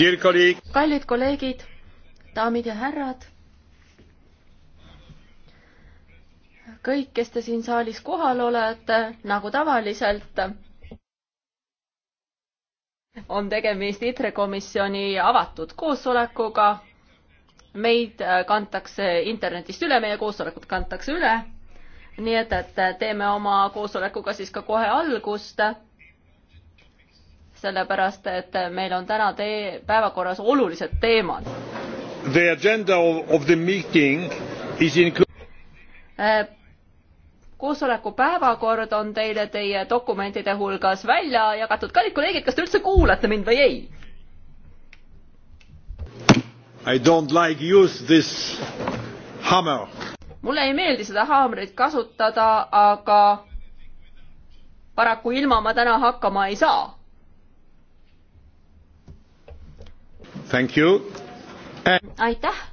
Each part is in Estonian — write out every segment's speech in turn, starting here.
kallid kolleegid, daamid ja härrad, kõik, kes te siin saalis kohal olete, nagu tavaliselt, on tegemist ITRE komisjoni avatud koosolekuga. meid äh, kantakse internetist üle, meie koosolekut kantakse üle. nii et, et teeme oma koosolekuga siis ka kohe algust sellepärast et meil on täna tee-, päevakorras olulised teemad. The agenda of, of the meeting is included eh, koosoleku päevakord on teile teie dokumentide hulgas välja jagatud. kallid kolleegid, kas te üldse kuulate mind või ei? I don't like use this hammer. mulle ei meeldi seda haamrit kasutada, aga paraku ilma ma täna hakkama ei saa aitäh!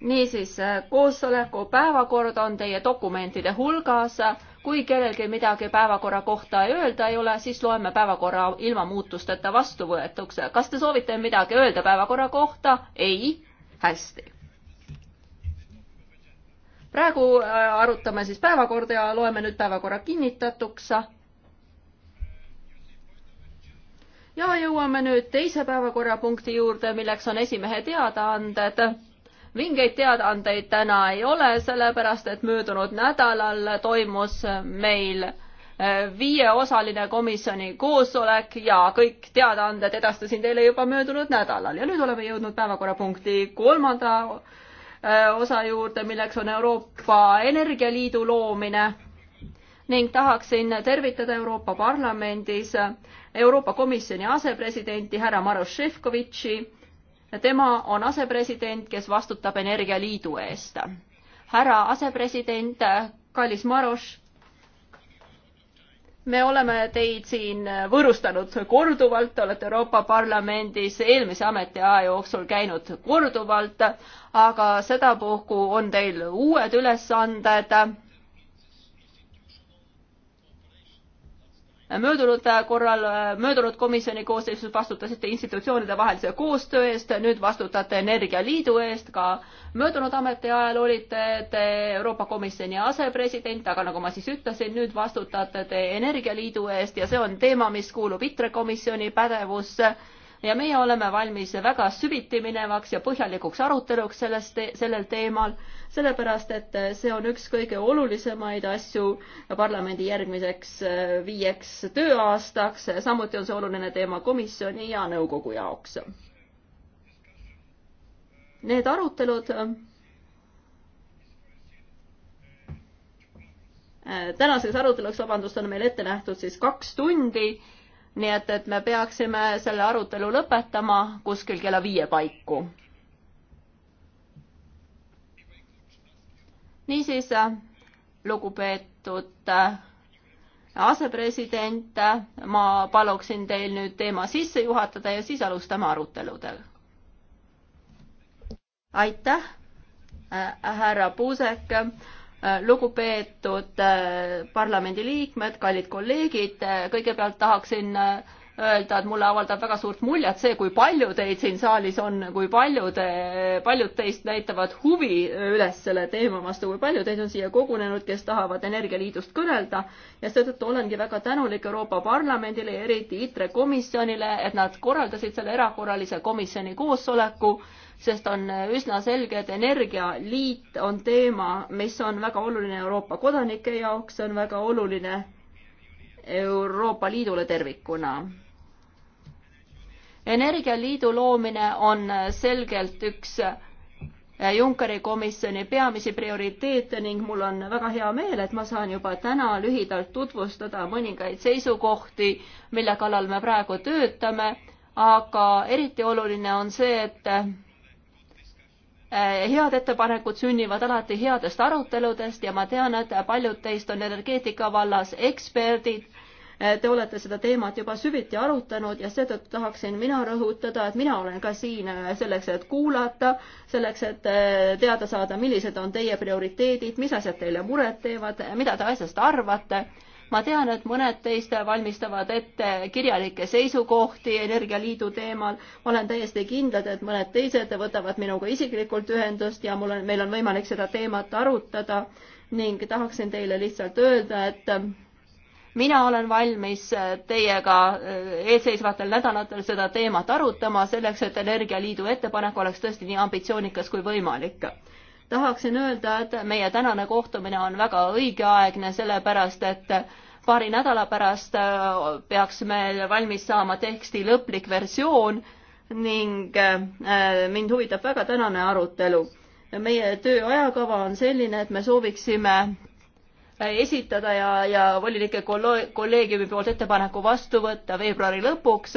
niisiis, äh, koosoleku päevakord on teie dokumentide hulgas. kui kellelgi midagi päevakorra kohta ei öelda ei ole, siis loeme päevakorra ilma muutusteta vastuvõetuks. kas te soovite midagi öelda päevakorra kohta? ei? hästi. praegu äh, arutame siis päevakorda ja loeme nüüd päevakorra kinnitatuks ja jõuame nüüd teise päevakorrapunkti juurde, milleks on esimehe teadaanded. mingeid teadaandeid täna ei ole, sellepärast et möödunud nädalal toimus meil eh, viieosaline komisjoni koosolek ja kõik teadaanded edastasin teile juba möödunud nädalal ja nüüd oleme jõudnud päevakorrapunkti kolmanda eh, osa juurde, milleks on Euroopa Energialiidu loomine ning tahaksin tervitada Euroopa Parlamendis Euroopa Komisjoni asepresidenti härra Maroš Šefkovitši. tema on asepresident, kes vastutab Energialiidu eest. härra asepresident, kallis Maroš, me oleme teid siin võõrustanud korduvalt, olete Euroopa Parlamendis eelmise ametiaja jooksul käinud korduvalt, aga sedapuhku on teil uued ülesanded möödunud korral, möödunud komisjoni koosseisus vastutasite institutsioonide vahelise koostöö eest, nüüd vastutate Energialiidu eest, ka möödunud ametiajal olite te Euroopa Komisjoni asepresident, aga nagu ma siis ütlesin, nüüd vastutate te Energialiidu eest ja see on teema, mis kuulub ITRE komisjoni pädevusse ja meie oleme valmis väga süviti minevaks ja põhjalikuks aruteluks sellest, sellel teemal sellepärast et see on üks kõige olulisemaid asju parlamendi järgmiseks äh, viieks tööaastaks, samuti on see oluline teema komisjoni ja nõukogu jaoks. Need arutelud äh, tänaseks aruteluks, vabandust, on meil ette nähtud siis kaks tundi nii et, et me peaksime selle arutelu lõpetama kuskil kella viie paiku. niisiis, lugupeetud äh, asepresident, ma paluksin teil nüüd teema sisse juhatada ja siis alustame aruteludega. aitäh, äh, härra Puusek äh, lugupeetud parlamendiliikmed, kallid kolleegid, kõigepealt tahaksin öelda, et mulle avaldab väga suurt muljet see, kui palju teid siin saalis on, kui palju te, paljud teist näitavad huvi üles selle teema vastu, kui palju teid on siia kogunenud, kes tahavad Energialiidust kõnelda ja seetõttu olengi väga tänulik Euroopa Parlamendile ja eriti ITRE komisjonile, et nad korraldasid selle erakorralise komisjoni koosoleku, sest on üsna selge, et energialiit on teema, mis on väga oluline Euroopa kodanike jaoks, see on väga oluline Euroopa Liidule tervikuna energialiidu loomine on selgelt üks äh, Junckeri komisjoni peamisi prioriteete ning mul on väga hea meel, et ma saan juba täna lühidalt tutvustada mõningaid seisukohti, mille kallal me praegu töötame, aga eriti oluline on see, et äh, head ettepanekud sünnivad alati headest aruteludest ja ma tean, et paljud teist on energeetika vallas eksperdid Eh, te olete seda teemat juba süviti arutanud ja seetõttu tahaksin mina rõhutada, et mina olen ka siin eh, selleks, et kuulata, selleks, et eh, teada saada, millised on teie prioriteedid, mis asjad teile muret teevad, mida te asjast arvate. ma tean, et mõned teist valmistavad ette kirjalikke seisukohti Energialiidu teemal. ma olen täiesti kindel, et mõned teised võtavad minuga isiklikult ühendust ja mul on, meil on võimalik seda teemat arutada ning tahaksin teile lihtsalt öelda, et mina olen valmis äh, teiega äh, eelseisvatel nädalatel seda teemat arutama, selleks et Energialiidu ettepanek oleks tõesti nii ambitsioonikas kui võimalik. tahaksin öelda, et meie tänane kohtumine on väga õigeaegne, sellepärast et paari nädala pärast äh, peaks meil valmis saama teksti lõplik versioon ning mind huvitab väga tänane arutelu. meie töö ajakava on selline, et me sooviksime esitada ja, ja volinike kolleegiumi poolt ettepaneku vastu võtta veebruari lõpuks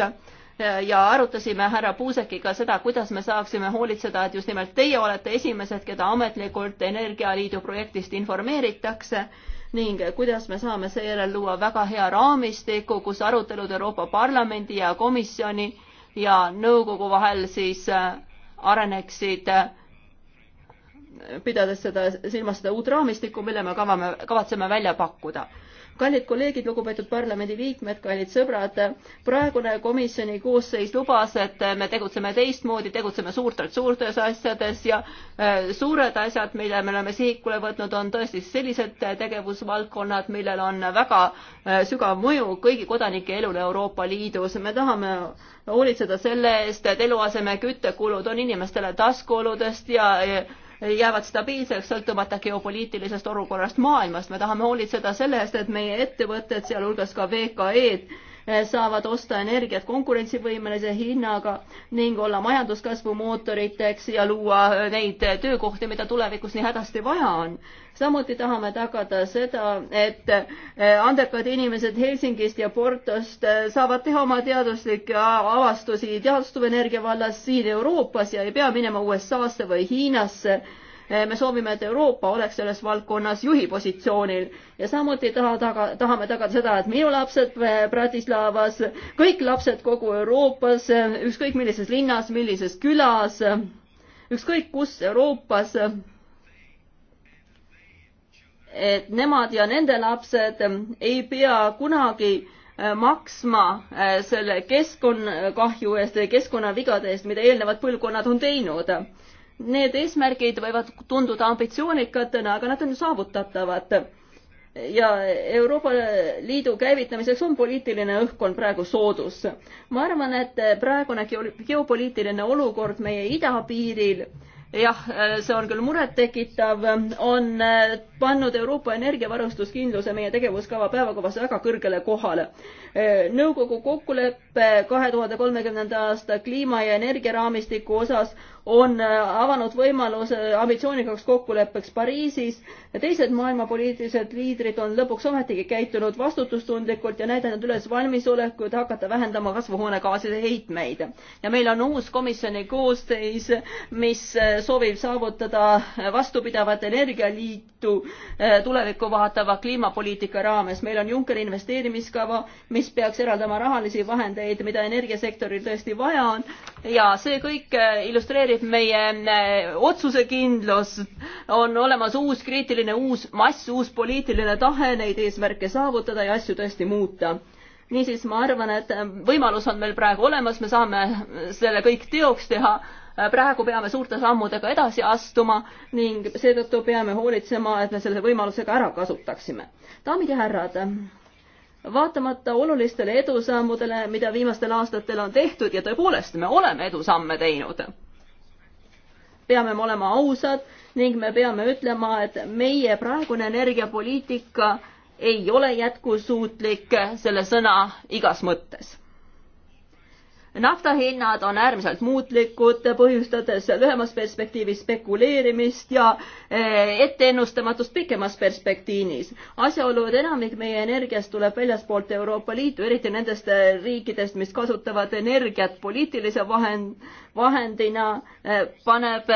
ja arutasime härra Puusekiga seda, kuidas me saaksime hoolitseda, et just nimelt teie olete esimesed, keda ametlikult Energialiidu projektist informeeritakse ning kuidas me saame seejärel luua väga hea raamistiku, kus arutelud Euroopa Parlamendi ja komisjoni ja nõukogu vahel siis areneksid äh, pidades seda, silmas seda uut raamistikku, mille me kavame, kavatseme välja pakkuda. kallid kolleegid, lugupeetud parlamendiliikmed, kallid sõbrad, praegune komisjoni koosseis lubas, et me tegutseme teistmoodi, tegutseme suurtelt suurtes asjades ja äh, suured asjad, mille me oleme sihikule võtnud, on tõesti sellised tegevusvaldkonnad, millel on väga äh, sügav mõju kõigi kodanike elule Euroopa Liidus. me tahame hoolitseda selle eest, et eluaseme küttekulud on inimestele taskuoludest ja, ja jäävad stabiilseks, sõltumata geopoliitilisest olukorrast maailmas. me tahame hoolitseda selle eest, et meie ettevõtted, sealhulgas ka VKE-d, Eh, saavad osta energiat konkurentsivõimelise hinnaga ning olla majanduskasvu mootoriteks ja luua eh, neid eh, töökohti, mida tulevikus nii hädasti vaja on. samuti tahame tagada seda, et andekad inimesed Helsingist ja Portost saavad teha oma teaduslikke avastusi teadustuvenergia vallas siin Euroopas ja ei pea minema USA-sse või Hiinasse Eh, me soovime, et Euroopa oleks selles valdkonnas juhi positsioonil ja samuti taha, taga, tahame tagada seda, et minu lapsed eh, Bratislavas, kõik lapsed kogu Euroopas, eh, ükskõik millises linnas, millises külas, ükskõik kus Euroopas, et nemad ja nende lapsed ei pea kunagi maksma selle keskkonnakahju eest või keskkonnavigade eest, mida eelnevad põlvkonnad on teinud Need eesmärgid võivad tunduda ambitsioonikatena, aga nad on saavutatavad. ja Euroopa Liidu käivitamiseks on poliitiline õhkkond praegu soodus. ma arvan, et praegune geopoliitiline olukord meie idapiiril jah, see on küll murettekitav, on pannud Euroopa energiavarustuskindluse meie tegevuskava päevakavas väga kõrgele kohale. nõukogu kokkulepe kahe tuhande kolmekümnenda aasta kliima ja energiaraamistiku osas on äh, avanud võimaluse ambitsioonikaks kokkuleppeks Pariisis. teised maailma poliitilised liidrid on lõpuks ometigi käitunud vastutustundlikult ja näidanud üles valmisolekut hakata vähendama kasvuhoonegaaside heitmeid. ja meil on uus komisjoni koosseis, mis äh, soovib saavutada vastupidavat energialiitu äh, tulevikku vaatava kliimapoliitika raames. meil on Junckeri investeerimiskava, mis peaks eraldama rahalisi vahendeid, mida energiasektoril tõesti vaja on ja see kõik äh, illustreerib meie äh, otsusekindlust. on olemas uus kriitiline, uus mass, uus poliitiline tahe neid eesmärke saavutada ja asju tõesti muuta niisiis ma arvan, et äh, võimalus on meil praegu olemas, me saame selle kõik teoks teha. praegu peame suurte sammudega edasi astuma ning seetõttu peame hoolitsema, et me selle võimalusega ära kasutaksime. daamid ja härrad vaatamata olulistele edusammudele, mida viimastel aastatel on tehtud ja tõepoolest, me oleme edusamme teinud. peame me olema ausad ning me peame ütlema, et meie praegune energiapoliitika ei ole jätkusuutlik selle sõna igas mõttes naftahinnad on äärmiselt muutlikud, põhjustades lühemas perspektiivis spekuleerimist ja eh, etteennustamatust pikemas perspektiinis. asjaolu, et enamik meie energiast tuleb väljaspoolt Euroopa Liitu, eriti nendest eh, riikidest, mis kasutavad energiat poliitilise vahend, vahendina, eh, paneb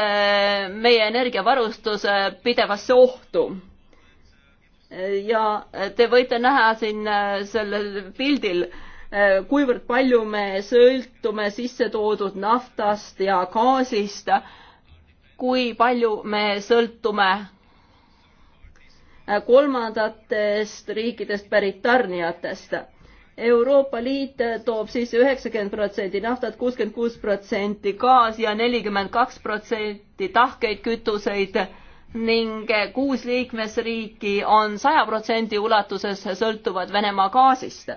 meie energiavarustuse pidevasse ohtu ja te võite näha siin sellel pildil äh, Äh, kuivõrd palju me sõltume sisse toodud naftast ja gaasist, kui palju me sõltume äh, kolmandatest riikidest pärit tarnijatest. Euroopa Liit toob sisse üheksakümmend protsenti naftat, kuuskümmend kuus protsenti gaasi ja nelikümmend kaks protsenti tahkeid kütuseid ning kuus liikmesriiki on saja protsendi ulatuses sõltuvad Venemaa gaasist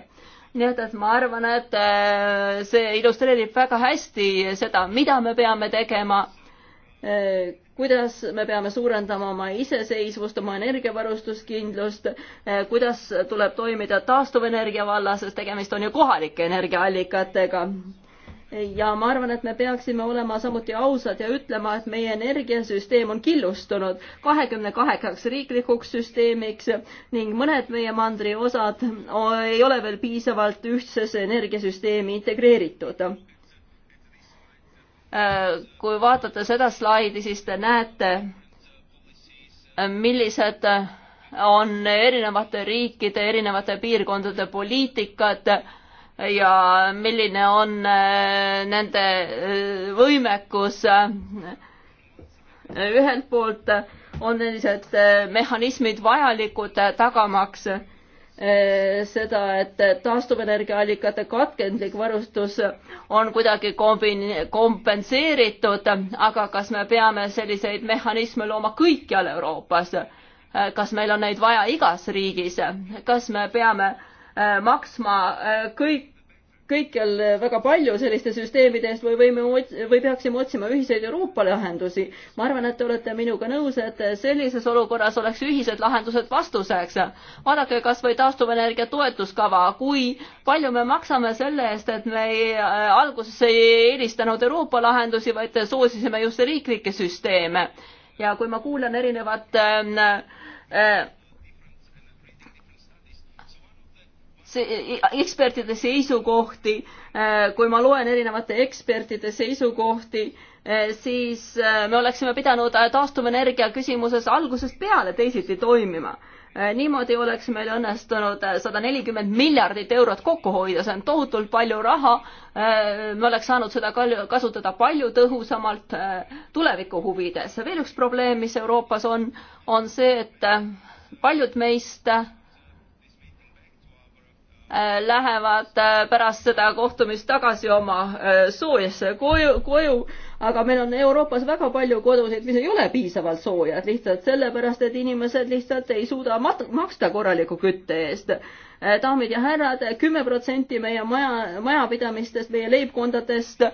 nii et, et ma arvan, et äh, see illustreerib väga hästi seda, mida me peame tegema, äh, kuidas me peame suurendama oma iseseisvust, oma energiavarustuskindlust, äh, kuidas tuleb toimida taastuvenergia vallas, sest tegemist on ju kohalike energiaallikatega ja ma arvan, et me peaksime olema samuti ausad ja ütlema, et meie energiasüsteem on killustunud kahekümne kaheksaks riiklikuks süsteemiks ning mõned meie mandri osad ei ole veel piisavalt ühtsesse energiasüsteemi integreeritud. Äh, kui vaatate seda slaidi, siis te näete, äh, millised on erinevate riikide, erinevate piirkondade poliitikad ja milline on äh, nende äh, võimekus. ühelt poolt on sellised äh, mehhanismid vajalikud tagamaks seda, et taastuvenergiaallikate katkendlik varustus on kuidagi kombi-, kompenseeritud, aga kas me peame selliseid mehhanisme looma kõikjal Euroopas? kas meil on neid vaja igas riigis? kas me peame äh, Äh, maksma äh, kõik, kõikjal väga palju selliste süsteemide eest või võime, või peaksime otsima ühiseid Euroopa lahendusi. ma arvan, et te olete minuga nõus, et sellises olukorras oleks ühised lahendused vastuseks. vaadake kas või taastuvenergia toetuskava, kui palju me maksame selle eest, et me ei, äh, alguses ei eelistanud Euroopa lahendusi, vaid soosisime just riiklikke süsteeme. ja kui ma kuulan erinevat ähm, äh, äh, see, ekspertide seisukohti, äh, kui ma loen erinevate ekspertide seisukohti, äh, siis äh, me oleksime pidanud taastuvenergia küsimuses algusest peale teisiti toimima. niimoodi oleks meil õnnestunud sada nelikümmend miljardit eurot kokku hoida, see on tohutult palju raha. me oleks saanud seda kasutada palju tõhusamalt tuleviku huvides. veel üks probleem, mis Euroopas on, on see, et paljud meist Äh, lähevad äh, pärast seda kohtumist tagasi oma äh, soojasse koju, koju, aga meil on Euroopas väga palju kodusid, mis ei ole piisavalt soojad, lihtsalt sellepärast, et inimesed lihtsalt ei suuda mat-, maksta korraliku kütte eest. daamid ja härrad, kümme protsenti meie maja, majapidamistest, meie leibkondadest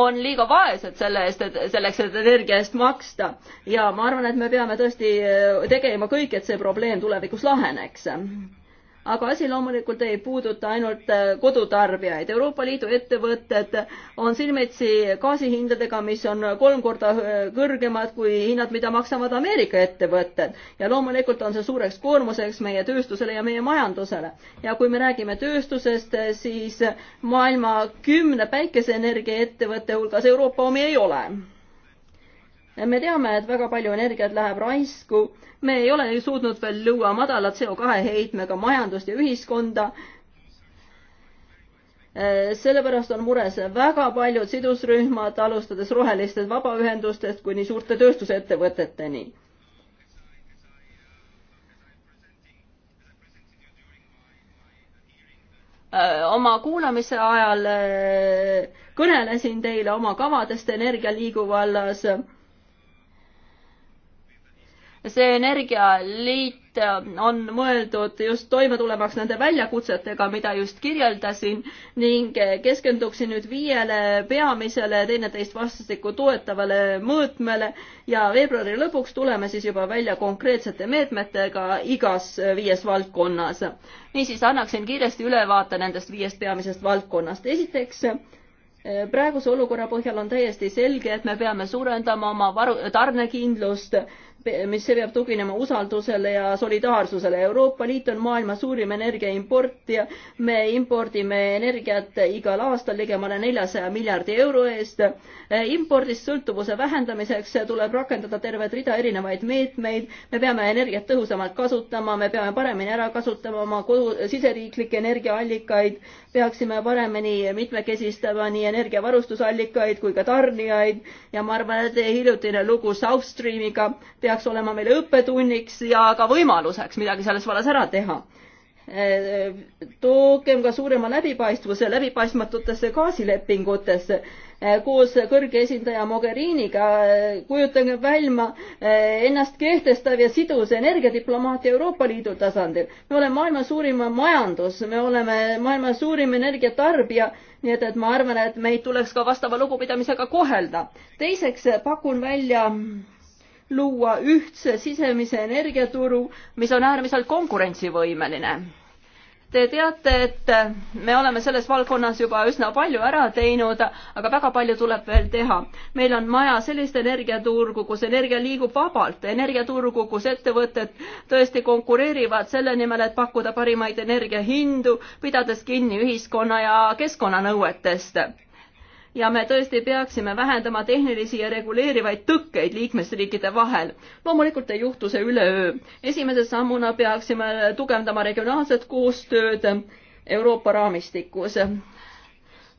on liiga vaesed selle eest, et selleks, et energia eest maksta. ja ma arvan, et me peame tõesti tegema kõik, et see probleem tulevikus laheneks aga asi loomulikult ei puuduta ainult äh, kodutarbijaid. Euroopa Liidu ettevõtted on silmitsi gaasihindadega, mis on kolm korda äh, kõrgemad kui hinnad, mida maksavad Ameerika ettevõtted. ja loomulikult on see suureks koormuseks meie tööstusele ja meie majandusele. ja kui me räägime tööstusest, äh, siis maailma kümne päikeseenergiaettevõtte hulgas Euroopa omi ei ole me teame, et väga palju energiat läheb raisku, me ei ole suutnud veel luua madala CO2 heitmega majandust ja ühiskonda. Äh, sellepärast on mures väga paljud sidusrühmad, alustades rohelistest vabaühendustest kuni suurte tööstusettevõteteni äh, oma kuulamise ajal äh, kõnelesin teile oma kavadest energialiigu vallas see energialiit äh, on mõeldud just toime tulemaks nende väljakutsetega, mida just kirjeldasin ning keskenduksin nüüd viiele peamisele teineteist vastastikku toetavale mõõtmele ja veebruari lõpuks tuleme siis juba välja konkreetsete meetmetega igas viies valdkonnas. niisiis annaksin kiiresti ülevaate nendest viiest peamisest valdkonnast. esiteks äh, praeguse olukorra põhjal on täiesti selge, et me peame suurendama oma varu, tarnekindlust mis peab tuginema usaldusele ja solidaarsusele. Euroopa Liit on maailma suurim energiaimportija. me impordime energiat igal aastal ligemale neljasaja miljardi euro eest. Eh, impordist sõltuvuse vähendamiseks tuleb rakendada tervet rida erinevaid meetmeid. me peame energiat tõhusamalt kasutama, me peame paremini ära kasutama oma kodu, siseriiklikke energiaallikaid, peaksime paremini mitmekesistama nii energiavarustusallikaid kui ka tarnijaid ja ma arvan, et hiljutine lugu South Streamiga peab peaks olema meile õppetunniks ja ka võimaluseks midagi selles vallas ära teha. toogem ka suurema läbipaistvuse läbipaistmatutesse gaasilepingutesse koos kõrge esindaja Mogheriniga, kujutage välja ennast kehtestav ja sidus energiadiplomaatia Euroopa Liidu tasandil. me oleme maailma suurim majandus, me oleme maailma suurim energiatarbija, nii et, et ma arvan, et meid tuleks ka vastava lugupidamisega kohelda. teiseks pakun välja luua ühtse sisemise energiaturu, mis on äärmiselt konkurentsivõimeline. Te teate, et me oleme selles valdkonnas juba üsna palju ära teinud, aga väga palju tuleb veel teha. meil on vaja sellist energiaturgu, kus energia liigub vabalt, energiaturgu, kus ettevõtted tõesti konkureerivad selle nimel, et pakkuda parimaid energiahindu, pidades kinni ühiskonna ja keskkonnanõuetest ja me tõesti peaksime vähendama tehnilisi ja reguleerivaid tõkkeid liikmesriikide vahel. loomulikult ei juhtu see üleöö. esimese sammuna peaksime tugevdama regionaalset koostööd Euroopa raamistikus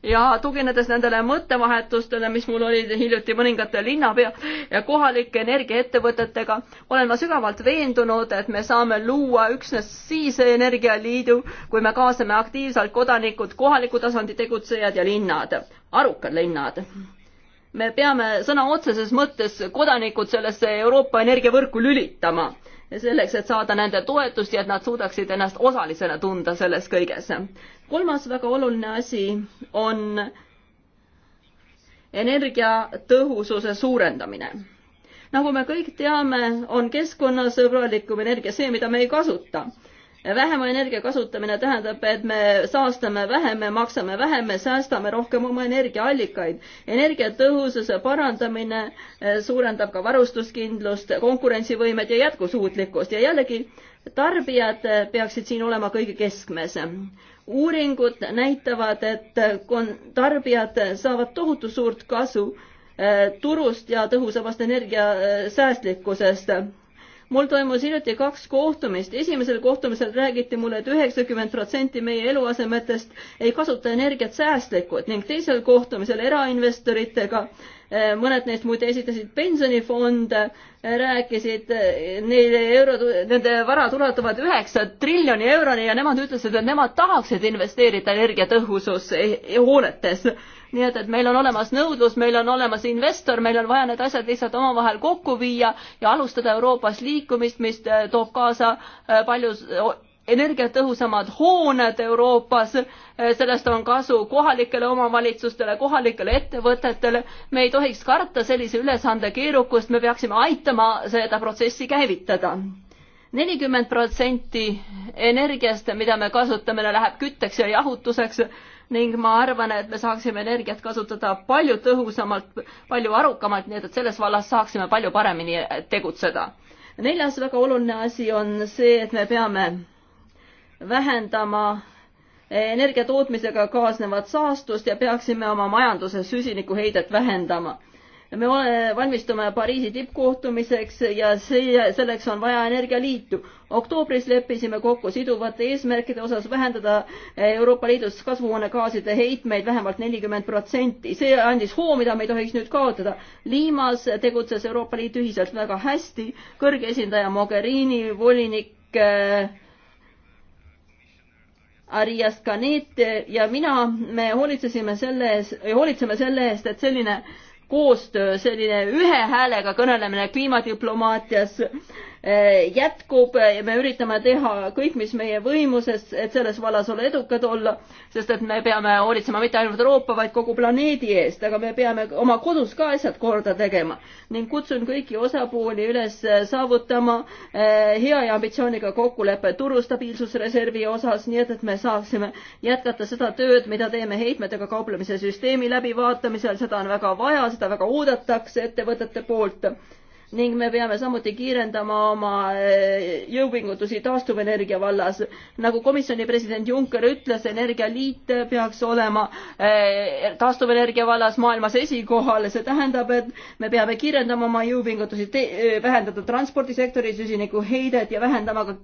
ja tuginedes nendele mõttevahetustele, mis mul olid hiljuti mõningate linnapea ja kohalike energiaettevõtetega, olen ma sügavalt veendunud, et me saame luua üksnes siis energialiidu, kui me kaasame aktiivselt kodanikud, kohaliku tasandi tegutsejad ja linnad, arukad linnad me peame sõna otseses mõttes kodanikud sellesse Euroopa energiavõrku lülitama selleks, et saada nende toetust ja et nad suudaksid ennast osalisena tunda selles kõiges. kolmas väga oluline asi on energiatõhususe suurendamine. nagu me kõik teame, on keskkonnasõbralikum energia see, mida me ei kasuta vähema energia kasutamine tähendab, et me saastame vähem, me maksame vähem, me säästame rohkem oma energiaallikaid. energiatõhususe parandamine eh, suurendab ka varustuskindlust, konkurentsivõimet ja jätkusuutlikkust ja jällegi tarbijad eh, peaksid siin olema kõige keskmes. uuringud näitavad, et eh, tarbijad saavad tohutu suurt kasu turust ja tõhusamast energiasäästlikkusest mul toimus hiljuti kaks kohtumist, esimesel kohtumisel räägiti mulle et, et üheksakümmend protsenti meie eluasemetest ei kasuta energiat säästlikult ning teisel kohtumisel erainvestoritega eh, mõned neist muide esitasid pensionifonde, eh, rääkisid eh, neile euro, nende varad ulatuvad üheksa triljoni euroni ja nemad ütlesid, et nemad tahaksid investeerida energiatõhususse hoonetes nii et, et meil on olemas nõudlus, meil on olemas investor, meil on vaja need asjad lihtsalt omavahel kokku viia ja alustada Euroopas liikumist, mis äh, toob kaasa äh, palju energiatõhusamad hooned Euroopas, äh, sellest on kasu kohalikele omavalitsustele, kohalikele ettevõtetele. me ei tohiks karta sellise ülesande keerukust, me peaksime aitama seda protsessi käivitada nelikümmend protsenti energiast, mida me kasutame, läheb kütteks ja jahutuseks ning ma arvan, et me saaksime energiat kasutada palju tõhusamalt, palju arukamalt, nii et selles vallas saaksime palju paremini tegutseda. neljas väga oluline asi on see, et me peame vähendama energiatootmisega kaasnevat saastust ja peaksime oma majanduse süsinikuheidet vähendama me ole, valmistume Pariisi tippkohtumiseks ja see, selleks on vaja energialiitu. oktoobris leppisime kokku siduvate eesmärkide osas vähendada Euroopa Liidus kasvuhoonegaaside heitmeid vähemalt nelikümmend protsenti. see andis hoo, mida me ei tohiks nüüd kaotada. Liimas tegutses Euroopa Liit ühiselt väga hästi, kõrge esindaja Mogherini, volinik äh, Arias Canet ja mina, me hoolitsesime selle ees, hoolitseme selle eest, et selline äh, koostöö, selline ühe häälega kõnelemine kliimadiplomaatias Eh, jätkub, me üritame teha kõik, mis meie võimuses, et selles vallas olla edukad olla, sest et me peame hoolitsema mitte ainult Euroopa, vaid kogu planeedi eest, aga me peame oma kodus ka asjad korda tegema ning kutsun kõiki osapooli üles eh, saavutama eh, hea ja ambitsiooniga kokkulepe turustabiilsusreservi osas, nii et, et me saaksime jätkata seda tööd, mida teeme heitmetega kauplemise süsteemi läbivaatamisel, seda on väga vaja, seda väga oodatakse ettevõtete poolt ning me peame samuti kiirendama oma eh, jõupingutusi taastuvenergia vallas. nagu komisjoni president Juncker ütles, Energialiit peaks olema eh, taastuvenergia vallas maailmas esikohal, see tähendab, et me peame kiirendama oma jõupingutusi, eh, vähendada transpordisektori süsinikuheidet ja vähendama ka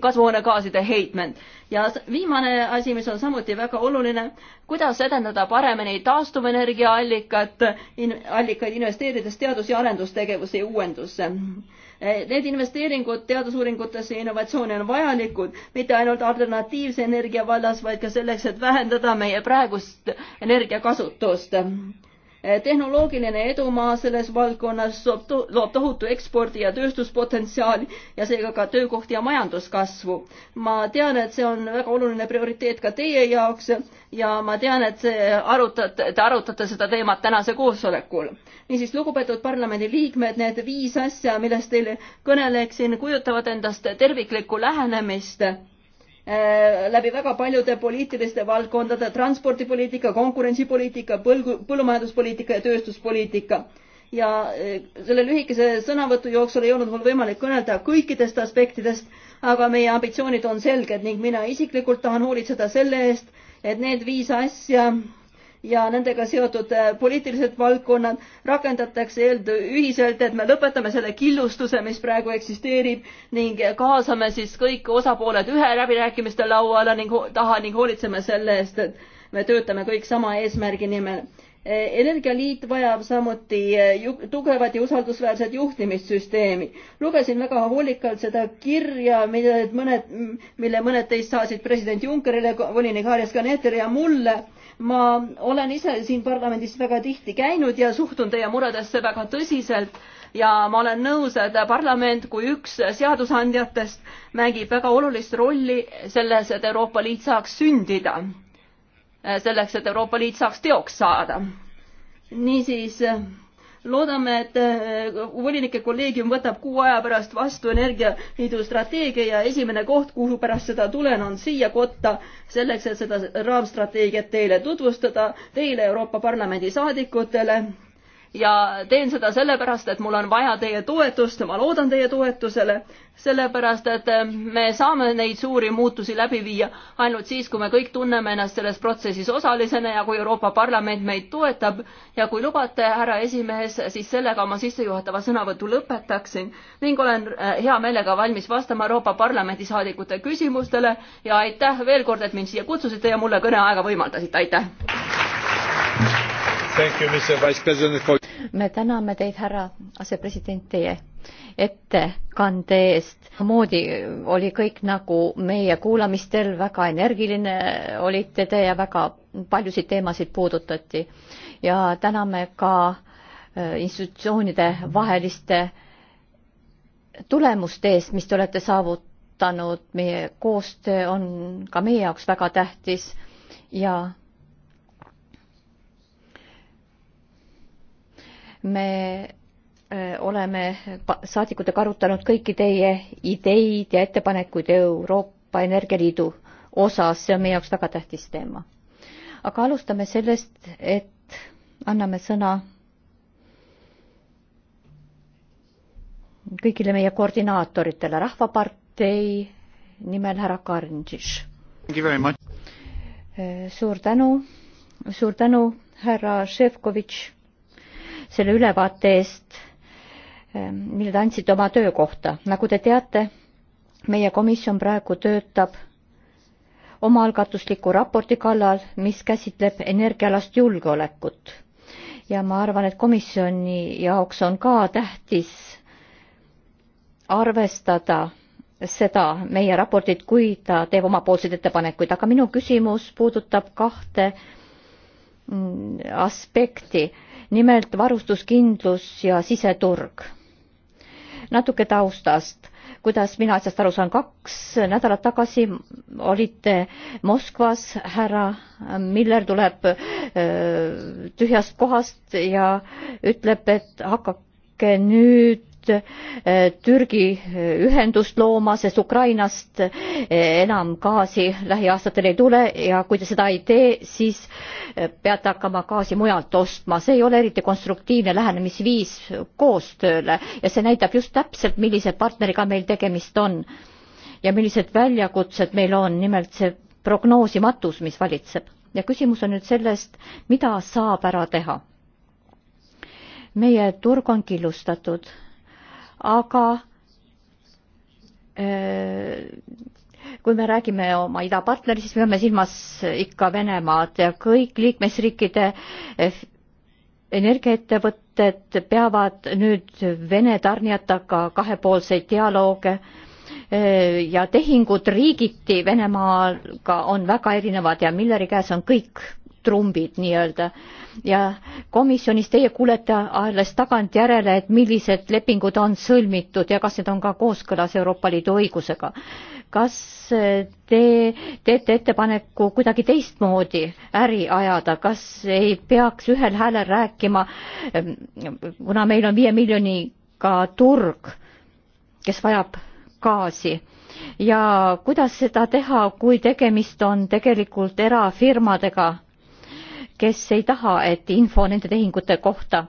kasvuhoonegaaside heitmed. ja viimane asi, mis on samuti väga oluline, kuidas edendada paremini taastuvenergia allikat, allikaid investeerides teadus- ja arendustegevuse uuendamisse majandusse. Need investeeringud teadusuuringutesse ja innovatsiooni on vajalikud mitte ainult alternatiivse energia vallas, vaid ka selleks, et vähendada meie praegust energiakasutust Eh, tehnoloogiline edumaa selles valdkonnas loob, to loob tohutu ekspordi ja tööstuspotentsiaali ja seega ka töökohti ja majanduskasvu. ma tean, et see on väga oluline prioriteet ka teie jaoks ja ma tean, et see arutate, te arutate seda teemat tänase koosolekul. niisiis, lugupeetud parlamendiliikmed, need viis asja, millest teile kõneleksin, kujutavad endast terviklikku lähenemist Äh, läbi väga paljude poliitiliste valdkondade, transpordipoliitika, konkurentsipoliitika, põlgu, põllumajanduspoliitika ja tööstuspoliitika. ja äh, selle lühikese sõnavõtu jooksul ei olnud mul võimalik kõnelda kõikidest aspektidest, aga meie ambitsioonid on selged ning mina isiklikult tahan hoolitseda selle eest, et need viis asja, ja nendega seotud äh, poliitilised valdkonnad rakendatakse eeltöö ühiselt, et me lõpetame selle killustuse, mis praegu eksisteerib ning kaasame siis kõik osapooled ühe läbirääkimiste lauale ning taha ning hoolitseme selle eest, et me töötame kõik sama eesmärgi nimel. E, energialiit vajab samuti e, tugevat ja usaldusväärset juhtimissüsteemi. lugesin väga hoolikalt seda kirja, mille mõned, mille mõned teist saasid president Junckerile, volinik Harjas Kanetile ja mulle ma olen ise siin parlamendis väga tihti käinud ja suhtun teie muredesse väga tõsiselt ja ma olen nõus, et parlament kui üks seadusandjatest mängib väga olulist rolli selles, et Euroopa Liit saaks sündida. selleks, et Euroopa Liit saaks teoks saada. niisiis loodame, et äh, volinike kolleegium võtab kuu aja pärast vastu energialiidu strateegia ja esimene koht, kuhu pärast seda tulen, on siia kotta, selleks et seda raamstrateegiat teile tutvustada, teile Euroopa Parlamendi saadikutele ja teen seda sellepärast, et mul on vaja teie toetust ja ma loodan teie toetusele, sellepärast et me saame neid suuri muutusi läbi viia ainult siis, kui me kõik tunneme ennast selles protsessis osalisena ja kui Euroopa Parlament meid toetab ja kui lubate, härra esimees, siis sellega ma sissejuhatava sõnavõtu lõpetaksin ning olen äh, hea meelega valmis vastama Euroopa Parlamendi saadikute küsimustele ja aitäh veel kord, et mind siia kutsusite ja mulle kõneaega võimaldasite, aitäh! me täname teid, härra asepresident, teie ettekande eest. samamoodi oli kõik nagu meie kuulamistel, väga energiline olite te ja väga paljusid teemasid puudutati. ja täname ka äh, institutsioonide vaheliste tulemuste eest, mis te olete saavutanud. meie koostöö on ka meie jaoks väga tähtis ja me äh, oleme saadikutega arutanud kõiki teie ideid ja ettepanekuid Euroopa Energialiidu osas, see on meie jaoks väga tähtis teema. aga alustame sellest, et anname sõna kõigile meie koordinaatoritele, Rahvapartei nimel härra Karnšiš. Äh, suur tänu, suur tänu, härra Šefkovitš selle ülevaate eest, ehm, mille te andsite oma töö kohta. nagu te teate, meie komisjon praegu töötab omaalgatusliku raporti kallal, mis käsitleb energiaalast julgeolekut. ja ma arvan, et komisjoni jaoks on ka tähtis arvestada seda meie raportit, kui ta teeb omapoolseid ettepanekuid, aga minu küsimus puudutab kahte mm, aspekti nimelt varustuskindlus ja siseturg. natuke taustast, kuidas mina asjast aru saan, kaks nädalat tagasi olite Moskvas, härra Miller tuleb öö, äh, tühjast kohast ja ütleb, et hakake nüüd Eh, Türgi eh, ühendust looma, sest Ukrainast eh, enam gaasi lähiaastatel ei tule ja kui te seda ei tee, siis peate hakkama gaasi mujalt ostma. see ei ole eriti konstruktiivne lähenemisviis koostööle ja see näitab just täpselt, millise partneriga meil tegemist on ja millised väljakutsed meil on, nimelt see prognoosimatus, mis valitseb. ja küsimus on nüüd sellest, mida saab ära teha meie turg on killustatud aga äh, kui me räägime oma idapartneri, siis peame silmas ikka Venemaad ja kõik liikmesriikide äh, energiaettevõtted peavad nüüd Vene tarnijatega kahepoolseid dialoog äh, ja tehingud riigiti Venemaaga on väga erinevad ja Milleri käes on kõik trumbid nii-öelda ja komisjonis teie kuulete alles tagantjärele, et millised lepingud on sõlmitud ja kas need on ka kooskõlas Euroopa Liidu õigusega. kas te teete ettepaneku kuidagi teistmoodi äri ajada, kas ei peaks ühel häälel rääkima, ehm, kuna meil on viie miljoniga turg, kes vajab gaasi ja kuidas seda teha, kui tegemist on tegelikult erafirmadega, kes ei taha, et info nende tehingute kohta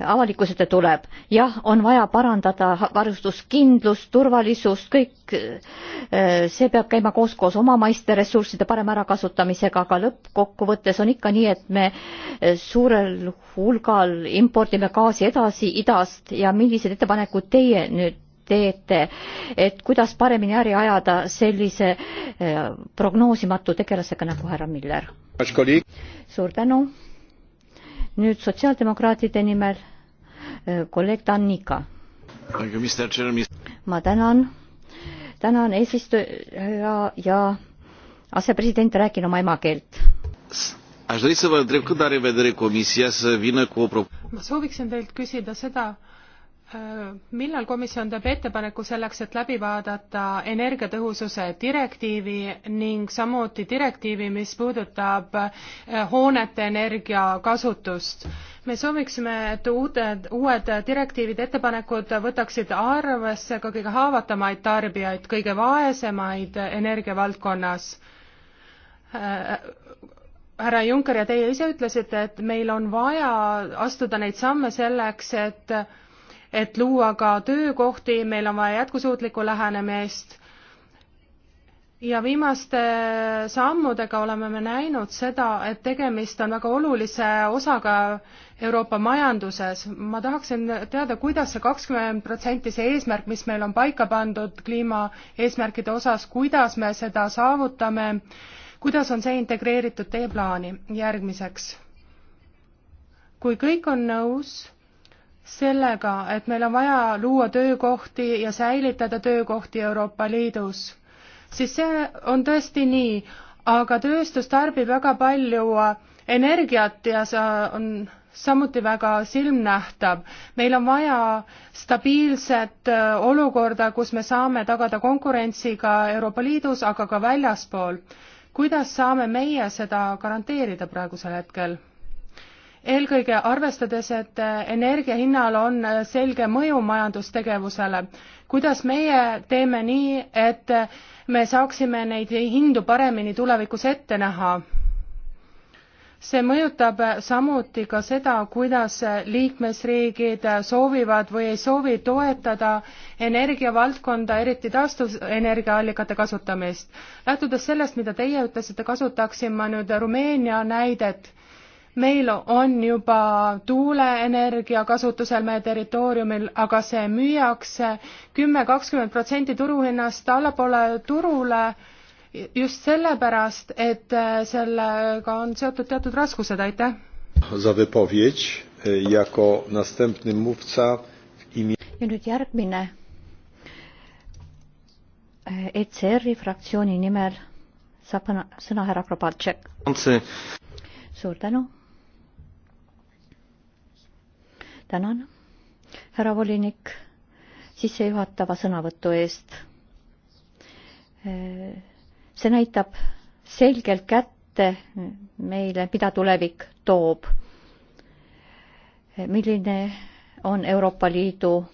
avalikkuse ette tuleb. jah, on vaja parandada varustuskindlust, turvalisust, kõik äh, see peab käima koos koos omamaiste ressursside parema ärakasutamisega, aga lõppkokkuvõttes on ikka nii, et me äh, suurel hulgal impordime gaasi edasi idast ja millised ettepanekud teie nüüd teete, et kuidas paremini äri ajada sellise eh, prognoosimatu tegelasega nagu härra Miller? suur tänu. nüüd sotsiaaldemokraatide nimel eh, kolleeg Dan Nika. ma tänan, tänan eesistuja ja asepresident, räägin oma emakeelt aș dori să vă întreb când are în vedere comisia să vină cu o propunere. Ma sooviksin teilt küsida seda, Äh, millal komisjon teeb ettepaneku selleks, et läbi vaadata energiatõhususe direktiivi ning samuti direktiivi, mis puudutab äh, hoonete energiakasutust? me sooviksime, et uued, uued direktiivid, ettepanekud võtaksid arvesse ka kõige haavatamaid tarbijaid, kõige vaesemaid energiavaldkonnas äh, härra Juncker ja teie ise ütlesite, et meil on vaja astuda neid samme selleks, et et luua ka töökohti, meil on vaja jätkusuutlikku lähenemist. ja viimaste sammudega oleme me näinud seda, et tegemist on väga olulise osaga Euroopa majanduses. ma tahaksin teada, kuidas see kakskümmend protsenti, see eesmärk, mis meil on paika pandud kliimaeesmärkide osas, kuidas me seda saavutame, kuidas on see integreeritud teie plaani järgmiseks? kui kõik on nõus sellega, et meil on vaja luua töökohti ja säilitada töökohti Euroopa Liidus, siis see on tõesti nii, aga tööstus tarbib väga palju äh, energiat ja see on samuti väga silmnähtav. meil on vaja stabiilset äh, olukorda, kus me saame tagada konkurentsi ka Euroopa Liidus, aga ka väljaspool. kuidas saame meie seda garanteerida praegusel hetkel? eelkõige arvestades, et äh, energia hinnal on äh, selge mõju majandustegevusele. kuidas meie teeme nii, et äh, me saaksime neid hindu paremini tulevikus ette näha? see mõjutab samuti ka seda, kuidas liikmesriigid soovivad või ei soovi toetada energiavaldkonda, eriti taastuvenergiaallikate kasutamist. lähtudes sellest, mida teie ütlesite, kasutaksin ma nüüd Rumeenia näidet meil on juba tuuleenergia kasutusel meie territooriumil, aga see müüakse kümme, kakskümmend protsenti turuhinnast allapoole turule just sellepärast, et sellega on seotud teatud raskused, aitäh. E, ja nüüd järgmine ECR-i e fraktsiooni nimel saab sõna härra Krobatšek. suur tänu tänan, härra volinik, sissejuhatava sõnavõtu eest. see näitab selgelt kätte meile, mida tulevik toob. milline on Euroopa Liidu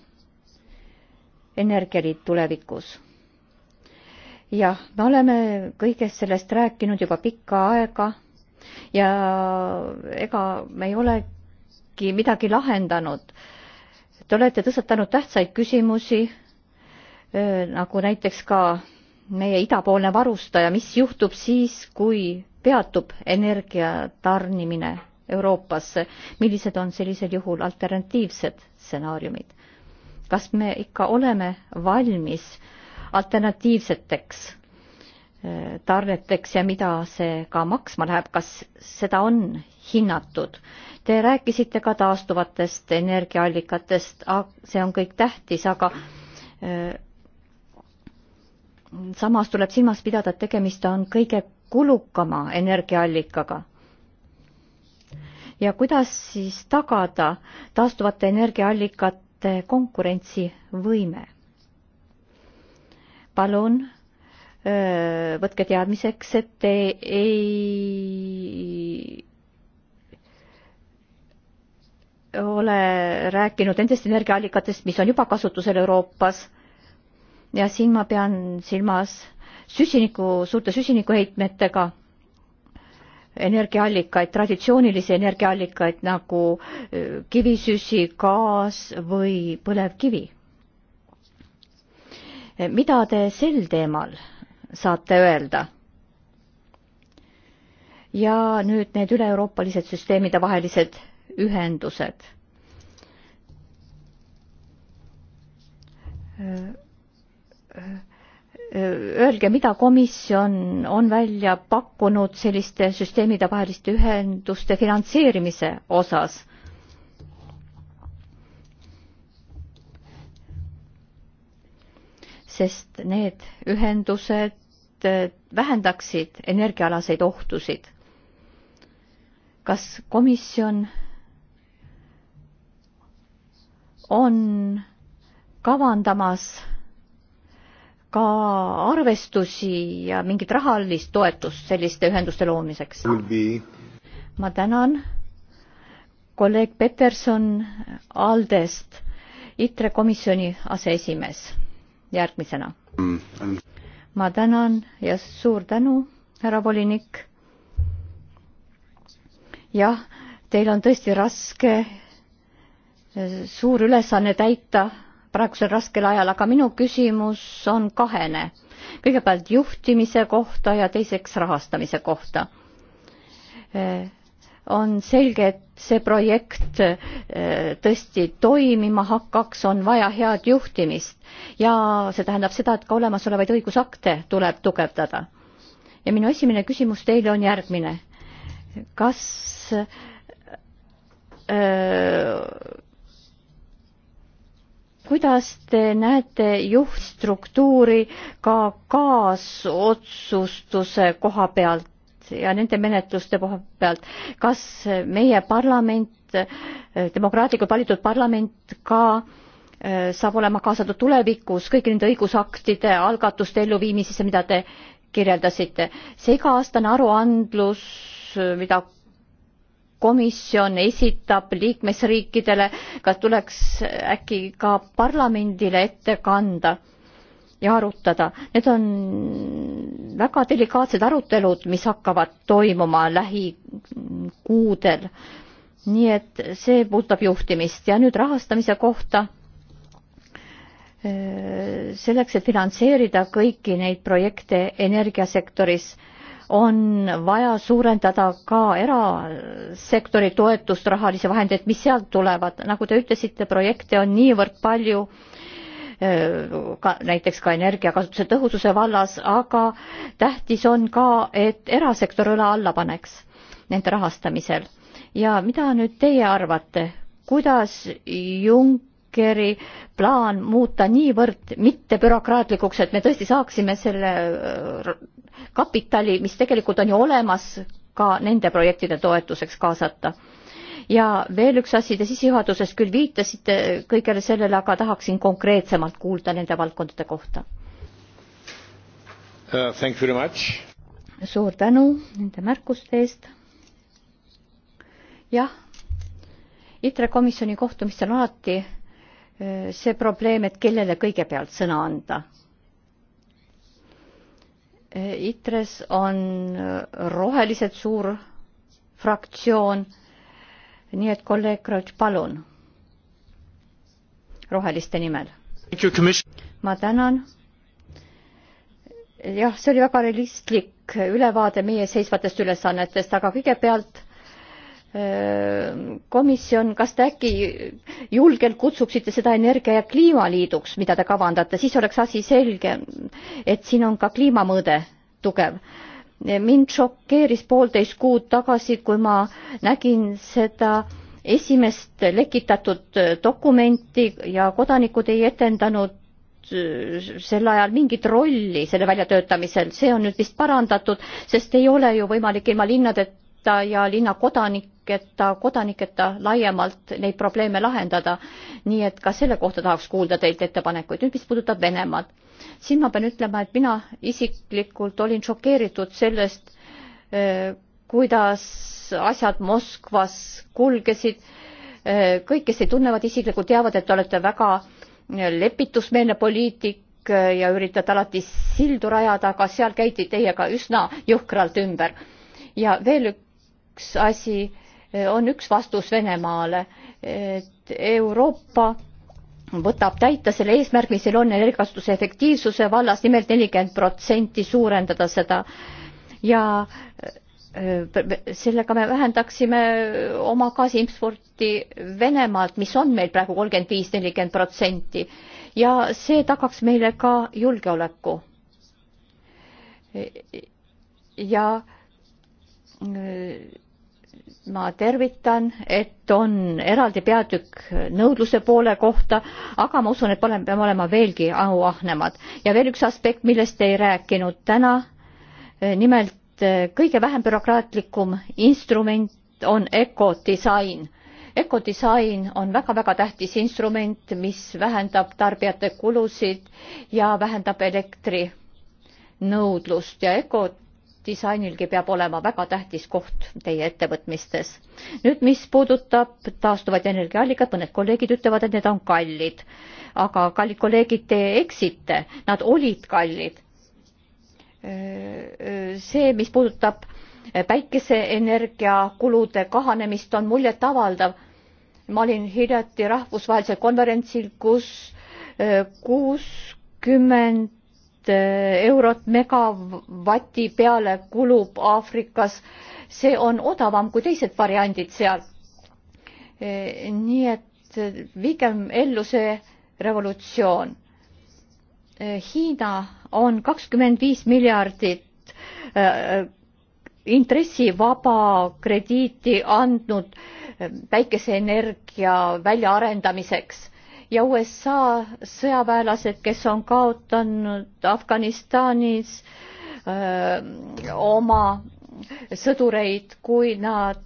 energialiit tulevikus? jah, me oleme kõigest sellest rääkinud juba pikka aega ja ega me ei ole äkki midagi lahendanud. Te olete tõstatanud tähtsaid küsimusi, nagu näiteks ka meie idapoolne varustaja, mis juhtub siis, kui peatub energia tarnimine Euroopasse, millised on sellisel juhul alternatiivsed stsenaariumid? kas me ikka oleme valmis alternatiivseteks tarneteks ja mida see ka maksma läheb, kas seda on hinnatud? Te rääkisite ka taastuvatest energiaallikatest, see on kõik tähtis, aga äh, samas tuleb silmas pidada, et tegemist on kõige kulukama energiaallikaga. ja kuidas siis tagada taastuvate energiaallikate konkurentsivõime? palun võtke teadmiseks, et te ei ole rääkinud nendest energiaallikatest, mis on juba kasutusel Euroopas. ja siin ma pean silmas süsiniku, suurte süsinikuheitmetega energiaallikaid, traditsioonilisi energiaallikaid nagu kivisüsi, gaas või põlevkivi. mida te sel teemal saate öelda? ja nüüd need üle-euroopalised süsteemide vahelised ühendused. Öelge, mida komisjon on välja pakkunud selliste süsteemide vaheliste ühenduste finantseerimise osas sest need ühendused eh, vähendaksid energiaalaseid ohtusid. kas komisjon on kavandamas ka arvestusi ja mingit rahalist toetust selliste ühenduste loomiseks? ma tänan. kolleeg Peterson Aldest, ITRE komisjoni aseesimees järgmisena mm.. ma tänan ja suur tänu, härra volinik. jah, teil on tõesti raske, suur ülesanne täita praegusel raskel ajal, aga minu küsimus on kahene. kõigepealt juhtimise kohta ja teiseks rahastamise kohta on selge, et see projekt äh, tõesti toimima hakkaks, on vaja head juhtimist ja see tähendab seda, et ka olemasolevaid õigusakte tuleb tugevdada. ja minu esimene küsimus teile on järgmine. kas öö, äh, kuidas te näete juhtstruktuuri ka kaasotsustuse koha pealt? ja nende menetluste koha pealt, kas meie parlament, demokraatlikult valitud parlament ka äh, saab olema kaasatud tulevikus kõigi nende õigusaktide algatuste elluviimisesse, mida te kirjeldasite. see iga-aastane aruandlus, mida komisjon esitab liikmesriikidele, kas tuleks äkki ka parlamendile ette kanda? ja arutada. Need on väga delikaatsed arutelud, mis hakkavad toimuma lähikuudel. nii et see puudutab juhtimist ja nüüd rahastamise kohta. selleks, et finantseerida kõiki neid projekte energiasektoris, on vaja suurendada ka erasektori toetust, rahalisi vahendeid, mis sealt tulevad. nagu te ütlesite, projekte on niivõrd palju Äh, ka näiteks ka energiakasutuse tõhususe vallas, aga tähtis on ka, et erasektor õla alla paneks nende rahastamisel. ja mida nüüd teie arvate, kuidas Junckeri plaan muuta niivõrd mittebürokraatlikuks, et me tõesti saaksime selle äh, kapitali, mis tegelikult on ju olemas, ka nende projektide toetuseks kaasata? ja veel üks asi, te sissejuhatuses küll viitasite kõigele sellele, aga tahaksin konkreetsemalt kuulda nende valdkondade kohta uh,. suur tänu nende märkuste eest. jah, ITRE komisjoni kohtumistel on alati uh, see probleem, et kellele kõigepealt sõna anda uh, ITRES on uh, rohelised suur fraktsioon nii et kolleeg Krõtš, palun, roheliste nimel. ma tänan. jah, see oli väga realistlik ülevaade meie seisvatest ülesannetest, aga kõigepealt äh, komisjon, kas te äkki julgelt kutsuksite seda Energia- ja Kliimaliiduks, mida te kavandate, siis oleks asi selge, et siin on ka kliimamõõde tugev mind šokeeris poolteist kuud tagasi, kui ma nägin seda esimest lekitatud äh, dokumenti ja kodanikud ei etendanud äh, sel ajal mingit rolli selle väljatöötamisel, see on nüüd vist parandatud, sest ei ole ju võimalik ilma linnadeta ja linna kodaniketa, kodaniketa laiemalt neid probleeme lahendada. nii et ka selle kohta tahaks kuulda teilt ettepanekuid. nüüd, mis puudutab Venemaad siin ma pean ütlema, et mina isiklikult olin šokeeritud sellest, äh, kuidas asjad Moskvas kulgesid. Äh, kõik, kes teid tunnevad isiklikult, teavad, et te olete väga äh, lepitusmeelne poliitik ja üritate alati sildu rajada, aga seal käidi teiega üsna jõhkralt ümber. ja veel üks asi, on üks vastus Venemaale, et Euroopa võtab täita selle eesmärk, mis seal on energiakasutuse efektiivsuse vallas, nimelt nelikümmend protsenti suurendada seda ja äh, sellega me vähendaksime oma gaasiimporti Venemaalt, mis on meil praegu kolmkümmend viis, nelikümmend protsenti ja see tagaks meile ka julgeoleku. ja äh, ma tervitan, et on eraldi peatükk nõudluse poole kohta, aga ma usun, et peame olema veelgi auahnemad. ja veel üks aspekt, millest ei rääkinud täna, eh, nimelt eh, kõige vähem bürokraatlikum instrument on ökodisain. ökodisain on väga-väga tähtis instrument, mis vähendab tarbijate kulusid ja vähendab elektrinõudlust ja ökodisain disainilgi peab olema väga tähtis koht teie ettevõtmistes. nüüd, mis puudutab taastuvaid energiaallikad, mõned kolleegid ütlevad, et need on kallid. aga kallid kolleegid, te eksite, nad olid kallid. see, mis puudutab päikeseenergia kulude kahanemist, on muljetavaldav. ma olin hiljuti rahvusvahelisel konverentsil, kus kuuskümmend Eh, eurot megavati peale kulub Aafrikas. see on odavam kui teised variandid seal. Eh, nii et eh, viigem ellu see revolutsioon. Hiina on kakskümmend viis miljardit intressivaba krediiti andnud päikeseenergia väljaarendamiseks ja USA sõjaväelased, kes on kaotanud Afganistanis öö, oma sõdureid, kui nad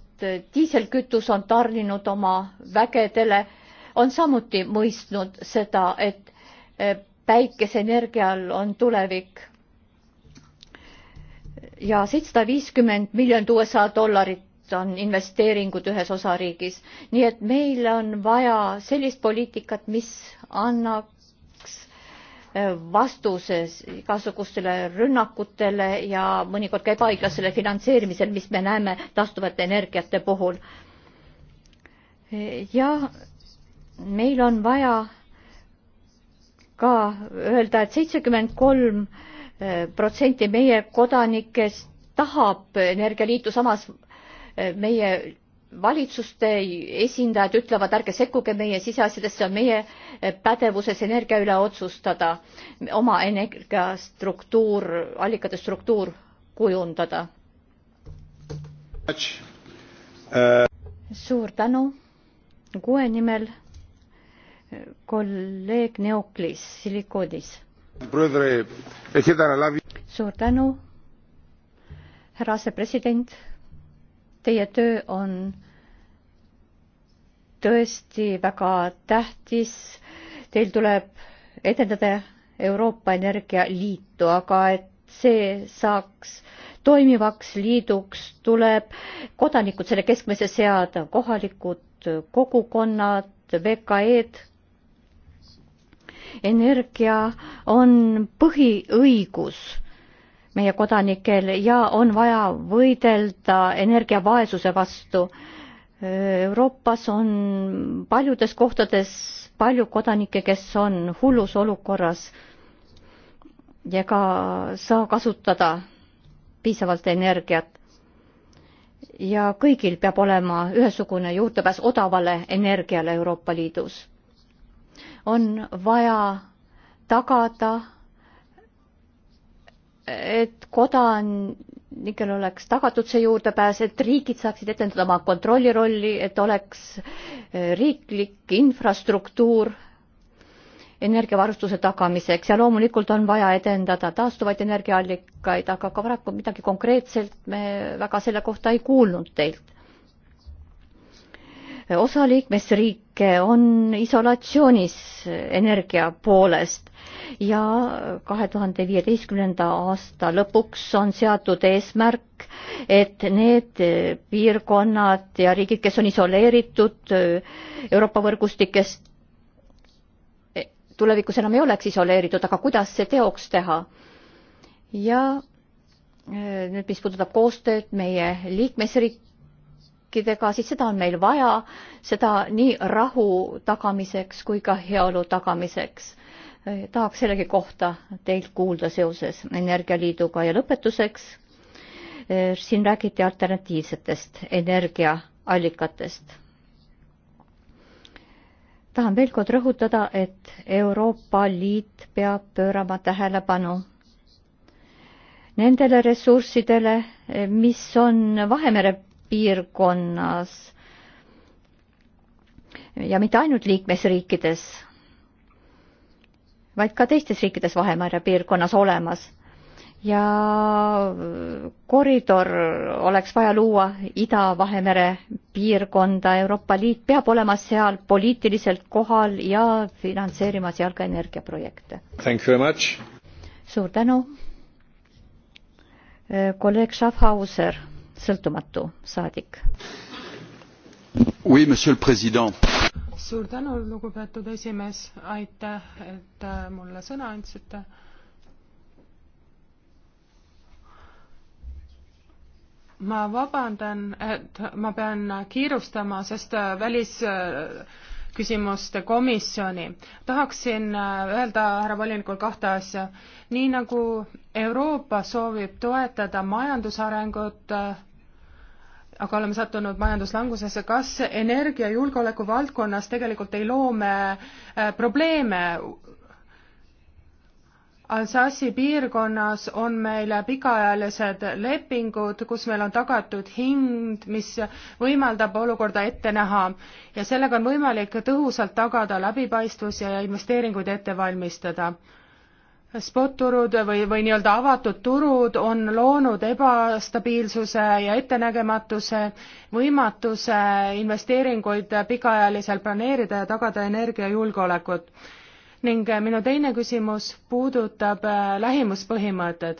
diiselkütus on tarninud oma vägedele, on samuti mõistnud seda, et päikeseenergial on tulevik. ja seitsesada viiskümmend miljonit USA dollarit on investeeringud ühes osariigis. nii et meil on vaja sellist poliitikat, mis annaks äh, vastuses igasugustele rünnakutele ja mõnikord ka ebaõiglasele finantseerimisele, mis me näeme taastuvate energiate puhul. ja meil on vaja ka öelda et, et seitsekümmend kolm äh, protsenti meie kodanikest tahab energialiitu, samas meie valitsuste esindajad ütlevad ärge sekkuge meie siseasjadesse on meie pädevuses energia üle otsustada oma energiastruktuur allikate struktuur kujundada suur tänu kuue nimel kolleeg Neoklis Silikodis suur tänu härra asepresident Teie töö on tõesti väga tähtis. Teil tuleb edendada Euroopa Energialiitu, aga et see saaks toimivaks liiduks, tuleb kodanikud selle keskmesse seada, kohalikud kogukonnad, VKE-d. energia on põhiõigus meie kodanikel ja on vaja võidelda energiavaesuse vastu. Euroopas on paljudes kohtades palju kodanikke, kes on hullus olukorras ja ka saa kasutada piisavalt energiat. ja kõigil peab olema ühesugune juurdepääs odavale energiale Euroopa Liidus. on vaja tagada et kodanikel oleks tagatud see juurdepääs, et riigid saaksid etendada oma kontrolli rolli, et oleks eh, riiklik infrastruktuur energiavarustuse tagamiseks ja loomulikult on vaja edendada taastuvaid energiaallikaid, aga paraku midagi konkreetselt me väga selle kohta ei kuulnud teilt osa liikmesriike on isolatsioonis energia poolest ja kahe tuhande viieteistkümnenda aasta lõpuks on seatud eesmärk, et need piirkonnad ja riigid, kes on isoleeritud Euroopa võrgustikest, tulevikus enam ei oleks isoleeritud, aga kuidas see teoks teha? ja nüüd, mis puudutab koostööd meie liikmesriik, riikidega, siis seda on meil vaja, seda nii rahu tagamiseks kui ka heaolu tagamiseks. Eh, tahaks sellegi kohta teilt kuulda seoses Energialiiduga ja lõpetuseks eh, siin räägiti alternatiivsetest energiaallikatest. tahan veel kord rõhutada, et Euroopa Liit peab pöörama tähelepanu nendele ressurssidele, eh, mis on Vahemere piirkonnas ja mitte ainult liikmesriikides, vaid ka teistes riikides Vahemere piirkonnas olemas. ja koridor oleks vaja luua Ida-Vahemere piirkonda, Euroopa Liit peab olema seal poliitiliselt kohal ja finantseerima seal ka energiaprojekte. suur tänu. kolleeg Schaffhauser sõltumatu saadik. Oui, monsieur le président. suur tänu, lugupeetud esimees, aitäh, et äh, mulle sõna andsite ma vabandan, et ma pean kiirustama, sest äh, välisküsimuste äh, komisjoni. tahaksin öelda härra volinikul kahte asja. nii nagu Euroopa soovib toetada majandusarengut, aga oleme sattunud majanduslangusesse, kas energiajulgeoleku valdkonnas tegelikult ei loo me äh, probleeme? Alsace'i piirkonnas on meil pikaajalised lepingud, kus meil on tagatud hind, mis võimaldab olukorda ette näha ja sellega on võimalik tõhusalt tagada läbipaistvus ja investeeringuid ette valmistada spot-turud või, või nii-öelda avatud turud on loonud ebastabiilsuse ja ettenägematuse, võimatuse investeeringuid pikaajaliselt planeerida ja tagada energiajulgeolekut. ning minu teine küsimus puudutab äh, lähimuspõhimõtted.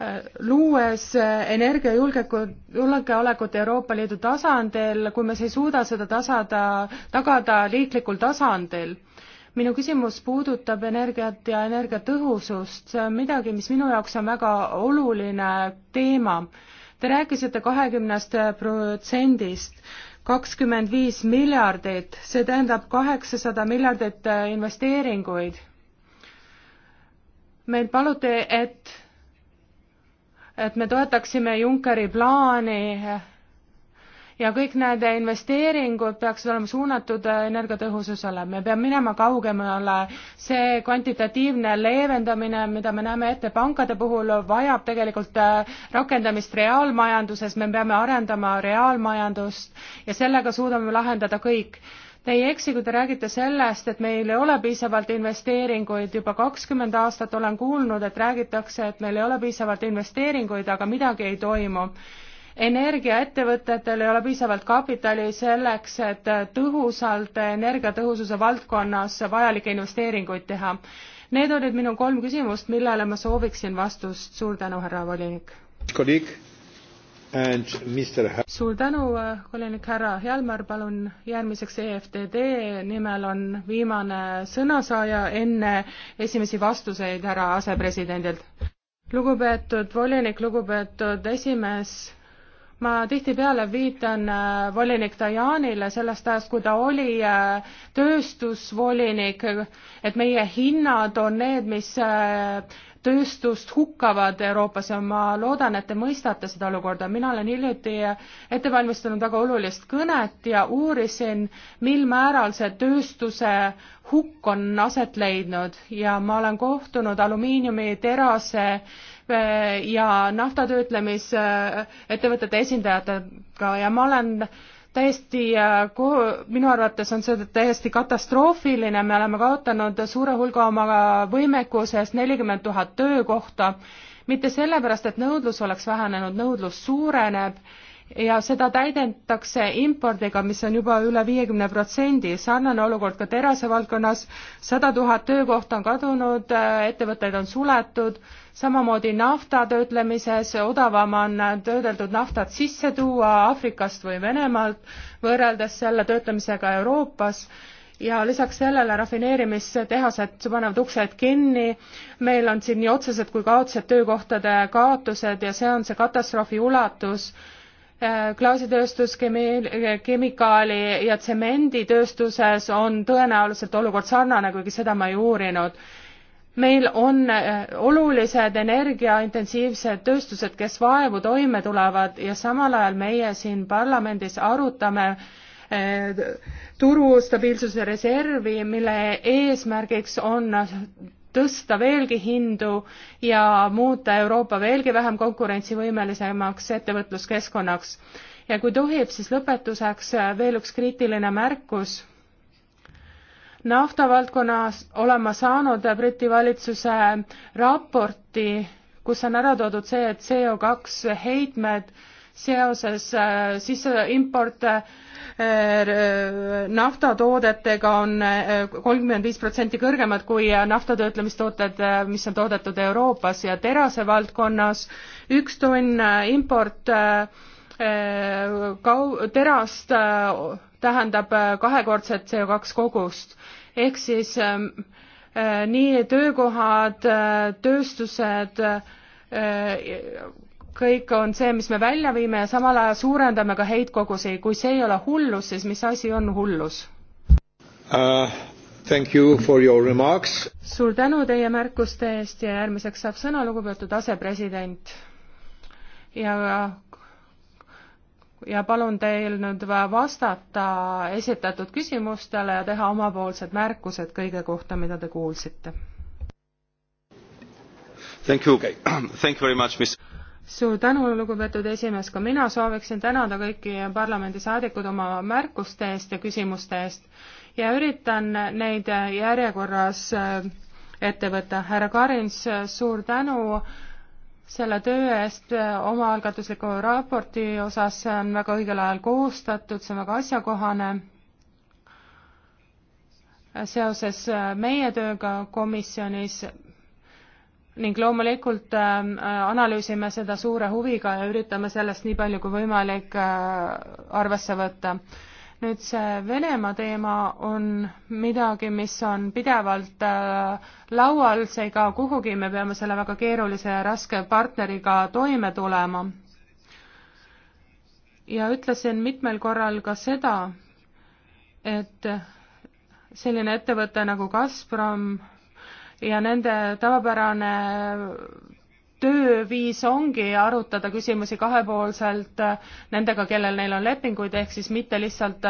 Äh, luues energiajulgeolekut Euroopa Liidu tasandil, kui me ei suuda seda tasada, tagada riiklikul tasandil minu küsimus puudutab energiat ja energiatõhusust, see on midagi, mis minu jaoks on väga oluline teema. Te rääkisite kahekümnest protsendist, kakskümmend viis miljardit, see tähendab kaheksasada miljardit investeeringuid. meil paluti, et, et me toetaksime Junckeri plaani ja kõik need investeeringud peaksid olema suunatud äh, energiatõhususele. me peame minema kaugemale, see kvantitatiivne leevendamine, mida me näeme ette pankade puhul, vajab tegelikult äh, rakendamist reaalmajanduses, me peame arendama reaalmajandust ja sellega suudame lahendada kõik Te ei eksi, kui te räägite sellest, et meil ei ole piisavalt investeeringuid, juba kakskümmend aastat olen kuulnud, et räägitakse, et meil ei ole piisavalt investeeringuid, aga midagi ei toimu energiaettevõtetel ei ole piisavalt kapitali selleks, et tõhusalt energiatõhususe valdkonnas vajalikke investeeringuid teha. Need olid minu kolm küsimust, millele ma sooviksin vastust. suur tänu, härra volinik. suur tänu, volinik härra Hjalmar, palun järgmiseks EFTD nimel on viimane sõnasaaja enne esimesi vastuseid härra asepresidendilt. lugupeetud volinik, lugupeetud esimees ma tihtipeale viitan äh, volinik Dajanile sellest ajast, kui ta oli äh, tööstusvolinik, et meie hinnad on need, mis äh, tööstust hukkavad Euroopas ja ma loodan, et te mõistate seda olukorda. mina olen hiljuti ette valmistanud väga olulist kõnet ja uurisin, mil määral see tööstuse hukk on aset leidnud ja ma olen kohtunud alumiiniumi, terase Eh, ja naftatöötlemisettevõtete esindajatega ja ma olen täiesti, eh, minu arvates on see täiesti katastroofiline, me oleme kaotanud suure hulga oma võimekusest nelikümmend tuhat töökohta, mitte sellepärast, et nõudlus oleks vähenenud, nõudlus suureneb ja seda täidendatakse impordiga, mis on juba üle viiekümne protsendi. sarnane olukord ka terase valdkonnas, sada tuhat töökohta on kadunud, ettevõtted on suletud, samamoodi nafta töötlemises, odavam on töödeldud naftat sisse tuua Aafrikast või Venemaalt, võrreldes selle töötlemisega Euroopas ja lisaks sellele rafineerimistehased panevad uksed kinni, meil on siin nii otsesed kui kaudsed töökohtade kaotused ja see on see katastroofi ulatus Äh, klaasitööstus, kemi-, kemikaali- ja tsemenditööstuses on tõenäoliselt olukord sarnane, kuigi seda ma ei uurinud. meil on äh, olulised energiaintensiivsed tööstused, kes vaevu toime tulevad ja samal ajal meie siin parlamendis arutame äh, turu stabiilsuse reservi, mille eesmärgiks on tõsta veelgi hindu ja muuta Euroopa veelgi vähem konkurentsivõimelisemaks ettevõtluskeskkonnaks. ja kui tohib, siis lõpetuseks veel üks kriitiline märkus. naftavaldkonnas olen ma saanud Briti valitsuse raporti, kus on ära toodud see, et CO2 heitmed seoses äh, sisse import äh, äh, naftatoodetega on kolmkümmend viis protsenti kõrgemad kui naftatöötlemistooted, mis on toodetud Euroopas ja terase valdkonnas üks tonn import kau-, terast tähendab kahekordset CO2 kogust. ehk siis ähm, nii töökohad, tööstused kõik on see, mis me välja viime ja samal ajal suurendame ka heitkogusi. kui see ei ole hullus, siis mis asi on hullus uh,? Thank you for your remarks. suur tänu teie märkuste eest ja järgmiseks saab sõna lugupeetud asepresident. ja ja palun teil nüüd vastata esitatud küsimustele ja teha omapoolsed märkused kõige kohta, mida te kuulsite. Thank you, thank you very much, Mr suur tänu, lugupeetud esimees, ka mina sooviksin tänada kõiki parlamendisaadikud oma märkuste eest ja küsimuste eest ja üritan neid järjekorras äh, ette võtta. härra Karins, suur tänu selle töö eest äh, omaalgatusliku raporti osas, see on väga õigel ajal koostatud, see on väga asjakohane seoses äh, meie tööga komisjonis ning loomulikult ähm, äh, analüüsime seda suure huviga ja üritame sellest nii palju kui võimalik äh, arvesse võtta. nüüd see Venemaa teema on midagi, mis on pidevalt äh, laual, see ei kao kuhugi, me peame selle väga keerulise ja raske partneriga toime tulema. ja ütlesin mitmel korral ka seda, et selline ettevõte nagu Gazprom ja nende tavapärane tööviis ongi arutada küsimusi kahepoolselt nendega, kellel neil on lepinguid, ehk siis mitte lihtsalt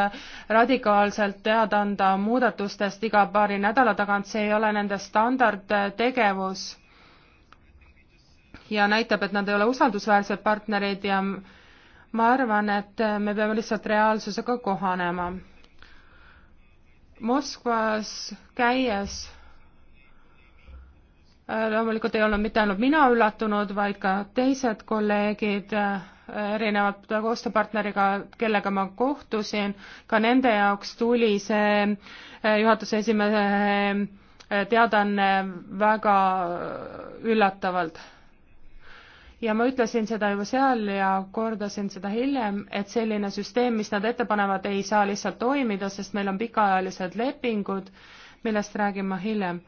radikaalselt teada anda muudatustest iga paari nädala tagant, see ei ole nende standardtegevus. ja näitab, et nad ei ole usaldusväärsed partnerid ja ma arvan, et me peame lihtsalt reaalsusega kohanema. Moskvas käies Äh, loomulikult ei olnud mitte ainult mina üllatunud, vaid ka teised kolleegid äh, erinevad koostööpartneriga, kellega ma kohtusin, ka nende jaoks tuli see äh, juhatuse esimehe teadaanne väga üllatavalt. ja ma ütlesin seda juba seal ja kordasin seda hiljem, et selline süsteem, mis nad ette panevad, ei saa lihtsalt toimida, sest meil on pikaajalised lepingud, millest räägin ma hiljem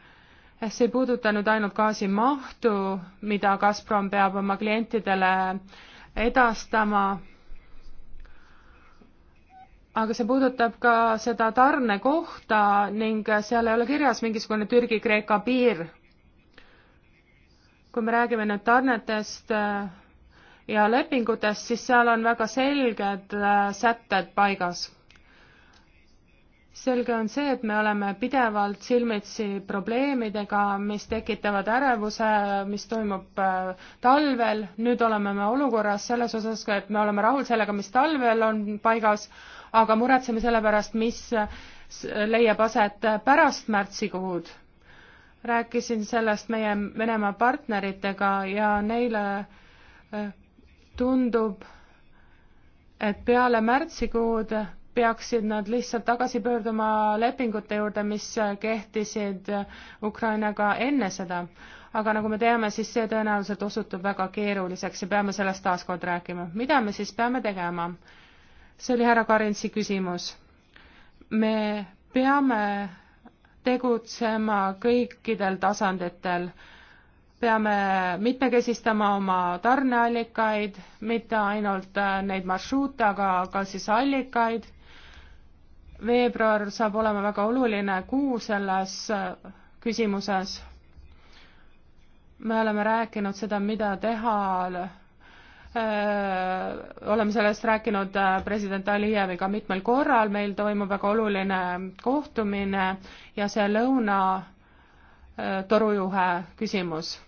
see ei puudutanud ainult gaasi mahtu, mida Gazprom peab oma klientidele edastama, aga see puudutab ka seda tarnekohta ning seal ei ole kirjas mingisugune Türgi-Kreeka piir. kui me räägime nüüd tarnetest äh, ja lepingutest, siis seal on väga selged äh, sätted paigas selge on see, et me oleme pidevalt silmitsi probleemidega, mis tekitavad ärevuse, mis toimub äh, talvel, nüüd oleme me olukorras selles osas, et me oleme rahul sellega, mis talvel on paigas, aga muretseme selle pärast, mis äh, leiab aset pärast märtsikuud. rääkisin sellest meie Venemaa partneritega ja neile äh, tundub, et peale märtsikuud peaksid nad lihtsalt tagasi pöörduma lepingute juurde, mis kehtisid Ukrainaga enne seda. aga nagu me teame, siis see tõenäoliselt osutub väga keeruliseks ja peame sellest taaskord rääkima. mida me siis peame tegema? see oli härra Karinsi küsimus. me peame tegutsema kõikidel tasanditel peame mitmekesistama oma tarneallikaid, mitte ainult neid marsruute, aga ka siis allikaid veebruar saab olema väga oluline kuu selles äh, küsimuses. me oleme rääkinud seda, mida teha, äh, oleme sellest rääkinud äh, president Alijeviga mitmel korral, meil toimub väga oluline kohtumine ja see lõuna torujuhe küsimus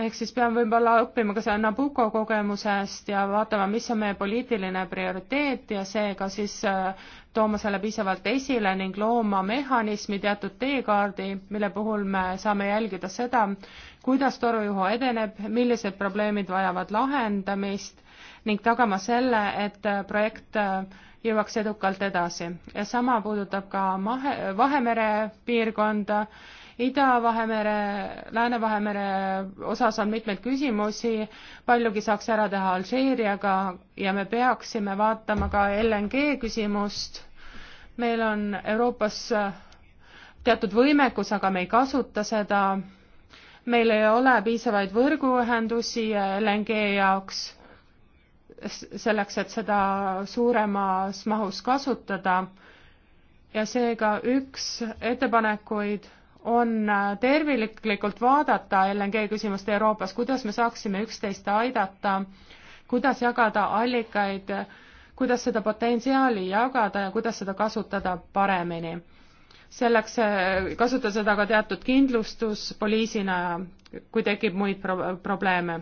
ehk siis peame võib-olla õppima ka selle Nabucco kogemusest ja vaatama, mis on meie poliitiline prioriteet ja seega siis äh, tooma selle piisavalt esile ning looma mehhanismi, teatud teekaardi, mille puhul me saame jälgida seda, kuidas torujuhu edeneb, millised probleemid vajavad lahendamist ning tagama selle, et äh, projekt äh, jõuaks edukalt edasi. ja sama puudutab ka mahe, Vahemere piirkonda Ida-Vahemere, Lääne-Vahemere osas on mitmeid küsimusi, paljugi saaks ära teha Alžeeriaga ja me peaksime vaatama ka LNG küsimust. meil on Euroopas teatud võimekus, aga me ei kasuta seda. meil ei ole piisavaid võrguühendusi LNG jaoks, selleks, et seda suuremas mahus kasutada ja seega üks ettepanekuid on äh, terviklikult vaadata LNG küsimust Euroopas, kuidas me saaksime üksteist aidata, kuidas jagada allikaid, kuidas seda potentsiaali jagada ja kuidas seda kasutada paremini. selleks äh, kasutada seda ka teatud kindlustuspoliisina, kui tekib muid pro probleeme.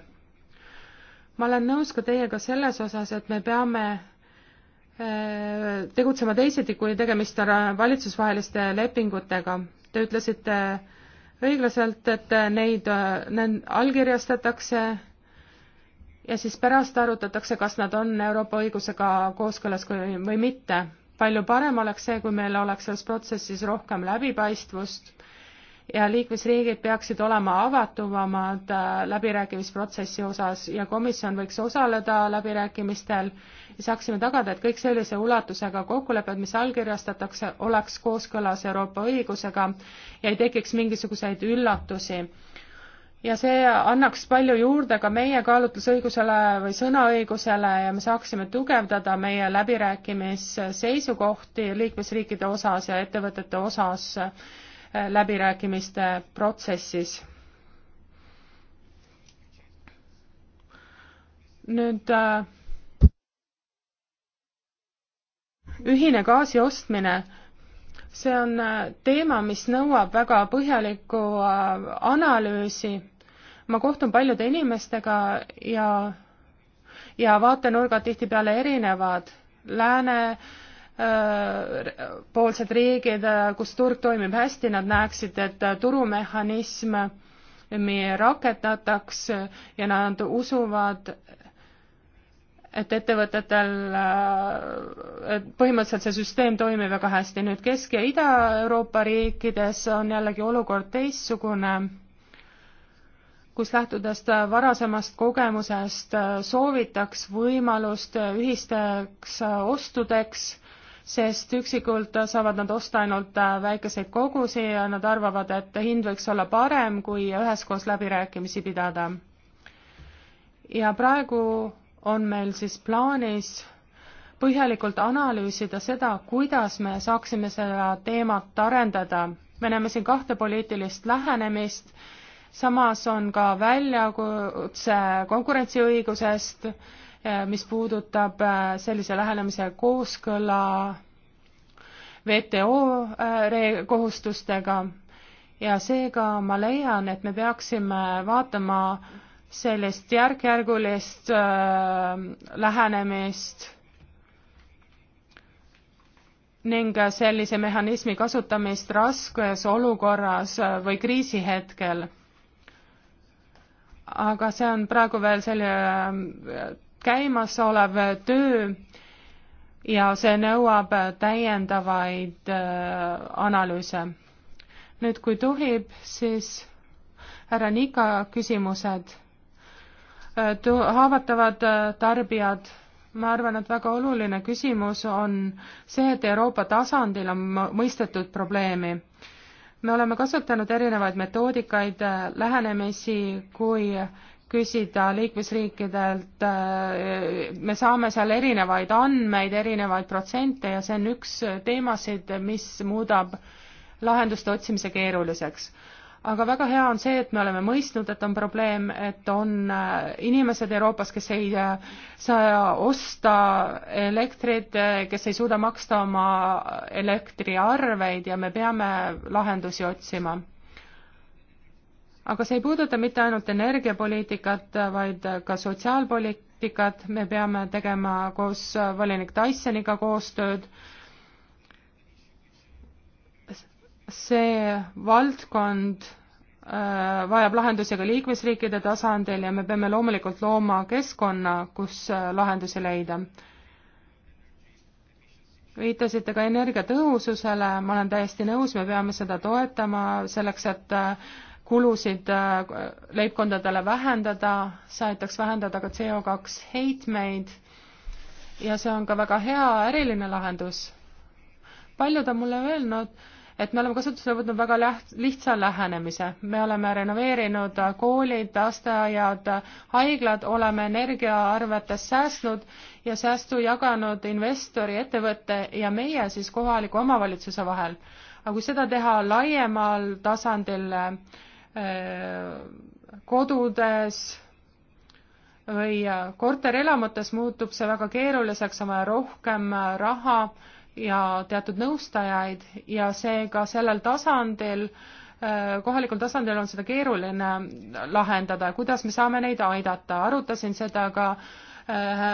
ma olen nõus ka teiega selles osas, et me peame äh, tegutsema teisiti, kui tegemist on valitsusvaheliste lepingutega Te ütlesite õiglaselt, et neid, need allkirjastatakse ja siis pärast arutatakse, kas nad on Euroopa õigusega kooskõlas või mitte. palju parem oleks see, kui meil oleks selles protsessis rohkem läbipaistvust ja liikmesriigid peaksid olema avatumad äh, läbirääkimisprotsessi osas ja komisjon võiks osaleda läbirääkimistel saaksime tagada, et kõik sellise ulatusega kokkulepped, mis allkirjastatakse, oleks kooskõlas Euroopa õigusega ja ei tekiks mingisuguseid üllatusi ja see annaks palju juurde ka meie kaalutlusõigusele või sõnaõigusele ja me saaksime tugevdada meie läbirääkimisseisukohti liikmesriikide osas ja ettevõtete osas eh, läbirääkimiste protsessis. nüüd äh, ühine gaasi ostmine, see on äh, teema, mis nõuab väga põhjalikku äh, analüüsi. ma kohtun paljude inimestega ja, ja vaatenurgad tihtipeale erinevad. Lääne äh, poolsed riigid, äh, kus turg toimib hästi, nad näeksid, et turumehhanism rakendataks ja nad usuvad, et ettevõtetel, äh, et põhimõtteliselt see süsteem toimib väga hästi. nüüd Kesk- ja Ida-Euroopa riikides on jällegi olukord teistsugune, kus lähtudes varasemast kogemusest äh, soovitaks võimalust ühisteks äh, ostudeks, sest üksikult saavad nad osta ainult väikeseid kogusi ja nad arvavad, et hind võiks olla parem, kui üheskoos läbirääkimisi pidada. ja praegu on meil siis plaanis põhjalikult analüüsida seda, kuidas me saaksime seda teemat arendada. me näeme siin kahte poliitilist lähenemist, samas on ka väljakutse konkurentsiõigusest, eh, mis puudutab eh, sellise lähenemise kooskõla WTO eh, kohustustega ja seega ma leian, et me peaksime vaatama sellist järk-järgulist äh, lähenemist ning sellise mehhanismi kasutamist raskes olukorras äh, või kriisihetkel. aga see on praegu veel selline äh, käimasolev töö ja see nõuab täiendavaid äh, analüüse. nüüd, kui tohib, siis härra Nika küsimused haavatavad äh, tarbijad. ma arvan, et väga oluline küsimus on see, et Euroopa tasandil on mõistetud probleemi. me oleme kasutanud erinevaid metoodikaid, äh, lähenemisi, kui küsida liikmesriikidelt, äh, me saame seal erinevaid andmeid, erinevaid protsente ja see on üks teemasid, mis muudab lahenduste otsimise keeruliseks aga väga hea on see, et me oleme mõistnud, et on probleem, et on äh, inimesed Euroopas, kes ei äh, saa osta elektrit, äh, kes ei suuda maksta oma elektriarveid ja me peame lahendusi otsima. aga see ei puuduta mitte ainult energiapoliitikat, vaid ka sotsiaalpoliitikat, me peame tegema koos volinik Tysoniga koostööd see valdkond äh, vajab lahendusi ka liikmesriikide tasandil ja me peame loomulikult looma keskkonna, kus äh, lahendusi leida. viitasite ka energiatõhususele, ma olen täiesti nõus, me peame seda toetama selleks, et äh, kulusid leibkondadele vähendada, see aitaks vähendada ka CO2 heitmeid ja see on ka väga hea äriline lahendus. paljud on mulle öelnud, et me oleme kasutusele võtnud väga läht-, lihtsa lähenemise. me oleme renoveerinud koolid, lasteaiad, haiglad, oleme energiaarvetes säästnud ja säästu jaganud investori, ettevõtte ja meie siis kohaliku omavalitsuse vahel. aga kui seda teha laiemal tasandil äh, kodudes, või korterelamutes muutub see väga keeruliseks, on vaja rohkem raha ja teatud nõustajaid ja seega sellel tasandil, äh, kohalikul tasandil on seda keeruline lahendada ja kuidas me saame neid aidata, arutasin seda ka äh,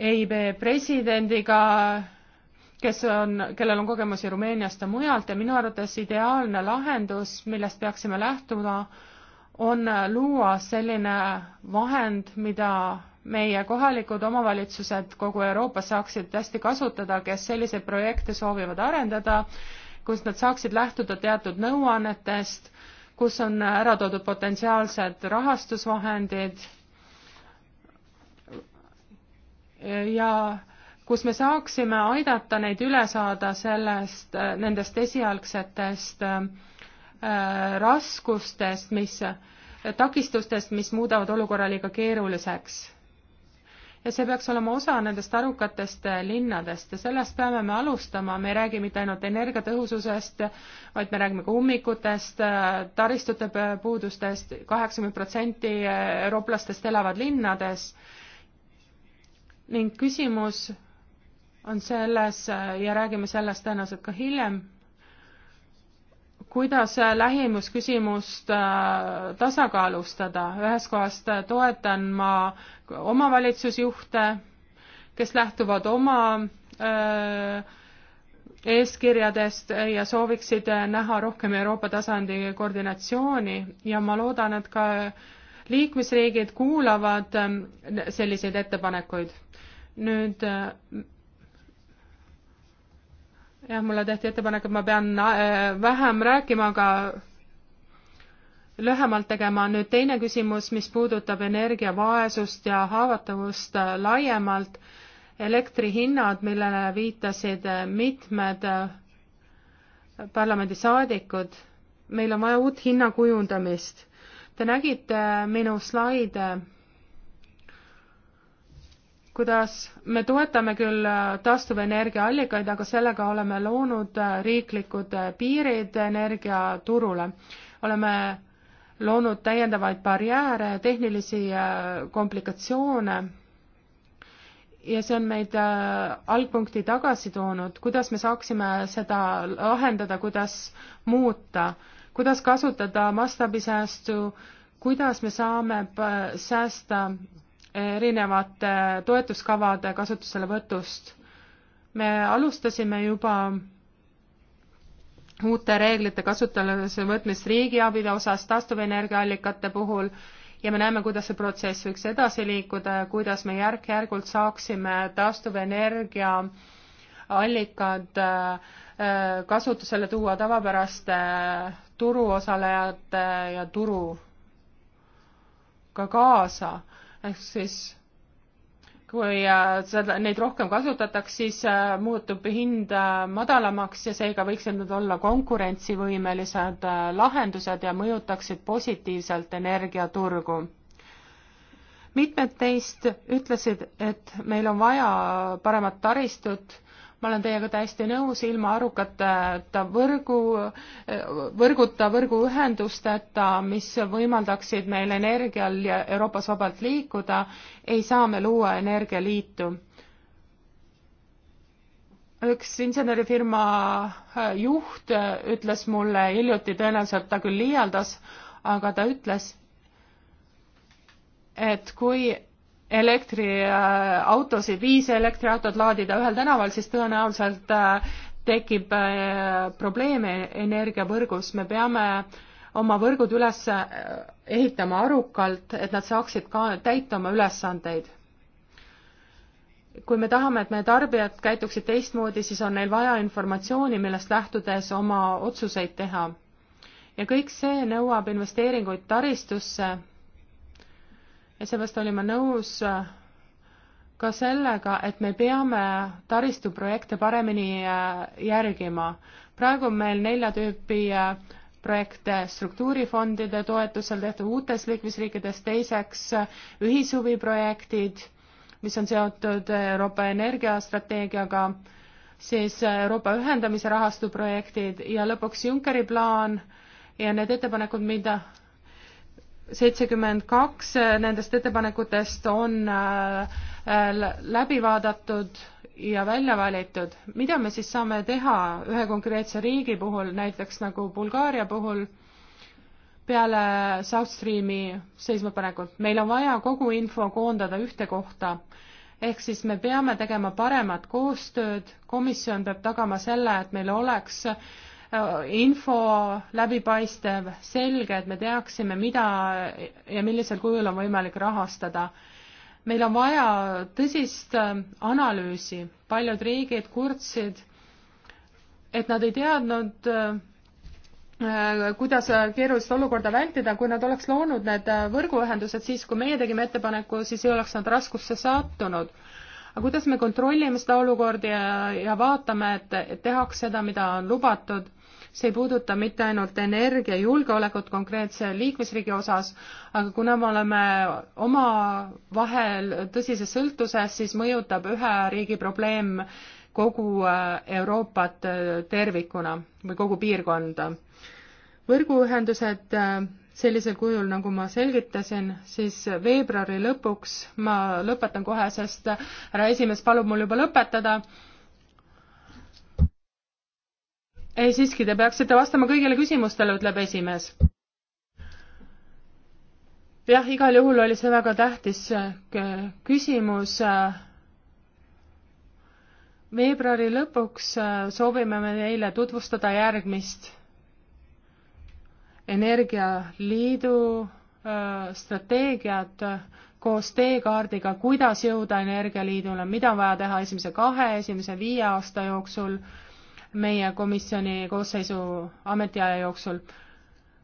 EIB presidendiga, kes on, kellel on kogemusi Rumeeniast ja mujalt ja minu arvates ideaalne lahendus, millest peaksime lähtuma, on luua selline vahend, mida meie kohalikud omavalitsused kogu Euroopas saaksid hästi kasutada, kes selliseid projekte soovivad arendada, kus nad saaksid lähtuda teatud nõuannetest, kus on ära toodud potentsiaalsed rahastusvahendid ja kus me saaksime aidata neid üle saada sellest, nendest esialgsetest äh, raskustest, mis, takistustest, mis muudavad olukorra liiga keeruliseks ja see peaks olema osa nendest arukatest eh, linnadest ja sellest peame me alustama, me ei räägi mitte ainult energiatõhususest, vaid me räägime ka ummikutest, eh, taristute puudustest, kaheksakümmend protsenti eh, eurooplastest elavad linnades ning küsimus on selles ja räägime sellest tõenäoliselt ka hiljem kuidas äh, lähimusküsimust äh, tasakaalustada, ühest kohast äh, toetan ma omavalitsusjuhte, kes lähtuvad oma öö, eeskirjadest ja sooviksid näha rohkem Euroopa tasandi koordinatsiooni ja ma loodan, et ka liikmesriigid kuulavad selliseid ettepanekuid. nüüd jah, mulle tehti ettepanek, et ma pean äh, vähem rääkima, aga lühemalt tegema. nüüd teine küsimus, mis puudutab energiavaesust ja haavatavust äh, laiemalt. elektrihinnad, millele viitasid äh, mitmed parlamendisaadikud. meil on vaja uut hinnakujundamist. Te nägite minu slaide kuidas me toetame küll äh, taastuvenergiaallikaid, aga sellega oleme loonud äh, riiklikud äh, piirid energiaturule. oleme loonud täiendavaid barjääre, tehnilisi komplikatsioone ja see on meid algpunkti tagasi toonud, kuidas me saaksime seda lahendada, kuidas muuta, kuidas kasutada mastaabisäästu, kuidas me saame säästa erinevate toetuskavade kasutuselevõtust. me alustasime juba uute reeglite kasutusele võtmist riigiabide osas taastuvenergiaallikate puhul ja me näeme, kuidas see protsess võiks edasi liikuda ja kuidas me järk-järgult saaksime taastuvenergia allikad äh, kasutusele tuua tavapäraste turuosalejate ja turuga kaasa ehk siis kui äh, seda, neid rohkem kasutatakse, siis äh, muutub hind äh, madalamaks ja seega võiksid need olla konkurentsivõimelised lahendused ja mõjutaksid positiivselt energiaturgu. mitmed teist ütlesid, et meil on vaja paremat taristut ma olen teiega täiesti nõus, ilma arukata võrgu, võrguta võrguühendusteta, mis võimaldaksid meil energial ja Euroopas vabalt liikuda, ei saa me luua energialiitu. üks insenerifirma äh, juht äh, ütles mulle hiljuti, tõenäoliselt ta küll liialdas, aga ta ütles, et kui elektriautosid, viis elektriautot laadida ühel tänaval, siis tõenäoliselt äh, tekib äh, probleeme energiavõrgus, me peame oma võrgud üles äh, ehitama arukalt, et nad saaksid ka täita oma ülesandeid. kui me tahame, et meie tarbijad käituksid teistmoodi, siis on neil vaja informatsiooni, millest lähtudes oma otsuseid teha. ja kõik see nõuab investeeringuid taristusse ja seepärast olin ma nõus äh, ka sellega, et me peame taristuprojekte paremini äh, järgima. praegu on meil nelja tüüpi äh, projekte struktuurifondide toetusel tehtud uutes liikmesriikides, teiseks ühishuviprojektid, mis on seotud Euroopa energiastrateegiaga, siis Euroopa ühendamise rahastu projektid ja lõpuks Junckeri plaan ja need ettepanekud, mida seitsekümmend kaks eh, nendest ettepanekutest on eh, eh, läbi vaadatud ja välja valitud. mida me siis saame teha ühe konkreetse riigi puhul, näiteks nagu Bulgaaria puhul, peale South Streami seismapanekut? meil on vaja kogu info koondada ühte kohta. ehk siis me peame tegema paremat koostööd, komisjon peab tagama selle, et meil oleks äh, info läbipaistev, selge, et me teaksime, mida ja millisel kujul on võimalik rahastada. meil on vaja tõsist äh, analüüsi, paljud riigid kurtsid, et nad ei teadnud, äh, äh, kuidas keerulist olukorda vältida, kui nad oleks loonud need võrguühendused siis, kui meie tegime ettepaneku, siis ei oleks nad raskusse sattunud aga kuidas me kontrollime seda olukorda ja, ja vaatame, et tehakse seda, mida on lubatud, see ei puuduta mitte ainult energiajulgeolekut konkreetse liikmesriigi osas, aga kuna me oleme omavahel tõsises sõltuses, siis mõjutab ühe riigi probleem kogu äh, Euroopat äh, tervikuna või kogu piirkonda. võrguühendused äh, sellisel kujul, nagu ma selgitasin, siis veebruari lõpuks, ma lõpetan kohe, sest härra esimees palub mul juba lõpetada. ei siiski, te peaksite vastama kõigile küsimustele, ütleb esimees. jah, igal juhul oli see väga tähtis äh, küsimus äh, veebruari lõpuks äh, soovime me teile tutvustada järgmist energialiidu äh, strateegiad äh, koos teekaardiga, kuidas jõuda energialiidule, mida on vaja teha esimese kahe, esimese viie aasta jooksul, meie komisjoni koosseisu ametiaja jooksul.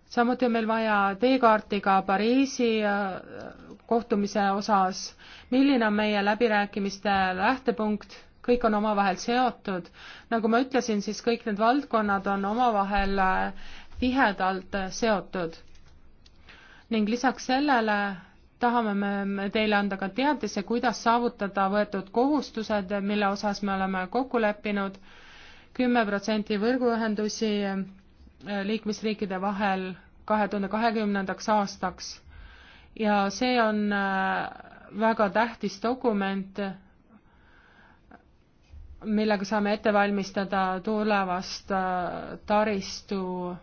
samuti on meil vaja teekaarti ka Pariisi äh, kohtumise osas, milline on meie läbirääkimiste lähtepunkt, kõik on omavahel seotud. nagu ma ütlesin, siis kõik need valdkonnad on omavahel tihedalt seotud. ning lisaks sellele tahame me teile anda ka teadise, kuidas saavutada võetud kohustused, mille osas me oleme kokku leppinud, kümme protsenti võrguühendusi eh, liikmesriikide vahel kahe tuhande kahekümnendaks aastaks. ja see on eh, väga tähtis dokument, millega saame ette valmistada tulevast eh, taristu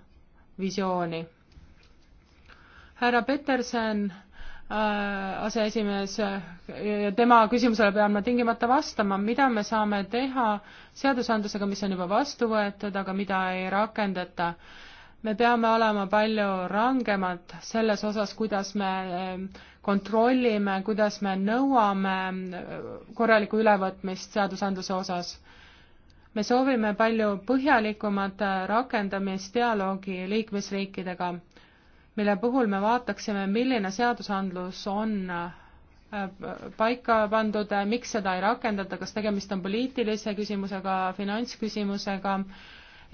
visiooni. härra Peterson äh, aseesimees, tema küsimusele pean ma tingimata vastama, mida me saame teha seadusandlusega, mis on juba vastu võetud, aga mida ei rakendata. me peame olema palju rangemad selles osas, kuidas me äh, kontrollime, kuidas me nõuame äh, korralikku ülevõtmist seadusandluse osas me soovime palju põhjalikumat rakendamist dialoogi liikmesriikidega, mille puhul me vaataksime, milline seadusandlus on äh, paika pandud, miks seda ei rakendata, kas tegemist on poliitilise küsimusega, finantsküsimusega,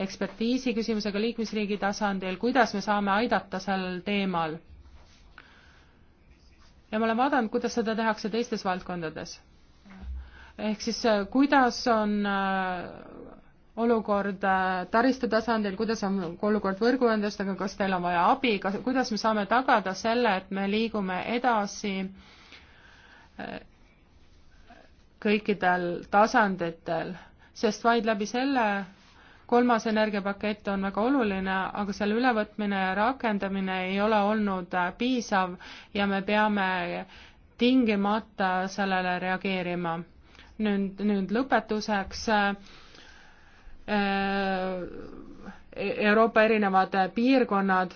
ekspertiisi küsimusega liikmesriigi tasandil, kuidas me saame aidata sel teemal. ja ma olen vaadanud, kuidas seda tehakse teistes valdkondades ehk siis äh, kuidas on äh, olukord äh, taristu tasandil, kuidas on olukord võrguühendustega, kas teil on vaja abi, kas, kuidas me saame tagada selle, et me liigume edasi kõikidel tasanditel, sest vaid läbi selle kolmas energiapakett on väga oluline, aga selle ülevõtmine ja rakendamine ei ole olnud piisav ja me peame tingimata sellele reageerima nüüd, nüüd lõpetuseks äh, äh, Euroopa erinevad piirkonnad,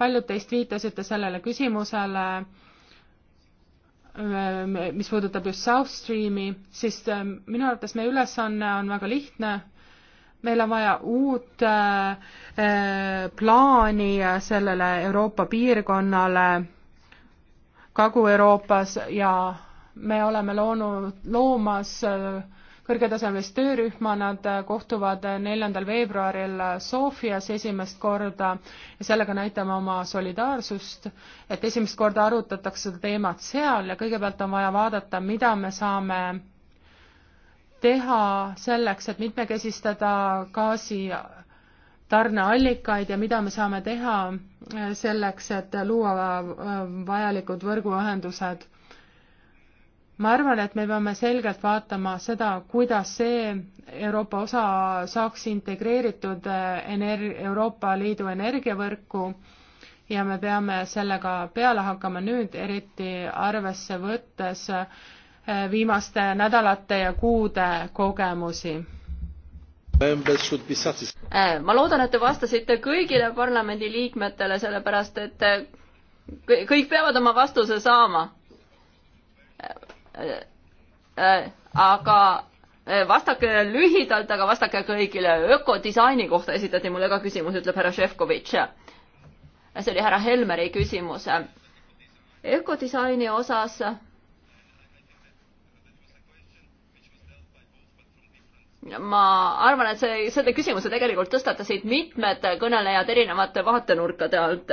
paljud teist viitasite sellele küsimusele, äh, mis puudutab just South Streami, siis minu arvates meie ülesanne on väga lihtne, meil on vaja uut plaani sellele Euroopa piirkonnale Kagu-Euroopas ja me oleme loonud, loomas äh, kõrgetasemelist töörühma, nad äh, kohtuvad äh, neljandal veebruaril Sofias esimest korda ja sellega näitame oma solidaarsust, et esimest korda arutatakse seda teemat seal ja kõigepealt on vaja vaadata, mida me saame teha selleks, et mitmekesistada gaasi tarneallikaid ja mida me saame teha selleks, et luua vajalikud võrguühendused ma arvan, et me peame selgelt vaatama seda, kuidas see Euroopa osa saaks integreeritud eh, ener-, Euroopa Liidu energiavõrku ja me peame sellega peale hakkama nüüd, eriti arvesse võttes eh, viimaste nädalate ja kuude kogemusi eh, ma loodan, et te vastasite kõigile parlamendi liikmetele, sellepärast et kõik peavad oma vastuse saama. Äh, äh, aga äh, vastake lühidalt, aga vastake kõigile. ökodisaini kohta esitati mulle ka küsimus, ütleb härra Šefkovitš. see oli härra Helmeri küsimus. ökodisaini osas ma arvan, et see, selle küsimuse tegelikult tõstatasid mitmed kõnelejad erinevate vaatenurkade alt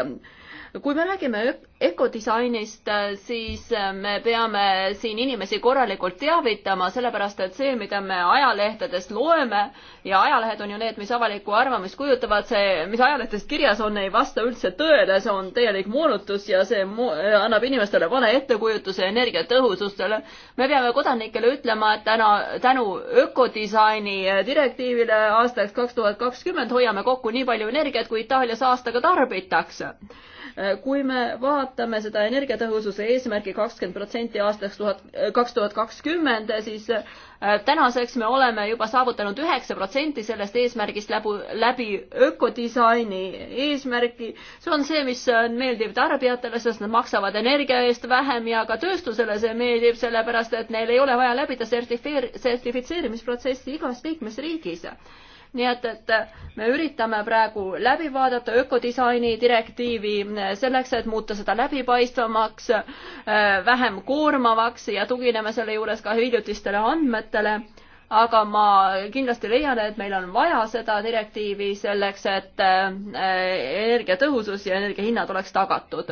kui me räägime ökodisainist, siis äh, me peame siin inimesi korralikult teavitama, sellepärast et see, mida me ajalehtedest loeme ja ajalehed on ju need, mis avalikku arvamist kujutavad, see, mis ajalehtedest kirjas on, ei vasta üldse tõele, see on täielik moonutus ja see mo äh, annab inimestele vale ettekujutuse energiatõhusustele. me peame kodanikele ütlema, et täna, tänu ökodisaini direktiivile aastaks kaks tuhat kakskümmend hoiame kokku nii palju energiat, kui Itaalias aastaga tarbitakse Äh, kui me vaatame seda energiatõhususe eesmärki kakskümmend protsenti aastaks tuhat, äh, kaks tuhat kakskümmend, siis äh, tänaseks me oleme juba saavutanud üheksa protsenti sellest eesmärgist läbi, läbi ökodisaini eesmärgi. see on see, mis on meeldiv tarbijatele, sest nad maksavad energia eest vähem ja ka tööstusele see meeldib, sellepärast et neil ei ole vaja läbida sertifeer-, sertifitseerimisprotsessi igas liikmesriigis nii et, et me üritame praegu läbi vaadata ökodisaini direktiivi selleks, et muuta seda läbipaistvamaks, vähem koormavaks ja tugineme selle juures ka hiljutistele andmetele aga ma kindlasti leian, et meil on vaja seda direktiivi selleks, et äh, energiatõhusus ja energiahinnad oleks tagatud.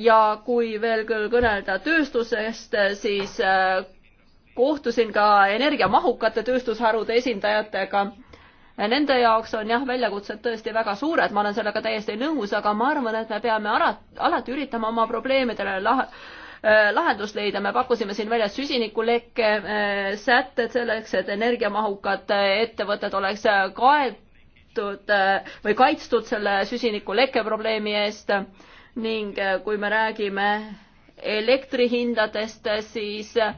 ja kui veel küll kõnelda tööstusest, siis äh, kohtusin ka energiamahukate tööstusharude esindajatega. Nende jaoks on jah, väljakutsed tõesti väga suured, ma olen sellega täiesti nõus, aga ma arvan, et me peame alati, alati üritama oma probleemidele lah-, äh, lahendust leida, me pakkusime siin välja süsinikulekke äh, sätted selleks, et energiamahukad äh, ettevõtted oleks kaetud või kaitstud selle süsinikulekke probleemi eest ning kui me räägime elektrihindadest, siis äh,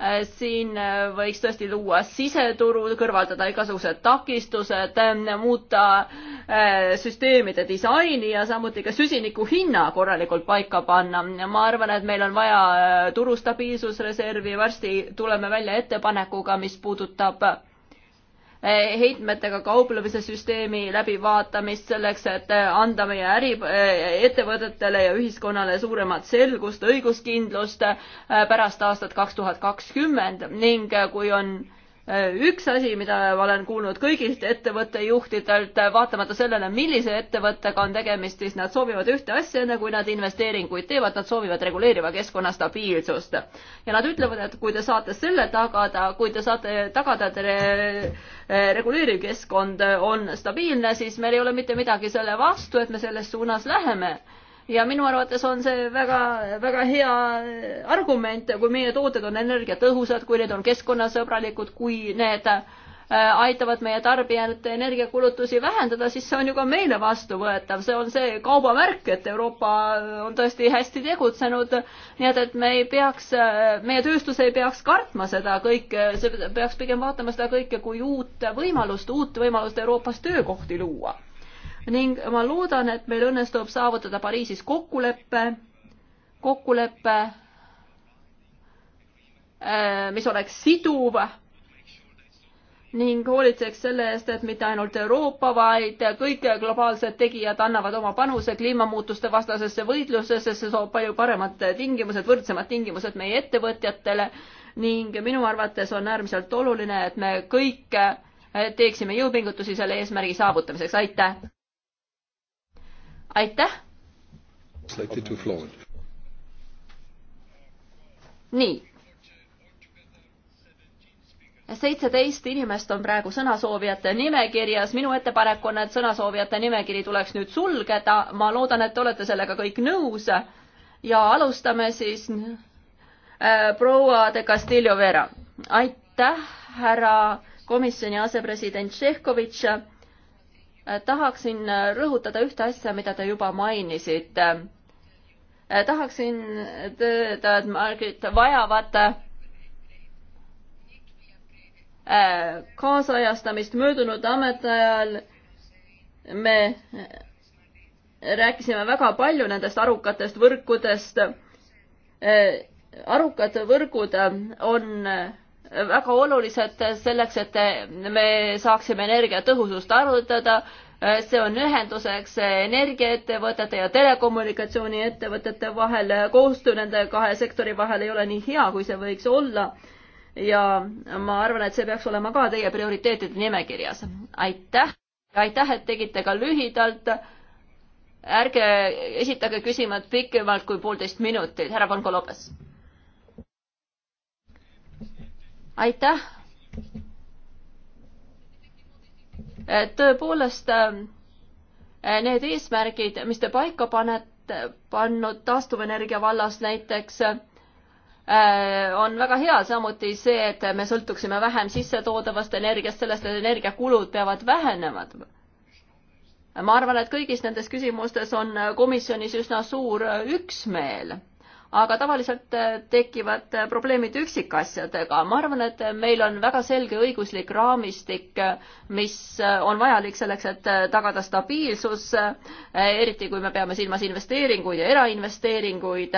Äh, siin äh, võiks tõesti luua siseturu, kõrvaldada igasugused takistused, äh, muuta süsteemide disaini ja samuti ka süsiniku hinna korralikult paika panna. ma arvan, et meil on vaja turu stabiilsusreservi, varsti tuleme välja ettepanekuga, mis puudutab Eh, heitmetega kauplemise süsteemi läbivaatamist selleks, et eh, anda meie äri, eh, ettevõtetele ja ühiskonnale suuremat selgust, õiguskindlust pärast aastat kaks tuhat kakskümmend ning kui on Äh, üks asi, mida ma olen kuulnud kõigilt ettevõtte juhtidelt, äh, vaatamata sellele, millise ettevõttega on tegemist, siis nad soovivad ühte asja, enne kui nad investeeringuid teevad, nad soovivad reguleeriva keskkonna stabiilsust. ja nad ütlevad, et kui te saate selle tagada, kui te saate tagada, et re äh, reguleeriv keskkond on stabiilne, siis meil ei ole mitte midagi selle vastu, et me selles suunas läheme ja minu arvates on see väga, väga hea äh, argument, kui meie tooted on energiatõhusad, kui need on keskkonnasõbralikud, kui need äh, aitavad meie tarbijate energiakulutusi vähendada, siis see on ju ka meile vastuvõetav, see on see kaubamärk, et Euroopa äh, on tõesti hästi tegutsenud. nii et, et me ei peaks, meie tööstus ei peaks kartma seda kõike, see peaks pigem vaatama seda kõike kui uut võimalust, uut võimalust Euroopas töökohti luua ning ma loodan, et meil õnnestub saavutada Pariisis kokkulepe, kokkulepe, äh, mis oleks siduv ning hoolitseks selle eest, et mitte ainult Euroopa, vaid kõik globaalsed tegijad annavad oma panuse kliimamuutuste vastasesse võitlusesse, see toob palju paremad tingimused, võrdsemad tingimused meie ettevõtjatele ning minu arvates on äärmiselt oluline, et me kõik teeksime jõupingutusi selle eesmärgi saavutamiseks, aitäh! aitäh! nii. seitseteist inimest on praegu sõnasoovijate nimekirjas, minu ettepanek on, et sõnasoovijate nimekiri tuleks nüüd sulgeda, ma loodan, et te olete sellega kõik nõus ja alustame siis äh, proua de Castillo Vera. aitäh, härra komisjoni asepresident Šehkovitš Äh, tahaksin äh, rõhutada ühte asja, mida te juba mainisite. Äh, tahaksin tõdeda, et margid vajavad kaasajastamist möödunud ametiajal me rääkisime väga palju nendest arukatest võrkudest. arukad võrgud on väga olulised selleks, et me saaksime energiatõhusust arutada. see on ühenduseks energiaettevõtete ja telekommunikatsiooniettevõtete vahel. koostöö nende kahe sektori vahel ei ole nii hea, kui see võiks olla. ja ma arvan, et see peaks olema ka teie prioriteetide nimekirjas. aitäh ja aitäh, et tegite ka lühidalt. ärge esitage küsimust pikemalt kui poolteist minutit. härra Panko Lopes aitäh. Äh, tõepoolest, ähm, äh, need eesmärgid, mis te paika panete, pannud taastuvenergia vallas näiteks, äh, on väga hea, samuti see, et me sõltuksime vähem sissetoodavast energiast, sellest, et energiakulud peavad vähenema ma arvan, et kõigis nendes küsimustes on komisjonis üsna suur üksmeel aga tavaliselt äh, tekivad äh, probleemid üksikasjadega. ma arvan, et meil on väga selge õiguslik raamistik, äh, mis on vajalik selleks, et tagada stabiilsus, eriti kui me peame silmas investeeringuid ja erainvesteeringuid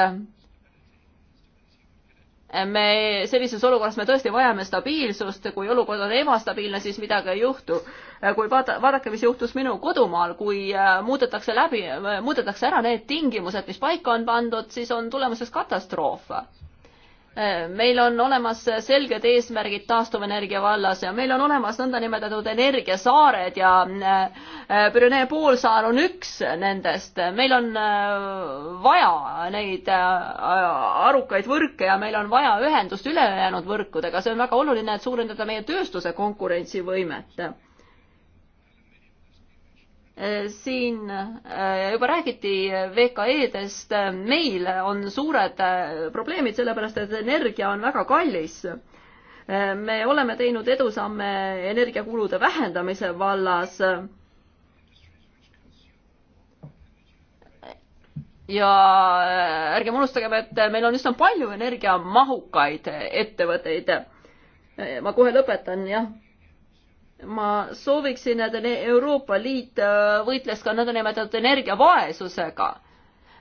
me sellises olukorras me tõesti vajame stabiilsust, kui olukord on ebastabiilne, siis midagi ei juhtu. kui vaata, vaadake, mis juhtus minu kodumaal, kui äh, muudetakse läbi, muudetakse ära need tingimused, mis paika on pandud, siis on tulemuses katastroof meil on olemas selged eesmärgid taastuvenergia vallas ja meil on olemas nõndanimetatud energiasaared ja Brüne äh, äh, poolsaar on üks nendest. meil on äh, vaja neid arukaid võrke ja meil on vaja ühendust ülejäänud võrkudega, see on väga oluline, et suurendada meie tööstuse konkurentsivõimet Äh, siin äh, juba räägiti VKE-dest, äh, meil on suured probleemid, sellepärast et energia on väga kallis. me oleme teinud edusamme energiakulude vähendamise vallas. ja ärgem unustagem, et meil on üsna palju energiamahukaid ettevõtteid. ma kohe lõpetan, jah ma sooviksin, et Euroopa Liit äh, võitles ka nõndanimetatud energiavaesusega.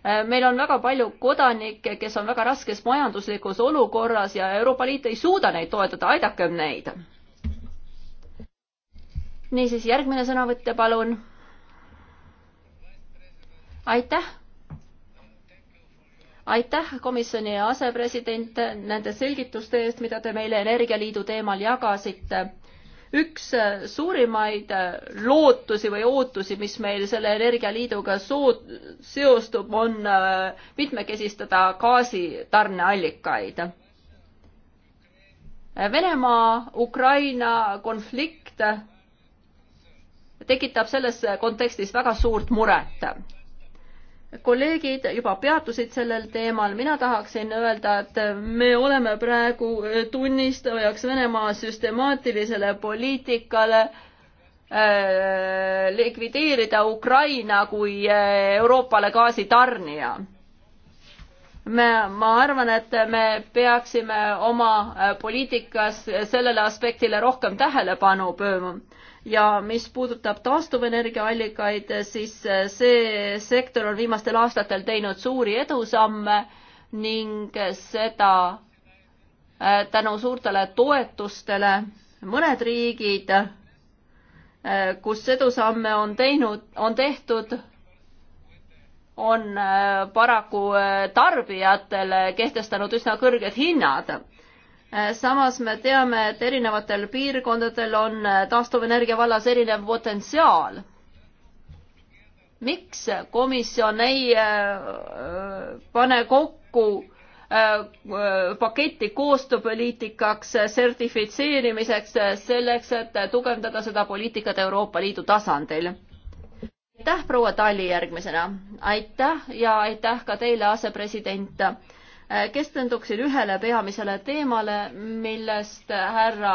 Äh, meil on väga palju kodanikke, kes on väga raskes majanduslikus olukorras ja Euroopa Liit ei suuda neid toetada, aidakem neid. niisiis, järgmine sõnavõtja, palun. aitäh aitäh, komisjoni asepresident, nende selgituste eest, mida te meile Energialiidu teemal jagasite üks äh, suurimaid äh, lootusi või ootusi, mis meil selle energialiiduga soo-, seostub, on äh, mitmekesistada gaasitarneallikaid. Venemaa-Ukraina konflikt tekitab selles kontekstis väga suurt muret kolleegid juba peatusid sellel teemal, mina tahaksin öelda, et me oleme praegu tunnistajaks Venemaa süstemaatilisele poliitikale äh, likvideerida Ukraina kui äh, Euroopale gaasitarnija. me, ma arvan, et me peaksime oma äh, poliitikas sellele aspektile rohkem tähelepanu pöörama ja mis puudutab taastuvenergiaallikaid, siis äh, see sektor on viimastel aastatel teinud suuri edusamme ning seda äh, tänu suurtele toetustele mõned riigid, äh, kus edusamme on teinud, on tehtud, on paraku tarbijatele kehtestanud üsna kõrged hinnad Äh, samas me teame, et erinevatel piirkondadel on äh, taastuvenergia vallas erinev potentsiaal. miks komisjon ei äh, pane kokku paketti koostööpoliitikaks sertifitseerimiseks, selleks et tugevdada seda poliitikat Euroopa Liidu tasandil? aitäh, proua Tali järgmisena. aitäh ja aitäh ka teile, asepresident Äh, keskenduksin ühele peamisele teemale, millest härra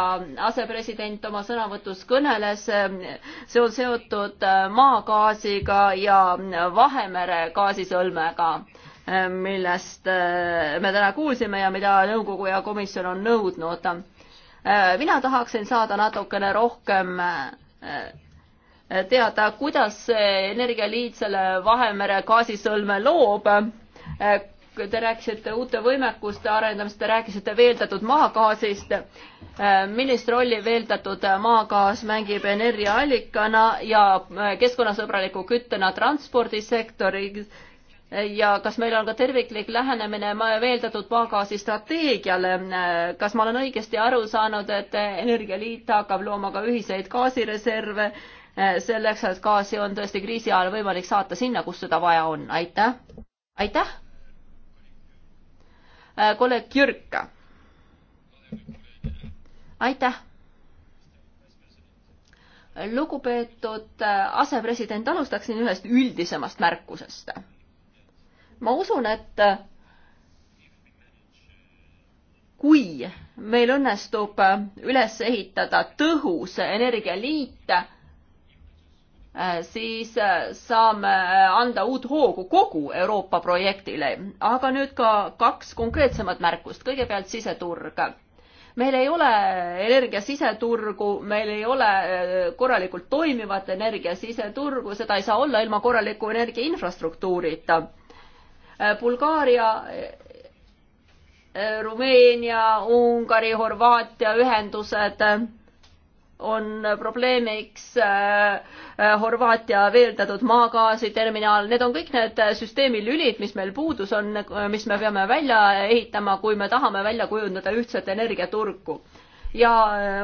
asepresident oma sõnavõtus kõneles. see on seotud äh, maagaasiga ja Vahemere gaasisõlmega, äh, millest me täna kuulsime ja mida nõukogu ja komisjon on nõudnud. mina tahaksin saada natukene rohkem teada, kuidas Energialiit selle Vahemere gaasisõlme loob te rääkisite uute võimekuste arendamist, te rääkisite veeldatud maagaasist. Äh, millist rolli veeldatud maagaas mängib energiaallikana ja äh, keskkonnasõbraliku küttena transpordisektoris? ja kas meil on ka terviklik lähenemine veeldatud maagaasi strateegiale? Äh, kas ma olen õigesti aru saanud, et Energialiit hakkab looma ka ühiseid gaasireserve selleks, et gaasi on tõesti kriisi ajal võimalik saata sinna, kus seda vaja on? aitäh! aitäh! Äh, kolleeg Jürka. aitäh. lugupeetud äh, asepresident, alustaksin ühest üldisemast märkusest. ma usun, et äh, kui meil õnnestub üles ehitada tõhus energialiit, Äh, siis äh, saame äh, anda uut hoogu kogu Euroopa projektile. aga nüüd ka kaks konkreetsemat märkust, kõigepealt siseturg meil ei ole energia siseturgu, meil ei ole korralikult toimivat energia siseturgu, seda ei saa olla ilma korraliku energia infrastruktuurita. Bulgaaria Rumeenia, Ungari, Horvaatia ühendused on probleemiks äh, äh, Horvaatia veeldatud maagaasiterminal, need on kõik need äh, süsteemi lülid, mis meil puudus on, mis me peame välja ehitama, kui me tahame välja kujundada ühtset energiaturgu ja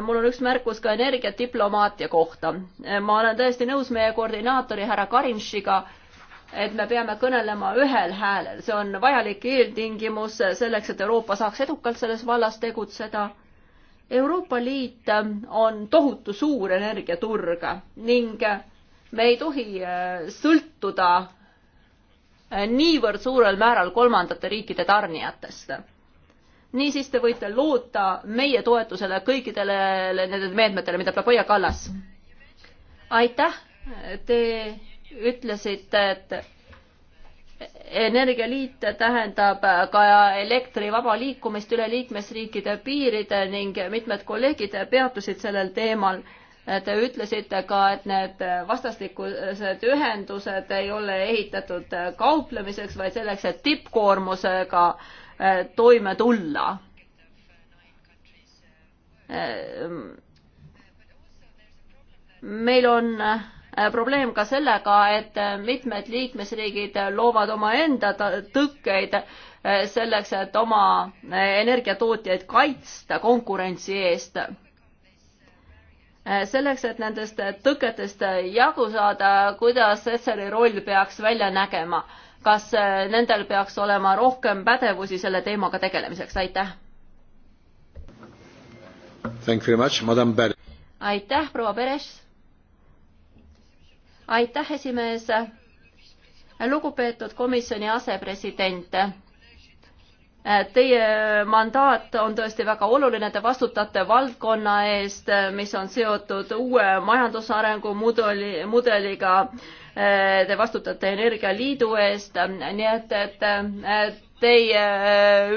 mul on üks märkus ka energiadiplomaatia kohta. ma olen täiesti nõus meie koordinaatori härra Karinšiga, et me peame kõnelema ühel häälel, see on vajalik eeltingimus selleks, et Euroopa saaks edukalt selles vallas tegutseda Euroopa Liit ähm, on tohutu suur energiaturg ning äh, me ei tohi äh, sõltuda äh, niivõrd suurel määral kolmandate riikide tarnijatest. niisiis te võite loota meie toetusele kõikidele nendele meetmetele, mida peab hoia Kallas. aitäh, te ütlesite, et energialiit tähendab ka elektri vaba liikumist üle liikmesriikide piiride ning mitmed kolleegid peatusid sellel teemal. Te ütlesite ka, et need vastastikused ühendused ei ole ehitatud kauplemiseks, vaid selleks, et tippkoormusega eh, toime tulla eh, meil on eh, Äh, probleem ka sellega, et äh, mitmed liikmesriigid loovad omaenda tõkkeid äh, selleks, et oma energiatootjaid kaitsta konkurentsi eest. selleks, et nendest tõketest jagu saada, kuidas Esseri roll peaks välja nägema? kas nendel peaks olema rohkem pädevusi selle teemaga tegelemiseks, aitäh! aitäh, proua Peres! aitäh, esimees. lugupeetud komisjoni asepresident. Teie mandaat on tõesti väga oluline, te vastutate valdkonna eest, mis on seotud uue majandusarengu mudeli, mudeliga. Te vastutate Energialiidu eest, nii et, et teie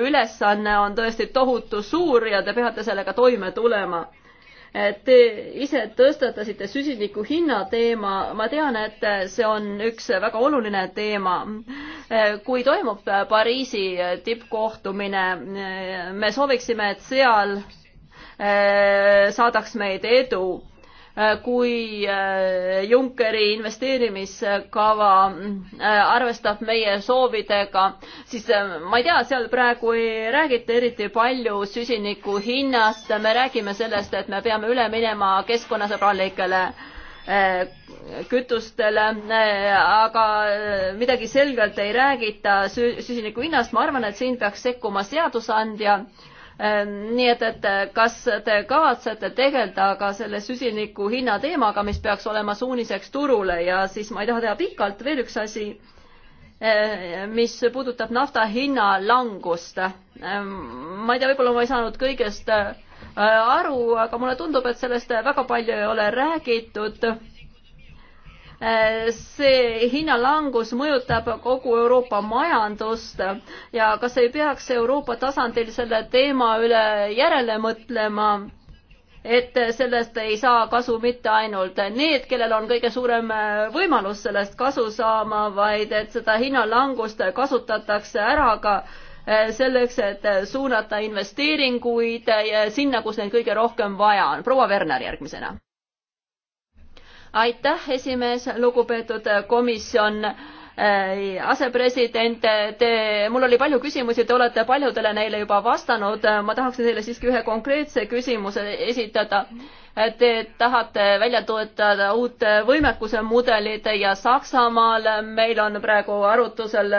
ülesanne on tõesti tohutu suur ja te peate sellega toime tulema Te ise tõstatasite süsiniku hinna teema, ma tean, et see on üks väga oluline teema. kui toimub Pariisi tippkohtumine, me sooviksime, et seal eh, saadaks meid edu Äh, kui äh, Junckeri investeerimiskava äh, arvestab meie soovidega, siis ma ei tea, seal praegu ei räägita eriti palju süsiniku hinnast, me räägime sellest, et me peame üle minema keskkonnasõbralikele kütustele, aga midagi selgelt ei räägita süsiniku hinnast, ma arvan, et siin peaks sekkuma seadusandja Äh, nii et, et äh, kas te kavatsete tegeleda ka selle süsiniku hinna teemaga, mis peaks olema suuniseks turule ja siis ma ei taha teha pikalt, veel üks asi, äh, mis puudutab nafta hinna langust. ma ei tea, võib-olla ma ei saanud kõigest aru, aga mulle tundub, et sellest väga palju ei ole räägitud see hinnalangus mõjutab kogu Euroopa majandust ja kas ei peaks Euroopa tasandil selle teema üle järele mõtlema, et sellest ei saa kasu mitte ainult need, kellel on kõige suurem võimalus sellest kasu saama, vaid et seda hinnalangust kasutatakse ära ka eh, selleks, et suunata investeeringuid eh, sinna, kus neid kõige rohkem vaja on. proua Werner järgmisena aitäh, esimees, lugupeetud komisjon äh, asepresident, te, mul oli palju küsimusi, te olete paljudele neile juba vastanud, ma tahaksin teile siiski ühe konkreetse küsimuse esitada. Te tahate välja toetada uut võimekuse mudelit ja Saksamaal meil on praegu arutusel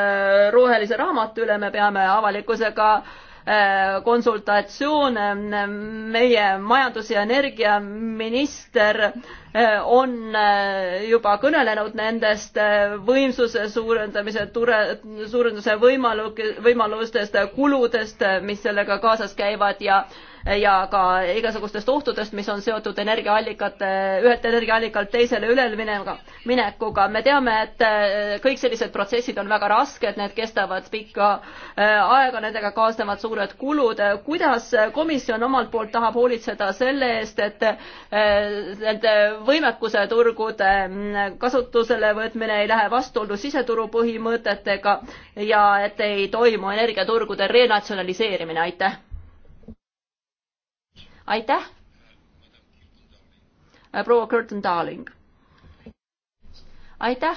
rohelise raamatu üle, me peame avalikkusega äh, Äh, konsultatsioon. meie majandus- ja energiaminister äh, on äh, juba kõnelenud nendest võimsuse suurendamise, suurenduse võimalustest, kuludest, mis sellega kaasas käivad ja ja ka igasugustest ohtudest, mis on seotud energiaallikate, ühelt energiaallikalt teisele üleminekuga, minekuga. me teame, et äh, kõik sellised protsessid on väga rasked, need kestavad pikka äh, aega, nendega kaasnevad suured kulud. kuidas komisjon omalt poolt tahab hoolitseda selle eest, et äh, nende võimekuse turgude kasutusele võtmine ei lähe vastuollu siseturu põhimõtetega ja et ei toimu energiaturgude renatsionaliseerimine, aitäh! aitäh. Äh, proua Curtin Darling. aitäh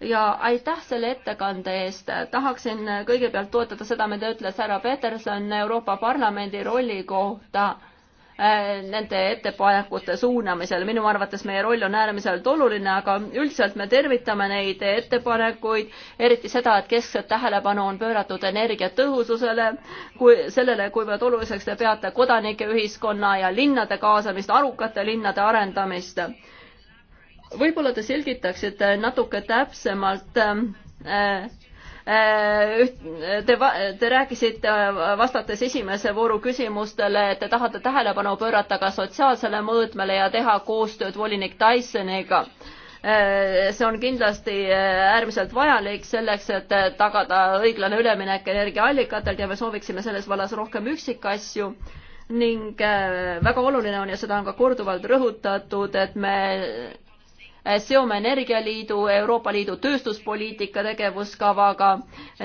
ja aitäh selle ettekande eest. tahaksin kõigepealt toetada seda, mida ütles härra Peterson Euroopa Parlamendi rolli kohta Äh, nende ettepanekute suunamisel. minu arvates meie roll on äärmiselt oluline, aga üldiselt me tervitame neid ettepanekuid, eriti seda, et keskset tähelepanu on pööratud energiatõhususele, kui sellele, kuivõrd oluliseks te peate kodanike ühiskonna ja linnade kaasamist, arukate linnade arendamist. võib-olla te selgitaksite natuke täpsemalt äh, Äh, te, te rääkisite, äh, vastates esimese vooru küsimustele, et te tahate tähelepanu pöörata ka sotsiaalsele mõõtmele ja teha koostööd volinik Dysoniga äh, see on kindlasti äärmiselt vajalik selleks, et tagada õiglane üleminek energiaallikatelt ja me sooviksime selles vallas rohkem üksikasju ning väga oluline on ja seda on ka korduvalt rõhutatud, et me Eh, seome Energialiidu Euroopa Liidu tööstuspoliitika tegevuskavaga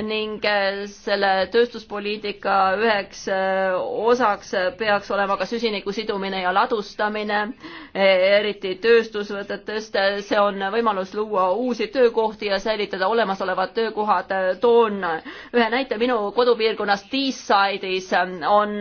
ning eh, selle tööstuspoliitika üheks eh, osaks peaks olema ka süsiniku sidumine ja ladustamine, eriti tööstusvõtetest. see on võimalus luua uusi töökohti ja säilitada olemasolevad töökohad. toon ühe näite minu kodupiirkonnas Deesside'is on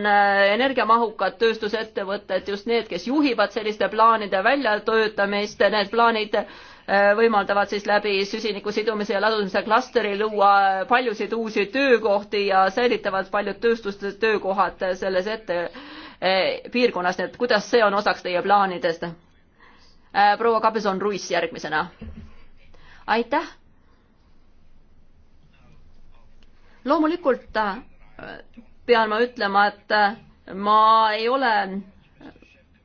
energiamahukad tööstusettevõtted just need, kes juhivad selliste plaanide väljatöötamist, need plaanid klastrid äh, võimaldavad siis läbi süsiniku sidumise ja ladumise klastri luua paljusid uusi töökohti ja säilitavad paljud tööstuste töökohad selles ette äh, piirkonnas, nii et kuidas see on osaks teie plaanidest? Äh, proua Kabison-Ruiss järgmisena. aitäh. loomulikult pean ma ütlema, et ma ei ole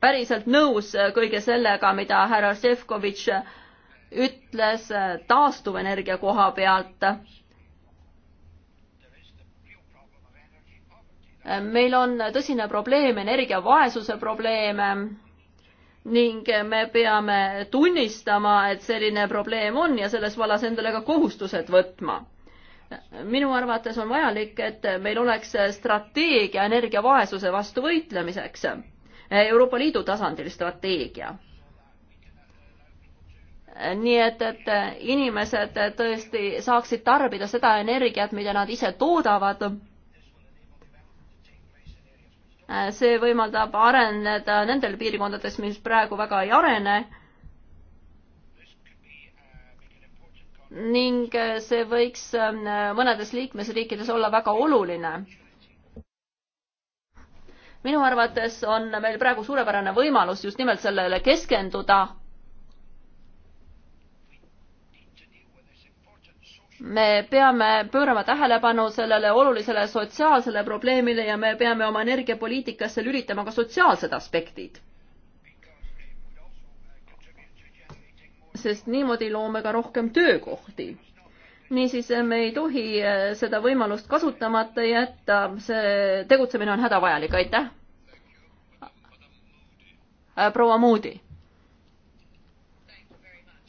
päriselt nõus äh, kõige sellega, mida härra Šefkovitš äh, ütles äh, taastuvenergia koha pealt. meil on tõsine probleem, energiavaesuse probleem ning me peame tunnistama, et selline probleem on ja selles vallas endale ka kohustused võtma. minu arvates on vajalik, et meil oleks strateegia energiavaesuse vastu võitlemiseks Euroopa Liidu tasandil strateegia. nii et, et inimesed tõesti saaksid tarbida seda energiat, mida nad ise toodavad see võimaldab areneda nendel piirkondades, mis praegu väga ei arene. ning see võiks mõnedes liikmesriikides olla väga oluline minu arvates on meil praegu suurepärane võimalus just nimelt sellele keskenduda. me peame pöörama tähelepanu sellele olulisele sotsiaalsele probleemile ja me peame oma energiapoliitikasse lülitama ka sotsiaalsed aspektid. sest niimoodi loome ka rohkem töökohti niisiis me ei tohi äh, seda võimalust kasutamata jätta, see tegutsemine on hädavajalik, aitäh. Äh, proua Moody.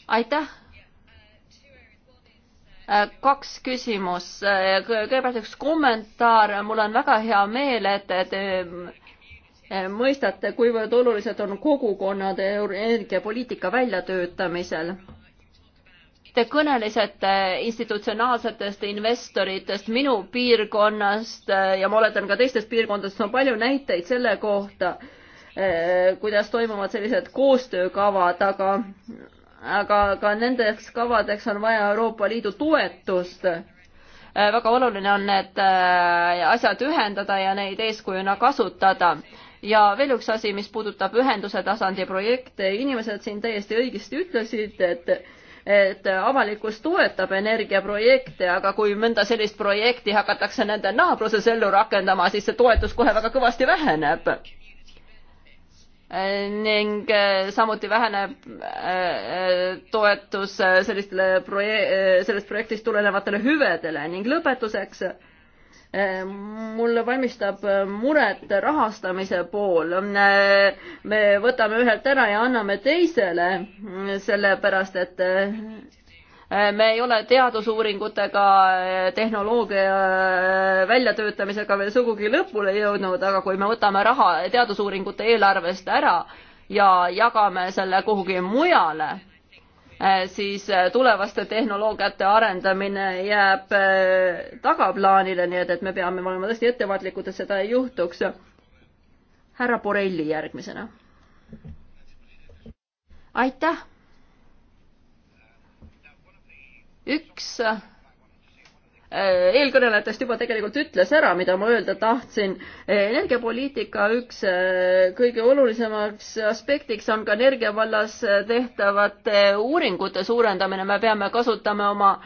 aitäh. Äh, kaks küsimust, kõigepealt üks kommentaar, mul on väga hea meel, et te mõistate, kuivõrd olulised on kogukonnad energiapoliitika väljatöötamisel Te kõnelesite institutsionaalsetest investoritest minu piirkonnast eh, ja ma oletan ka teistest piirkondadest on palju näiteid selle kohta, eh, kuidas toimuvad sellised koostöökavad, aga, aga ka nendeks kavadeks on vaja Euroopa Liidu toetust. Eh, väga oluline on need asjad ühendada ja neid eeskujuna kasutada ja veel üks asi, mis puudutab ühenduse tasandi projekte, inimesed siin täiesti õigesti ütlesid, et et avalikkus toetab energiaprojekte, aga kui mõnda sellist projekti hakatakse nende naabruses ellu rakendama, siis see toetus kohe väga kõvasti väheneb. ning eh, samuti väheneb eh, toetus sellistele proje-, eh, sellest projektist tulenevatele hüvedele ning lõpetuseks Ehm, mulle valmistab ehm, muret rahastamise pool. Ehm, me võtame ühelt ära ja anname teisele, sellepärast et me ei ole teadusuuringutega, tehnoloogia väljatöötamisega veel sugugi lõpule jõudnud, aga kui me võtame raha teadusuuringute eelarvest ära ja jagame selle kuhugi mujale Äh, siis äh, tulevaste tehnoloogiate arendamine jääb äh, tagaplaanile, nii et, et me peame olema tõesti ettevaatlikud, et seda ei juhtuks. härra Borrelli järgmisena. aitäh. üks Äh, eelkõnelejatest juba tegelikult ütles ära, mida ma öelda tahtsin. Äh, energiapoliitika üks äh, kõige olulisemaks aspektiks on ka energia vallas tehtavate uuringute suurendamine, me peame kasutama oma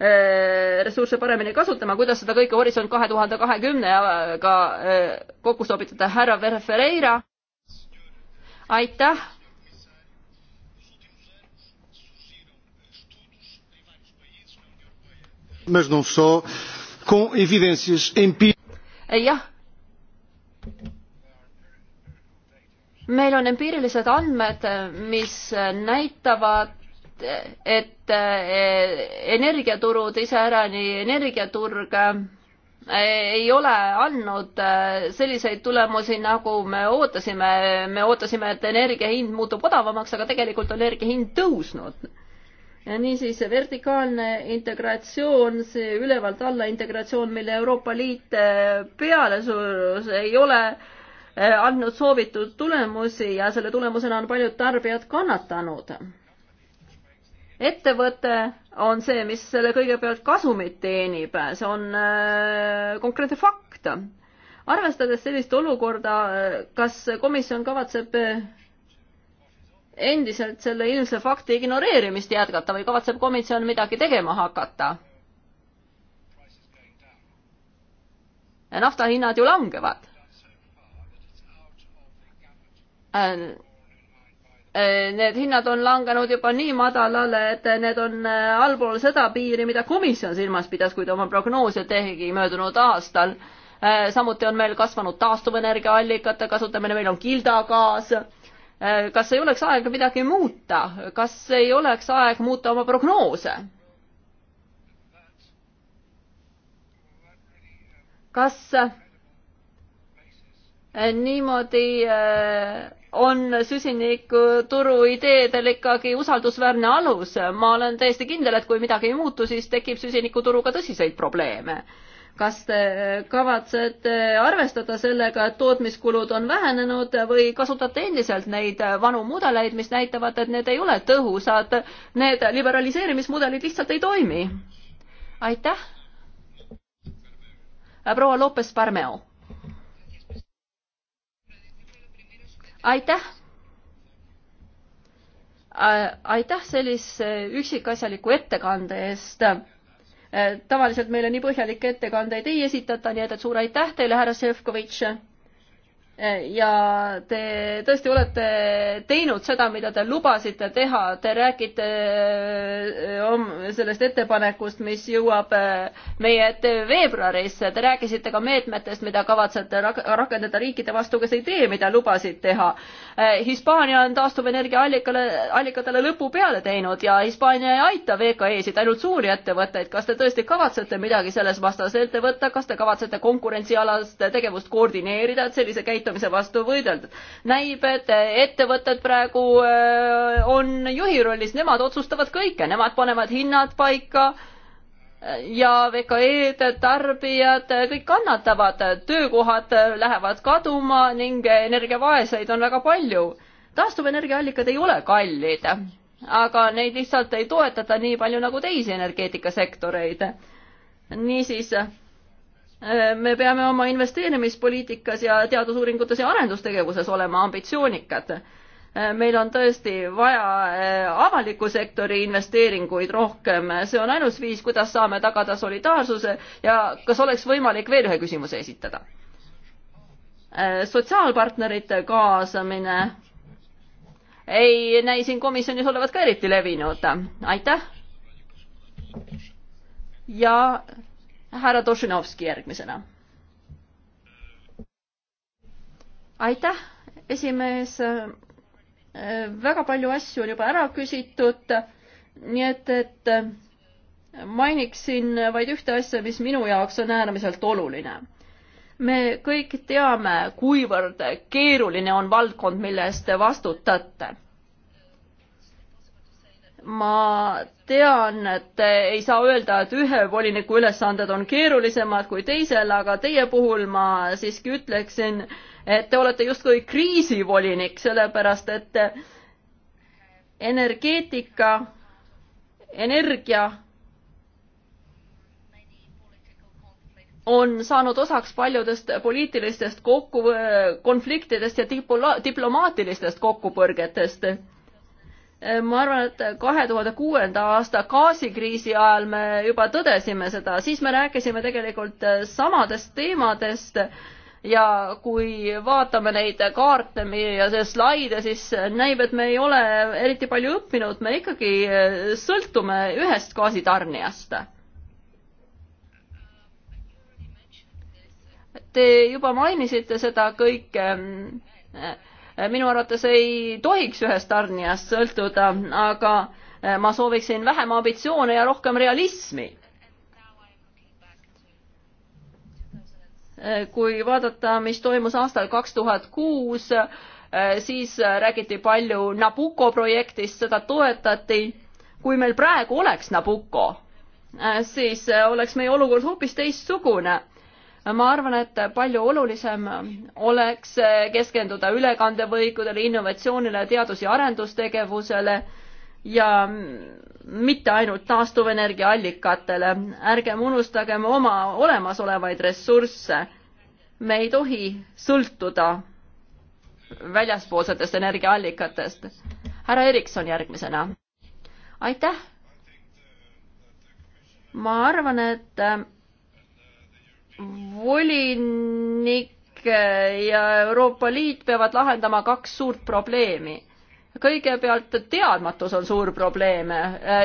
ressursse paremini kasutama, kuidas seda kõike Horisont kahe tuhande kahekümnega kokku sobitada, härra Ferreira? aitäh mas não só, com evidências empíricas. Eh, jah. meil on empiirilised andmed, eh, mis eh, näitavad, et energiaturud, iseärani energiaturg ei ole andnud selliseid tulemusi, nagu me ootasime. me ootasime, et energia hind muutub odavamaks, aga tegelikult on energia hind tõusnud niisiis vertikaalne integratsioon, see ülevalt alla integratsioon, mille Euroopa Liit äh, peale surus, ei ole äh, andnud soovitud tulemusi ja selle tulemusena on paljud tarbijad kannatanud. ettevõte on see, mis selle kõigepealt kasumit teenib, see on äh, konkreetne fakt. arvestades sellist olukorda, kas komisjon kavatseb endiselt selle ilmse fakti ignoreerimist jätkata või kavatseb komisjon midagi tegema hakata? naftahinnad ju langevad äh, äh, need hinnad on langenud juba nii madalale, et need on äh, allpool seda piiri, mida komisjon silmas pidas, kui ta oma prognoose tegi möödunud aastal. samuti on meil kasvanud taastuvenergiaallikate kasutamine, meil on kildagaas Äh, kas ei oleks aega midagi muuta, kas ei oleks aeg muuta oma prognoose? kas äh, niimoodi äh, on süsinikuturu ideedel ikkagi usaldusväärne alus. ma olen täiesti kindel, et kui midagi ei muutu, siis tekib süsinikuturuga tõsiseid probleeme kas te äh, kavatsete arvestada sellega, et tootmiskulud on vähenenud või kasutate endiselt neid äh, vanu mudeleid, mis näitavad, et need ei ole tõhusad, need liberaliseerimismudelid lihtsalt ei toimi? aitäh. Äh, proua Lopes Parmeo. aitäh. aitäh sellise üksikasjaliku ettekande eest tavaliselt meile nii põhjalikke ettekandeid ei esitata, nii et, et suur aitäh teile, härra Šefkovitš ja te tõesti olete teinud seda, mida te lubasite teha, te räägite äh, sellest ettepanekust, mis jõuab äh, meie ette veebruarisse, te rääkisite ka meetmetest, mida kavatsete rakendada riikide vastu, kes ei tee, mida lubasid teha. Äh, Hispaania on taastuvenergia allikale, allikatele lõpu peale teinud ja Hispaania ei aita VKE-sid, ainult suuri ettevõtteid, kas te tõesti kavatsete midagi selles vastas ette võtta, kas te kavatsete konkurentsialast tegevust koordineerida, et sellise käitumine töötamise vastu võideldud. näib, et ettevõtted praegu äh, on juhi rollis, nemad otsustavad kõike, nemad panevad hinnad paika ja VKE-d, tarbijad, kõik kannatavad, töökohad lähevad kaduma ning energiavaeseid on väga palju. taastuvenergiaallikad ei ole kallid, aga neid lihtsalt ei toetata nii palju nagu teisi energeetikasektoreid. niisiis me peame oma investeerimispoliitikas ja teadusuuringutes ja arendustegevuses olema ambitsioonikad. meil on tõesti vaja eh, avaliku sektori investeeringuid rohkem, see on ainus viis, kuidas saame tagada solidaarsuse ja kas oleks võimalik veel ühe küsimuse esitada? Eh, sotsiaalpartnerite kaasamine ei näi siin komisjonis olevat ka eriti levinud. aitäh! ja härra Tošinovski järgmisena. aitäh, esimees. väga palju asju on juba ära küsitud, nii et, et mainiksin vaid ühte asja, mis minu jaoks on äärmiselt oluline me kõik teame, kuivõrd keeruline on valdkond, mille eest te vastutate ma tean, et ei saa öelda, et ühe voliniku ülesanded on keerulisemad kui teisel, aga teie puhul ma siiski ütleksin, et te olete justkui kriisivolinik, sellepärast et energeetika, energia on saanud osaks paljudest poliitilistest kokku, konfliktidest ja diplo-, diplomaatilistest kokkupõrgetest ma arvan, et kahe tuhande kuuenda aasta gaasikriisi ajal me juba tõdesime seda, siis me rääkisime tegelikult samadest teemadest ja kui vaatame neid kaarte ja slaide, siis näib, et me ei ole eriti palju õppinud, me ikkagi sõltume ühest gaasitarnijast. Te juba mainisite seda kõike Äh, minu arvates ei tohiks ühest tarnijast sõltuda, aga äh, ma sooviksin vähem ambitsioone ja rohkem realismi. Äh, kui vaadata, mis toimus aastal kaks tuhat kuus, siis räägiti palju Nabucco projektist, seda toetati. kui meil praegu oleks Nabucco, siis oleks meie olukord hoopis teistsugune ma arvan, et palju olulisem oleks keskenduda ülekandevõikudele, innovatsioonile, teadus- ja arendustegevusele ja mitte ainult taastuvenergiaallikatele. ärgem unustagem oma olemasolevaid ressursse. me ei tohi sõltuda väljaspoolsetest energiaallikatest. härra Erikson järgmisena. aitäh. ma arvan, et volinik ja Euroopa Liit peavad lahendama kaks suurt probleemi kõigepealt teadmatus on suur probleem.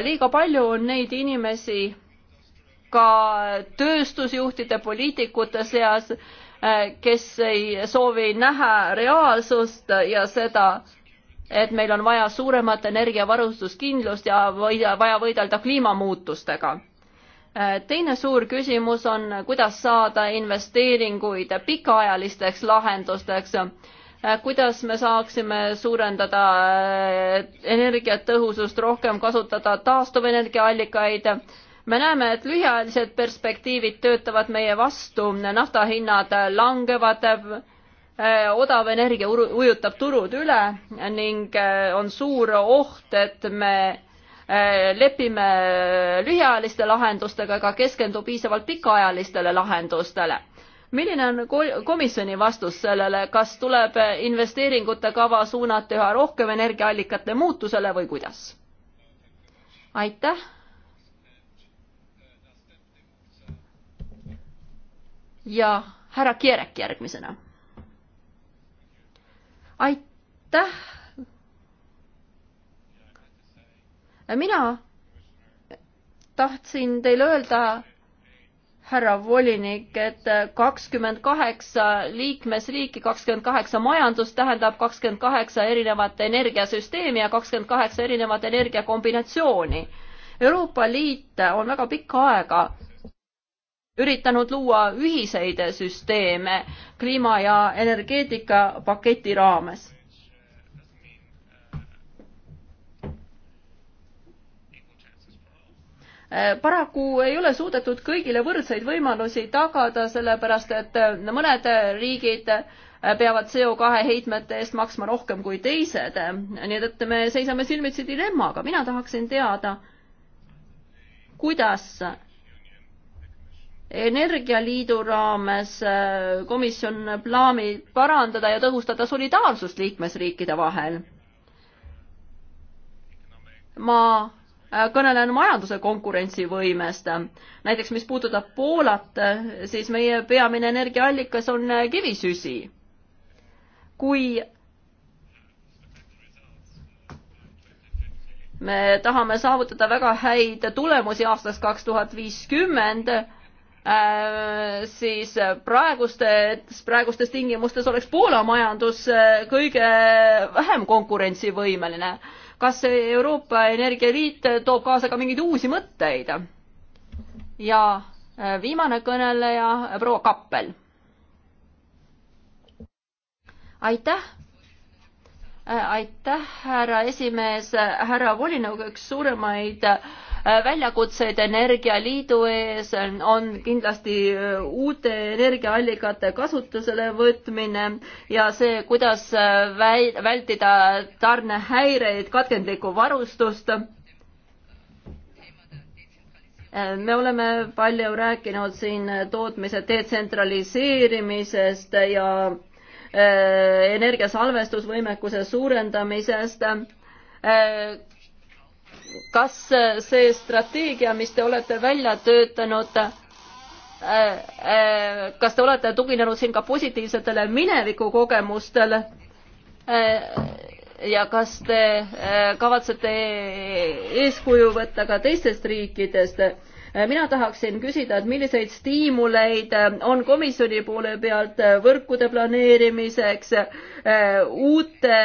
liiga palju on neid inimesi ka tööstusjuhtide, poliitikute seas, kes ei soovi näha reaalsust ja seda, et meil on vaja suuremat energiavarustuskindlust ja vaja võidelda kliimamuutustega Äh, teine suur küsimus on, kuidas saada investeeringuid pikaajalisteks lahendusteks, äh, kuidas me saaksime suurendada äh, energiatõhusust, rohkem kasutada taastuvenergiaallikaid. me näeme, et lühiajalised perspektiivid töötavad meie vastu, naftahinnad langevad, odav energia ujutab turud üle ning on suur oht, et me Äh, lepime lühiajaliste lahendustega ega keskendu piisavalt pikaajalistele lahendustele milline on komisjoni vastus sellele, kas tuleb investeeringute kava suunata üha rohkem energiaallikate muutusele või kuidas? aitäh. ja härra Kierek järgmisena. aitäh Äh, mina tahtsin teile öelda, härra volinik, et äh, kakskümmend kaheksa liikmesriiki, kakskümmend kaheksa majandust tähendab kakskümmend kaheksa erinevat energiasüsteemi ja kakskümmend kaheksa erinevat energiakombinatsiooni. Euroopa Liit on väga pikka aega üritanud luua ühiseid süsteeme kliima ja energeetikapaketi raames Äh, paraku ei ole suudetud kõigile võrdseid võimalusi tagada, sellepärast et äh, mõned äh, riigid peavad CO2 heitmete eest maksma rohkem kui teised. nii et, et me seisame silmitsi dilemmaga. mina tahaksin teada, kuidas energialiidu raames komisjon plaanib parandada ja tõhustada solidaarsust liikmesriikide vahel. ma kõnelen majanduse konkurentsivõimest. näiteks mis puudutab Poolat, siis meie peamine energiaallikas on kivisüsi. kui me tahame saavutada väga häid tulemusi aastaks kaks tuhat viiskümmend, äh, siis praegustes, praegustes tingimustes oleks Poola majandus äh, kõige vähem konkurentsivõimeline kas Euroopa Energialiit toob kaasa ka mingeid uusi mõtteid? ja äh, viimane kõneleja, proua Kappel. aitäh äh, aitäh, härra esimees, härra volinõukogu üks suuremaid äh, Äh, väljakutseid Energialiidu ees on kindlasti äh, uute energiaallikate kasutusele võtmine ja see, kuidas äh, vältida tarnehäireid, katkendlikku varustust me oleme palju rääkinud siin tootmise detsentraliseerimisest ja energiasalvestusvõimekuse suurendamisest kas äh, see strateegia, mis te olete välja töötanud, äh, äh, kas te olete tuginenud siin ka positiivsetele minevikukogemustele? ja kas te kavatsete eeskuju võtta ka teistest riikidest? Äh, mina tahaksin küsida, et milliseid stiimuleid äh, on komisjoni poole pealt äh, võrkude planeerimiseks, uute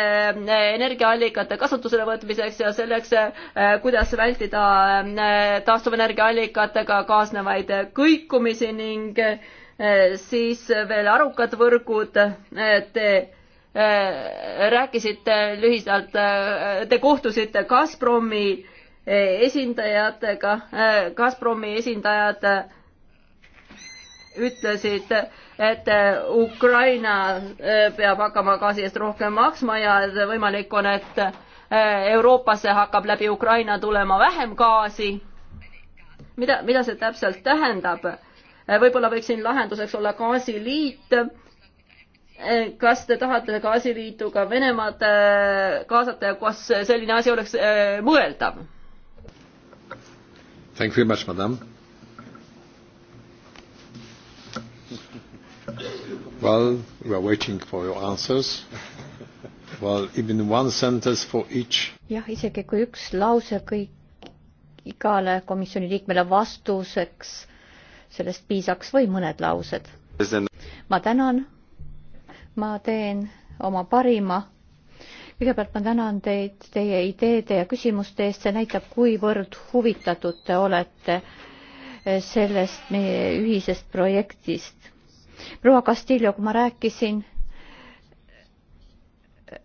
energiaallikate kasutusele võtmiseks ja selleks, kuidas vältida taastuvenergiaallikatega kaasnevaid kõikumisi ning siis veel arukad võrgud, te rääkisite lühidalt, te kohtusite Gazpromi esindajatega, Gazpromi esindajad ütlesid, et Ukraina e, peab hakkama gaasi eest rohkem maksma ja võimalik on, et e, Euroopasse hakkab läbi Ukraina tulema vähem gaasi. mida, mida see täpselt tähendab? E, võib-olla võiks siin lahenduseks olla gaasiliit. kas te tahate gaasiliitu ka Venemaad kaasata ja kas selline asi oleks mõeldav? Thank you very much, madam. Well, we are waiting for your answers. Well, even one sentence for each. jah, isegi kui üks lause kõik igale komisjoni liikmele vastuseks, sellest piisaks või mõned laused. ma tänan, ma teen oma parima kõigepealt ma tänan teid teie ideede ja küsimuste eest, see näitab, kuivõrd huvitatud te olete eh, sellest meie ühisest projektist. proua Castillo, kui ma rääkisin,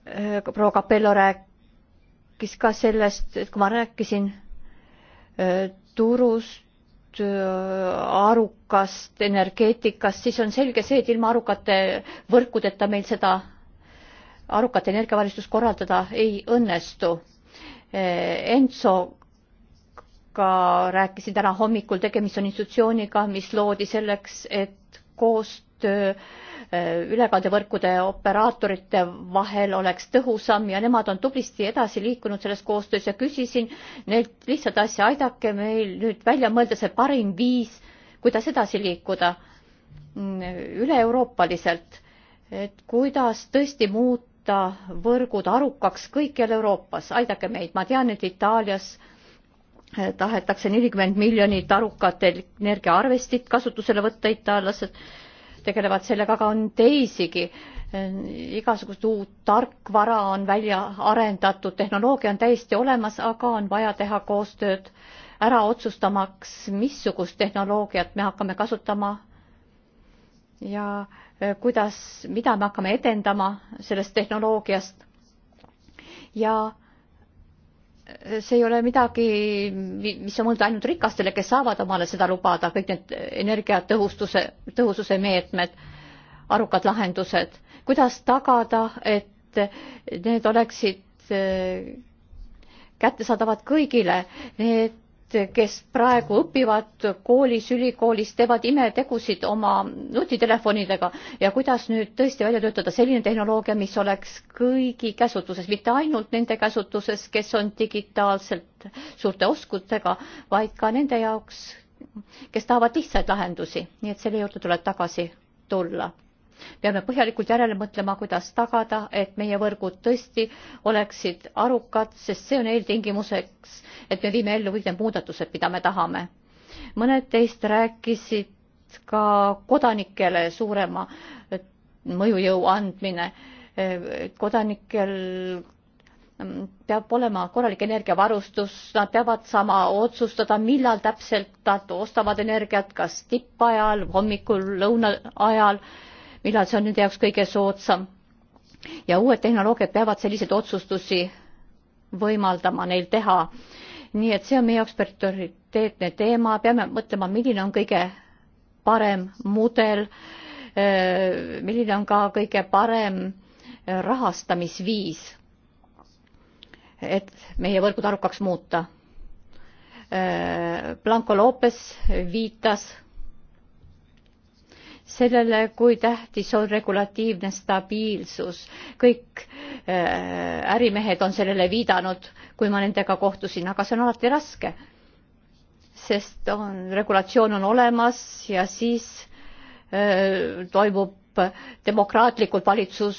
eh, proua Capello rääkis ka sellest, et kui ma rääkisin eh, turust, arukast energeetikast, siis on selge see, et ilma arukate võrkudeta meil seda arukat energiavalistust korraldada ei õnnestu. Ensoga rääkisin täna hommikul, tegemist on institutsiooniga, mis loodi selleks, et koostöö e, ülekandevõrkude operaatorite vahel oleks tõhusam ja nemad on tublisti edasi liikunud selles koostöös ja küsisin neilt lihtsalt asja, aidake meil nüüd välja mõelda see parim viis, kuidas edasi liikuda üle-euroopaliselt, et kuidas tõesti muuta muuta võrgud arukaks kõikjal Euroopas, aidake meid, ma tean, et Itaalias eh, tahetakse nelikümmend miljonit arukat energiaarvestit kasutusele võtta, itaallased tegelevad sellega, aga on teisigi. Eh, igasugust uut tarkvara on välja arendatud, tehnoloogia on täiesti olemas, aga on vaja teha koostööd ära otsustamaks, missugust tehnoloogiat me hakkame kasutama ja äh, Äh, kuidas, mida me hakkame edendama sellest tehnoloogiast. ja äh, see ei ole midagi, mis on mõeldud ainult rikastele, kes saavad omale seda lubada, kõik need energiatõhustuse, tõhususe meetmed, arukad lahendused, kuidas tagada, et need oleksid äh, kättesaadavad kõigile, need kes praegu õpivad koolis, ülikoolis, teevad imetegusid oma nutitelefonidega ja kuidas nüüd tõesti välja töötada selline tehnoloogia, mis oleks kõigi käsutuses, mitte ainult nende käsutuses, kes on digitaalselt suurte oskustega, vaid ka nende jaoks, kes tahavad lihtsaid lahendusi, nii et selle juurde tuleb tagasi tulla peame põhjalikult järele mõtlema, kuidas tagada, et meie võrgud tõesti oleksid arukad, sest see on eeltingimuseks, et me viime ellu kõik need muudatused, mida me tahame. mõned teist rääkisid ka kodanikele suurema mõjujõu andmine. kodanikel peab olema korralik energiavarustus, nad peavad saama otsustada, millal täpselt nad ostavad energiat, kas tippajal, hommikul, lõuna ajal millal see on nende jaoks kõige soodsam. ja uued tehnoloogiad peavad selliseid otsustusi võimaldama neil teha. nii et see on meie jaoks prioriteetne teema, peame mõtlema, milline on kõige parem mudel, eh, milline on ka kõige parem eh, rahastamisviis, et meie võrgud arukaks muuta. Eh, Blanco Lopez viitas sellele, kui tähtis on regulatiivne stabiilsus. kõik äh, ärimehed on sellele viidanud, kui ma nendega kohtusin, aga see on alati raske, sest on, regulatsioon on olemas ja siis öö, äh, toimub demokraatlikult valitsus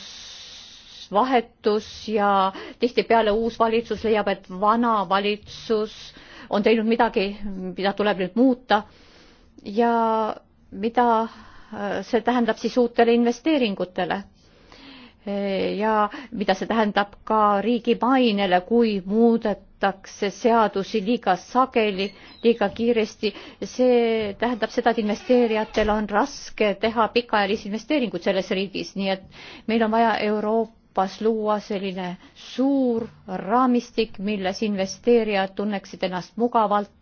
vahetus ja tihtipeale uus valitsus leiab, et vana valitsus on teinud midagi, mida tuleb nüüd muuta ja mida see tähendab siis uutele investeeringutele ja mida see tähendab ka riigi mainele, kui muudetakse seadusi liiga sageli, liiga kiiresti. see tähendab seda, et investeerijatel on raske teha pikaajalisi investeeringuid selles riigis, nii et meil on vaja Euroopas luua selline suur raamistik, milles investeerijad tunneksid ennast mugavalt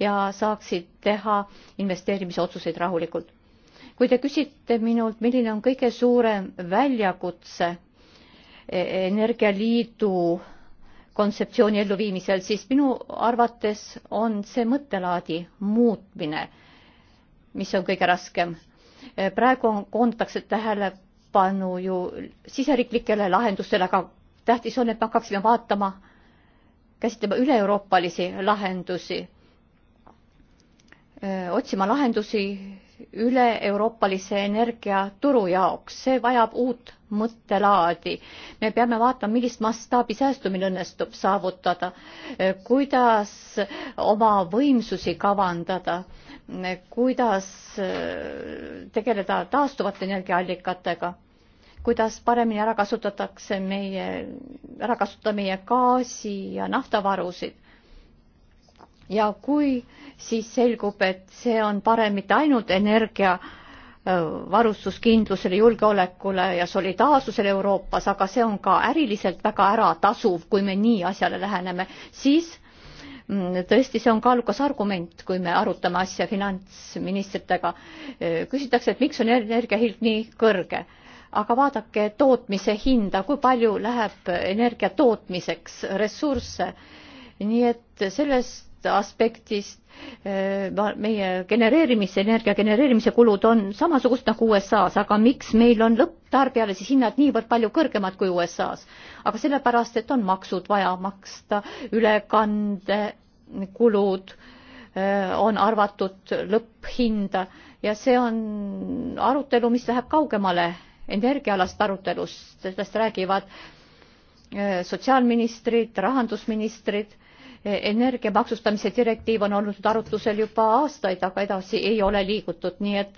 ja saaksid teha investeerimisotsuseid rahulikult kui te küsite minult, milline on kõige suurem väljakutse e-, energialiidu kontseptsiooni elluviimisel, siis minu arvates on see mõttelaadi muutmine, mis on kõige raskem. E, praegu koondatakse tähelepanu ju siseriiklikele lahendustele, aga tähtis on, et me hakkaksime vaatama, käsitlema üle-euroopalisi lahendusi, e, otsima lahendusi üle-euroopalise energiaturu jaoks, see vajab uut mõttelaadi. me peame vaatama, millist mastaabi säästu meil õnnestub saavutada, kuidas oma võimsusi kavandada, kuidas äh, tegeleda taastuvate energiaallikatega, kuidas paremini ära kasutatakse meie, ära kasutada meie gaasi ja naftavarusid ja kui siis selgub, et see on parem mitte ainult energia äh, varustuskindlusele, julgeolekule ja solidaarsusele Euroopas, aga see on ka äriliselt väga äratasuv, kui me nii asjale läheneme, siis mm, tõesti, see on kaalukas argument, kui me arutame asja finantsministritega. Äh, küsitakse, et miks on energia hind nii kõrge, aga vaadake tootmise hinda, kui palju läheb energia tootmiseks ressursse. nii et sellest aspektist eh, meie genereerimise, energia genereerimise kulud on samasugused nagu USA-s, aga miks meil on lõpptarbijale siis hinnad niivõrd palju kõrgemad kui USA-s? aga sellepärast, et on maksud vaja maksta, ülekandekulud eh, on arvatud lõpphinda ja see on arutelu, mis läheb kaugemale energiaalast arutelust, sellest räägivad eh, sotsiaalministrid, rahandusministrid energia maksustamise direktiiv on olnud arutlusel juba aastaid, aga edasi ei ole liigutud, nii et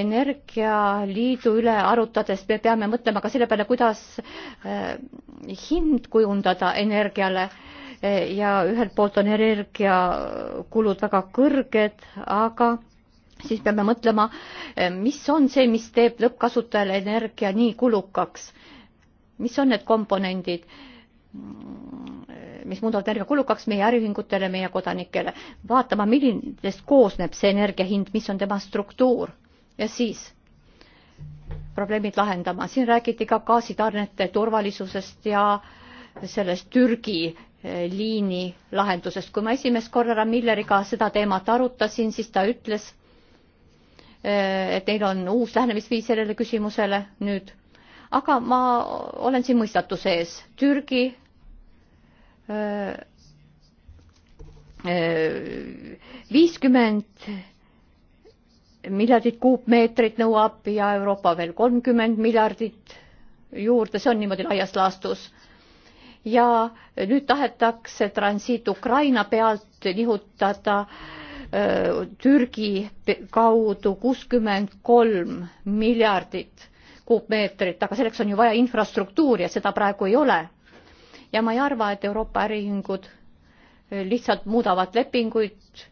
energialiidu üle arutades me peame mõtlema ka selle peale, kuidas äh, hind kujundada energiale ja ühelt poolt on energiakulud väga kõrged, aga siis peame mõtlema, äh, mis on see, mis teeb lõppkasutajale energia nii kulukaks. mis on need komponendid? mis muudavad energiakulukaks meie äriühingutele, meie kodanikele, vaatama, millistest koosneb see energia hind, mis on tema struktuur ja siis probleemid lahendama. siin räägiti ka gaasitarnete turvalisusest ja sellest Türgi eh, liini lahendusest. kui ma esimest korda härra Milleriga seda teemat arutasin, siis ta ütles, eh, et neil on uus lähenemisviis sellele küsimusele nüüd. aga ma olen siin mõistatuse ees. Türgi Äh, äh, viiskümmend miljardit kuupmeetrit nõuab ja Euroopa veel kolmkümmend miljardit juurde, see on niimoodi laias laastus. ja nüüd tahetakse transiit Ukraina pealt nihutada öö, äh, Türgi kaudu kuuskümmend kolm miljardit kuupmeetrit, aga selleks on ju vaja infrastruktuuri ja seda praegu ei ole ja ma ei arva, et Euroopa äriühingud äh, lihtsalt muudavad lepinguid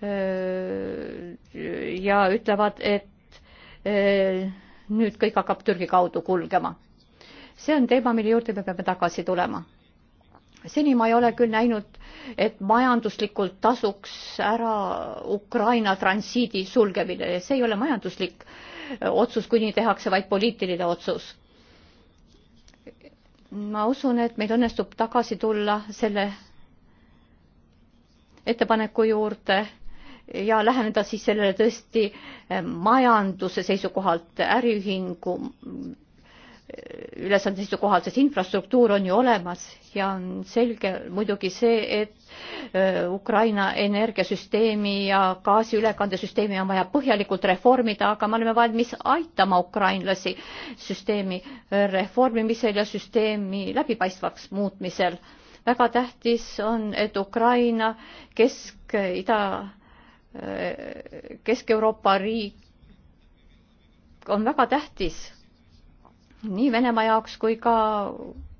äh, ja ütlevad, et äh, nüüd kõik hakkab Türgi kaudu kulgema. see on teema, mille juurde me peame tagasi tulema. seni ma ei ole küll näinud, et majanduslikult tasuks ära Ukraina transiidi sulgemine, see ei ole majanduslik otsus, kui nii tehakse, vaid poliitiline otsus ma usun, et meil õnnestub tagasi tulla selle ettepaneku juurde ja läheneda siis sellele tõesti majanduse seisukohalt, äriühingu ülesande seisukohalt, sest infrastruktuur on ju olemas ja on selge muidugi see, et äh, Ukraina energiasüsteemi ja gaasiülekandesüsteemi on vaja põhjalikult reformida, aga me oleme valmis aitama ukrainlasi süsteemi äh, reformimisel ja süsteemi läbipaistvaks muutmisel. väga tähtis on, et Ukraina kesk, ida, äh, Kesk-Euroopa riik on väga tähtis nii Venemaa jaoks kui ka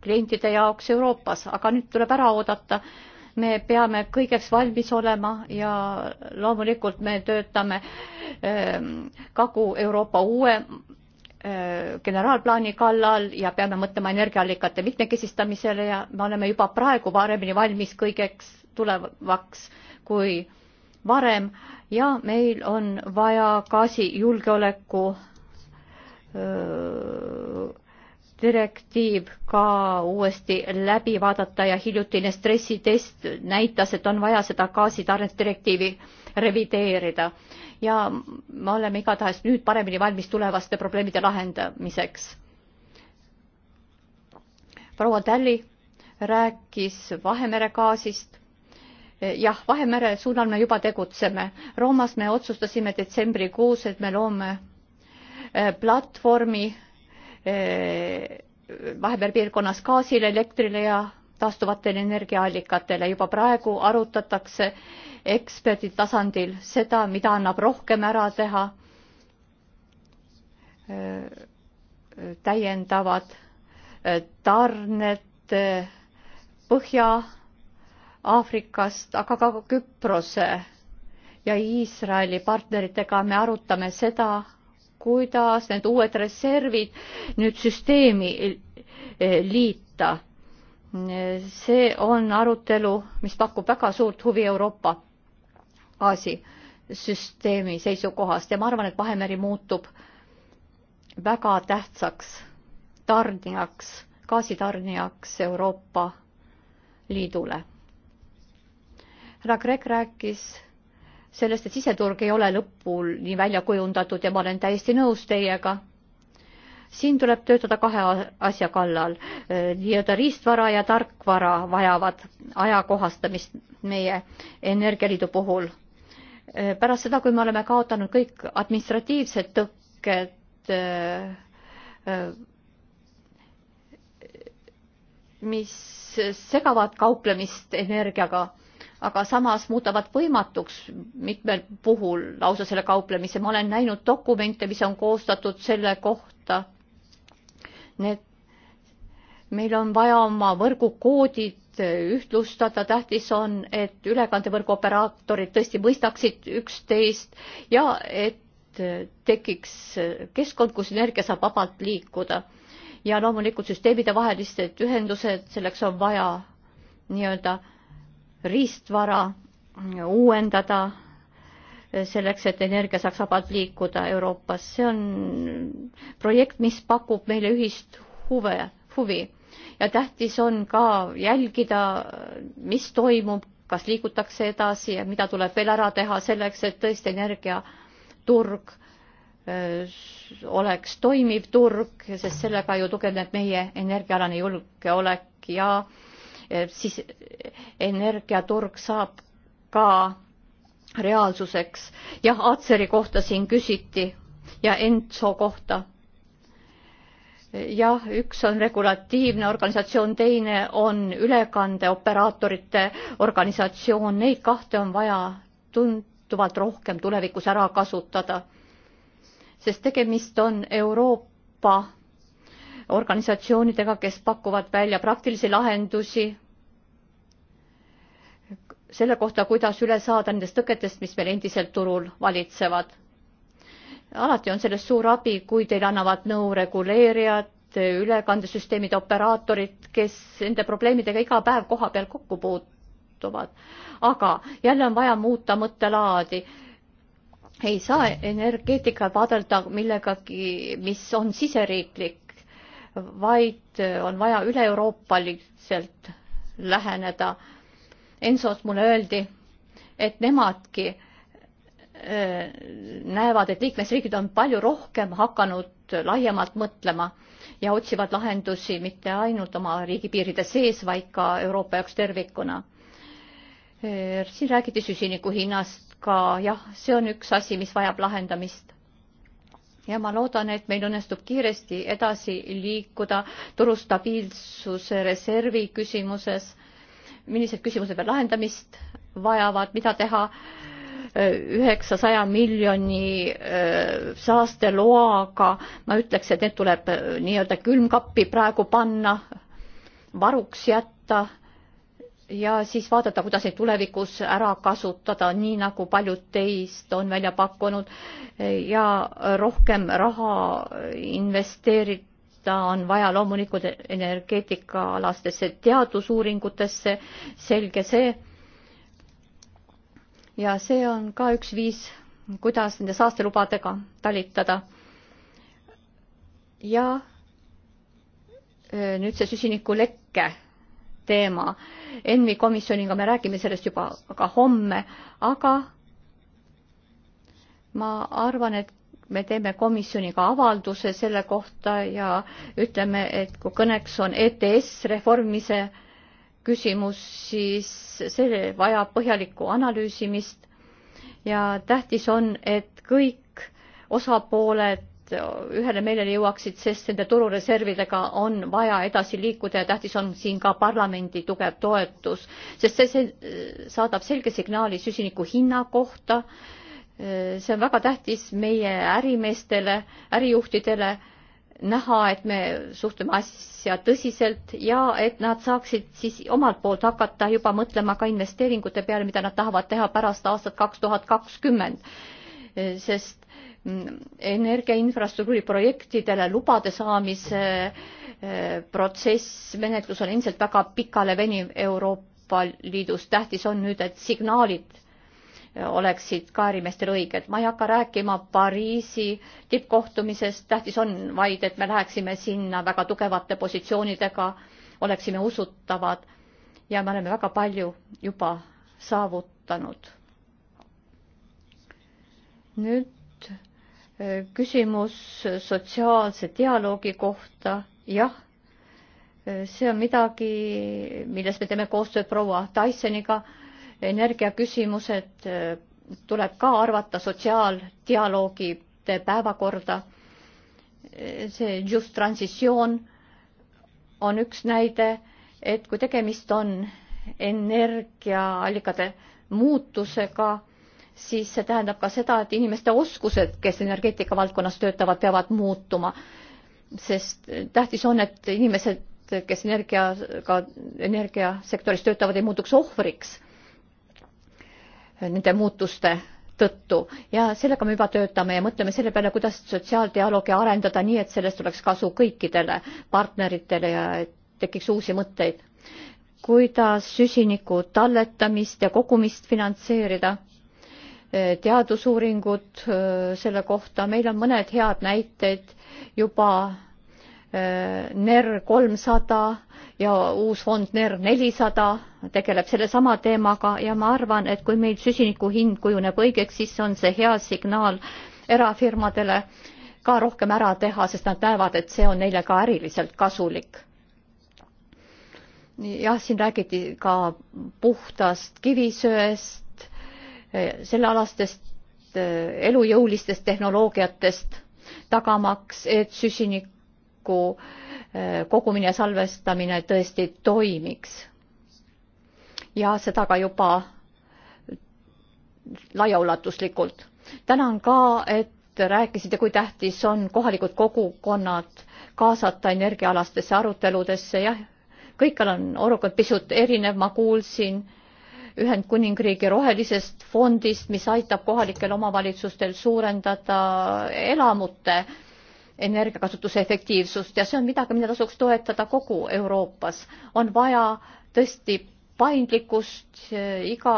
klientide jaoks Euroopas, aga nüüd tuleb ära oodata. me peame kõigeks valmis olema ja loomulikult me töötame ehm, Kagu-Euroopa uue ehm, generaalplaani kallal ja peame mõtlema energiaallikate mitmekesistamisele ja me oleme juba praegu paremini valmis kõigeks tulevaks kui varem ja meil on vaja gaasijulgeoleku direktiiv ka uuesti läbi vaadata ja hiljutine stressitest näitas, et on vaja seda gaasitarnet direktiivi revideerida. ja me oleme igatahes nüüd paremini valmis tulevaste probleemide lahendamiseks. proua Talli rääkis Vahemere gaasist. jah, Vahemere suunal me juba tegutseme. Roomas me otsustasime detsembrikuus, et me loome Eh, platvormi eh, Vahemere piirkonnas gaasile, elektrile ja taastuvatele energiaallikatele. juba praegu arutatakse eksperdi tasandil seda, mida annab rohkem ära teha. Eh, täiendavad tarned Põhja-Aafrikast, aga ka Küprose ja Iisraeli partneritega me arutame seda, kuidas need uued reservid nüüd süsteemi eh, liita. see on arutelu, mis pakub väga suurt huvi Euroopa gaasisüsteemi seisukohast ja ma arvan, et Vahemeri muutub väga tähtsaks tarnijaks, gaasitarnijaks Euroopa Liidule. härra Kreek rääkis sellest, et siseturg ei ole lõpuni välja kujundatud ja ma olen täiesti nõus teiega. siin tuleb töötada kahe asja kallal. Äh, nii-öelda riistvara ja tarkvara vajavad ajakohastamist meie Energialiidu puhul. Äh, pärast seda, kui me oleme kaotanud kõik administratiivsed tõkked, äh, mis segavad kauplemist energiaga aga samas muudavad võimatuks mitmel puhul lausa selle kauplemise. ma olen näinud dokumente, mis on koostatud selle kohta. Need, meil on vaja oma võrgukoodid ühtlustada, tähtis on, et ülekandevõrgu operaatorid tõesti mõistaksid üksteist ja et tekiks keskkond, kus energia saab vabalt liikuda. ja loomulikult süsteemide vahelised ühendused, selleks on vaja nii-öelda äh, riistvara uuendada eh, selleks, et energia saaks vabalt liikuda Euroopas. see on projekt, mis pakub meile ühist huve, huvi ja tähtis on ka jälgida, mis toimub, kas liigutakse edasi ja mida tuleb veel ära teha selleks, et tõesti energiaturg eh, oleks toimiv turg, sest sellega ju tugevneb meie energiaalane julgeolek ja äh, Eh, siis eh, energiaturg saab ka reaalsuseks. jah, Atseri kohta siin küsiti ja Entso kohta. Eh, jah, üks on regulatiivne organisatsioon, teine on ülekandeoperaatorite organisatsioon, neid kahte on vaja tunduvalt rohkem tulevikus ära kasutada. sest tegemist on Euroopa organisatsioonidega, kes pakuvad välja praktilisi lahendusi selle kohta, kuidas üle saada nendest tõketest, mis meil endiselt turul valitsevad. alati on sellest suur abi, kui teile annavad nõu reguleerijad, ülekandesüsteemide operaatorid, kes nende probleemidega iga päev koha peal kokku puutuvad. aga jälle on vaja muuta mõttelaadi ei saa energeetikat vaadelda millegagi, mis on siseriiklik vaid on vaja üle-euroopaliselt läheneda. Ensos mulle öeldi, et nemadki äh, näevad, et liikmesriigid on palju rohkem hakanud laiemalt mõtlema ja otsivad lahendusi mitte ainult oma riigipiiride sees, vaid ka Euroopa jaoks tervikuna. Äh, siin räägiti süsiniku hinnast ka, jah, see on üks asi, mis vajab lahendamist ja ma loodan, et meil õnnestub kiiresti edasi liikuda turu stabiilsuse reservi küsimuses, millised küsimused veel lahendamist vajavad, mida teha äh, üheksasaja miljoni äh, saasteloaga, ma ütleks, et need tuleb äh, nii-öelda külmkappi praegu panna, varuks jätta ja siis vaadata, kuidas neid tulevikus ära kasutada, nii nagu paljud teist on välja pakkunud ja rohkem raha investeerida on vaja loomulikult energeetikaalastesse teadusuuringutesse, selge see. ja see on ka üks viis, kuidas nende saastelubadega talitada. ja eh, nüüd see süsinikulekke teema. ENMi komisjoniga me räägime sellest juba ka homme, aga ma arvan, et me teeme komisjoniga avalduse selle kohta ja ütleme, et kui kõneks on ETS reformimise küsimus, siis see vajab põhjalikku analüüsimist ja tähtis on, et kõik osapooled Äh, ühele meelele jõuaksid, sest nende turureservidega on vaja edasi liikuda ja tähtis on siin ka parlamendi tugev toetus, sest see saadab selge signaali süsiniku hinna kohta. Äh, see on väga tähtis meie ärimeestele, ärijuhtidele näha, et me suhtume asja tõsiselt ja et nad saaksid siis omalt poolt hakata juba mõtlema ka investeeringute peale, mida nad tahavad teha pärast aastat kaks tuhat kakskümmend sest energiainfrastruktuuri projektidele lubade saamise eh, protsess, menetlus on endiselt väga pikale veniv Euroopa Liidus. tähtis on nüüd, et signaalid eh, oleksid ka ärimeestel õiged. ma ei hakka rääkima Pariisi tippkohtumisest, tähtis on vaid, et me läheksime sinna väga tugevate positsioonidega, oleksime usutavad ja me oleme väga palju juba saavutanud nüüd äh, küsimus sotsiaalse dialoogi kohta, jah, äh, see on midagi, milles me teeme koostööd proua Tysoniga, energiaküsimused äh, tuleb ka arvata sotsiaaldialoogide päevakorda. see just transitsioon on üks näide, et kui tegemist on energiaallikate muutusega, siis see tähendab ka seda, et inimeste oskused, kes energeetika valdkonnas töötavad, peavad muutuma. sest tähtis on, et inimesed, kes energiaga, energiasektoris töötavad, ei muutuks ohvriks nende muutuste tõttu ja sellega me juba töötame ja mõtleme selle peale, kuidas sotsiaaldialoogi arendada nii, et sellest oleks kasu kõikidele partneritele ja tekiks uusi mõtteid. kuidas süsiniku talletamist ja kogumist finantseerida Eh, teadusuuringud eh, selle kohta, meil on mõned head näited juba eh, NER kolmsada ja uus fond NER nelisada tegeleb sellesama teemaga ja ma arvan, et kui meil süsiniku hind kujuneb õigeks, siis on see hea signaal erafirmadele ka rohkem ära teha, sest nad näevad, et see on neile ka äriliselt kasulik. jah, siin räägiti ka puhtast kivisöest, sellealastest eh, elujõulistest tehnoloogiatest, tagamaks, et süsiniku eh, kogumine ja salvestamine tõesti toimiks. ja seda ka juba laiaulatuslikult. tänan ka, et rääkisite, kui tähtis on kohalikud kogukonnad kaasata energiaalastesse aruteludesse, jah, kõikjal on olukord pisut erinev, ma kuulsin äh, Ühendkuningriigi rohelisest fondist, mis aitab kohalikel omavalitsustel suurendada elamute energiakasutuse efektiivsust ja see on midagi, mida tasuks toetada kogu Euroopas. on vaja tõesti paindlikkust, iga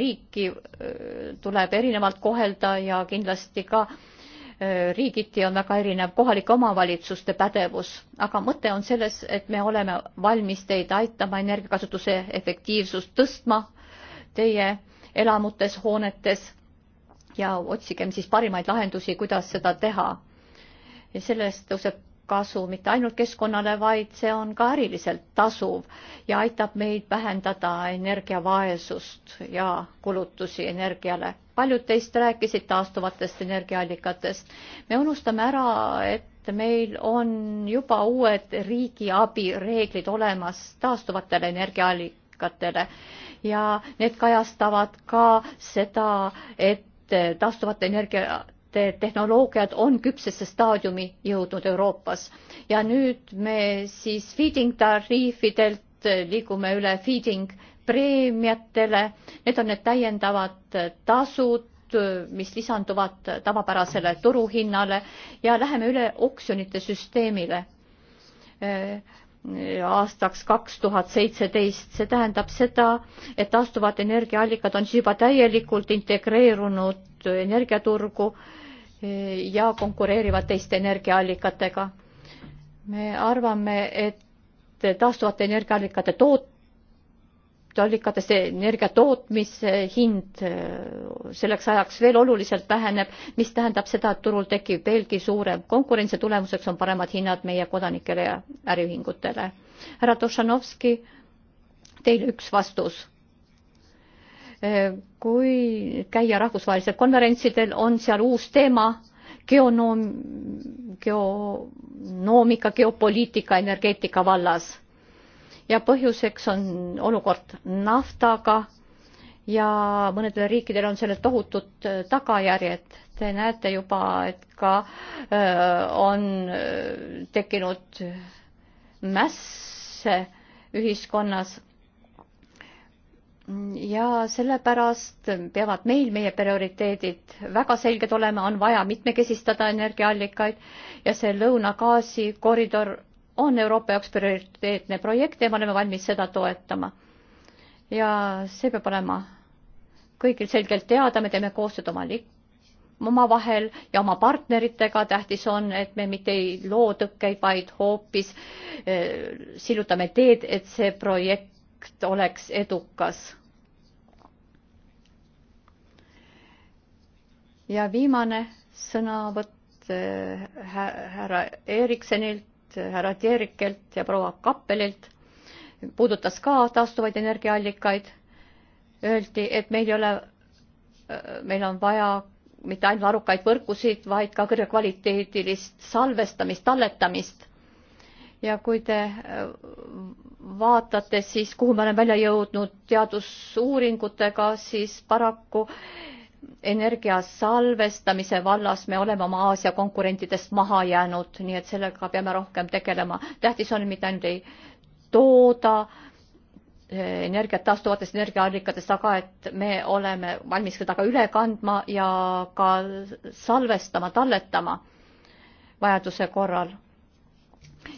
riiki äh, tuleb erinevalt kohelda ja kindlasti ka äh, riigiti on väga erinev kohalike omavalitsuste pädevus, aga mõte on selles, et me oleme valmis teid aitama energiakasutuse efektiivsust tõstma teie elamutes, hoonetes ja otsigem siis parimaid lahendusi, kuidas seda teha. ja sellest tõuseb kasu mitte ainult keskkonnale, vaid see on ka äriliselt tasuv ja aitab meid vähendada energiavaesust ja kulutusi energiale. paljud teist rääkisid taastuvatest energiaallikatest. me unustame ära, et meil on juba uued riigiabi reeglid olemas taastuvatele energiaallikatele ja need kajastavad ka seda, et taastuvate energiate tehnoloogiad on küpsesse staadiumi jõudnud Euroopas ja nüüd me siis feeding tariifidelt liigume üle feeding preemiatele, need on need täiendavad tasud, mis lisanduvad tavapärasele turuhinnale ja läheme üle oksjonite süsteemile aastaks kaks tuhat seitseteist, see tähendab seda, et taastuvad energiaallikad on siis juba täielikult integreerunud energiaturgu e, ja konkureerivad teiste energiaallikatega. me arvame, et taastuvate energiaallikate toot-, allikatest energia tootmise hind äh, selleks ajaks veel oluliselt väheneb, mis tähendab seda, et turul tekib veelgi suurem konkurents ja tulemuseks on paremad hinnad meie kodanikele ja äriühingutele. härra Tošanovski, teile üks vastus. Äh, kui käia rahvusvahelistel konverentsidel, on seal uus teema geonoom, geonoomika, geopoliitika, energeetika vallas ja põhjuseks on olukord naftaga ja mõnedel riikidel on sellel tohutud äh, tagajärjed. Te näete juba, et ka öö, äh, on äh, tekkinud mässe ühiskonnas. ja sellepärast peavad meil meie prioriteedid väga selged olema, on vaja mitmekesistada energiaallikaid ja see lõunagaasi koridor on Euroopa jaoks prioriteetne projekt ja me oleme valmis seda toetama. ja see peab olema kõigil selgelt teada, me teeme koostööd oma liik-, omavahel ja oma partneritega, tähtis on, et me mitte ei loo tõkkeid, vaid hoopis eh, sillutame teed, et see projekt oleks edukas. ja viimane sõnavõtt eh, härra Eriksonilt härra Tierikelt ja proua Kappelilt, puudutas ka taastuvaid energiaallikaid. Öeldi, et meil ei ole, meil on vaja mitte ainult arukaid võrkusid, vaid ka kõrgekvaliteedilist salvestamist, talletamist. ja kui te vaatate siis, kuhu me oleme välja jõudnud teadusuuringutega, siis paraku energia salvestamise vallas me oleme oma Aasia konkurentidest maha jäänud, nii et sellega peame rohkem tegelema. tähtis on, mitte ainult ei tooda eh, energiat taastuvatest energiaallikatest, aga et me oleme valmis seda ka üle kandma ja ka salvestama, talletama vajaduse korral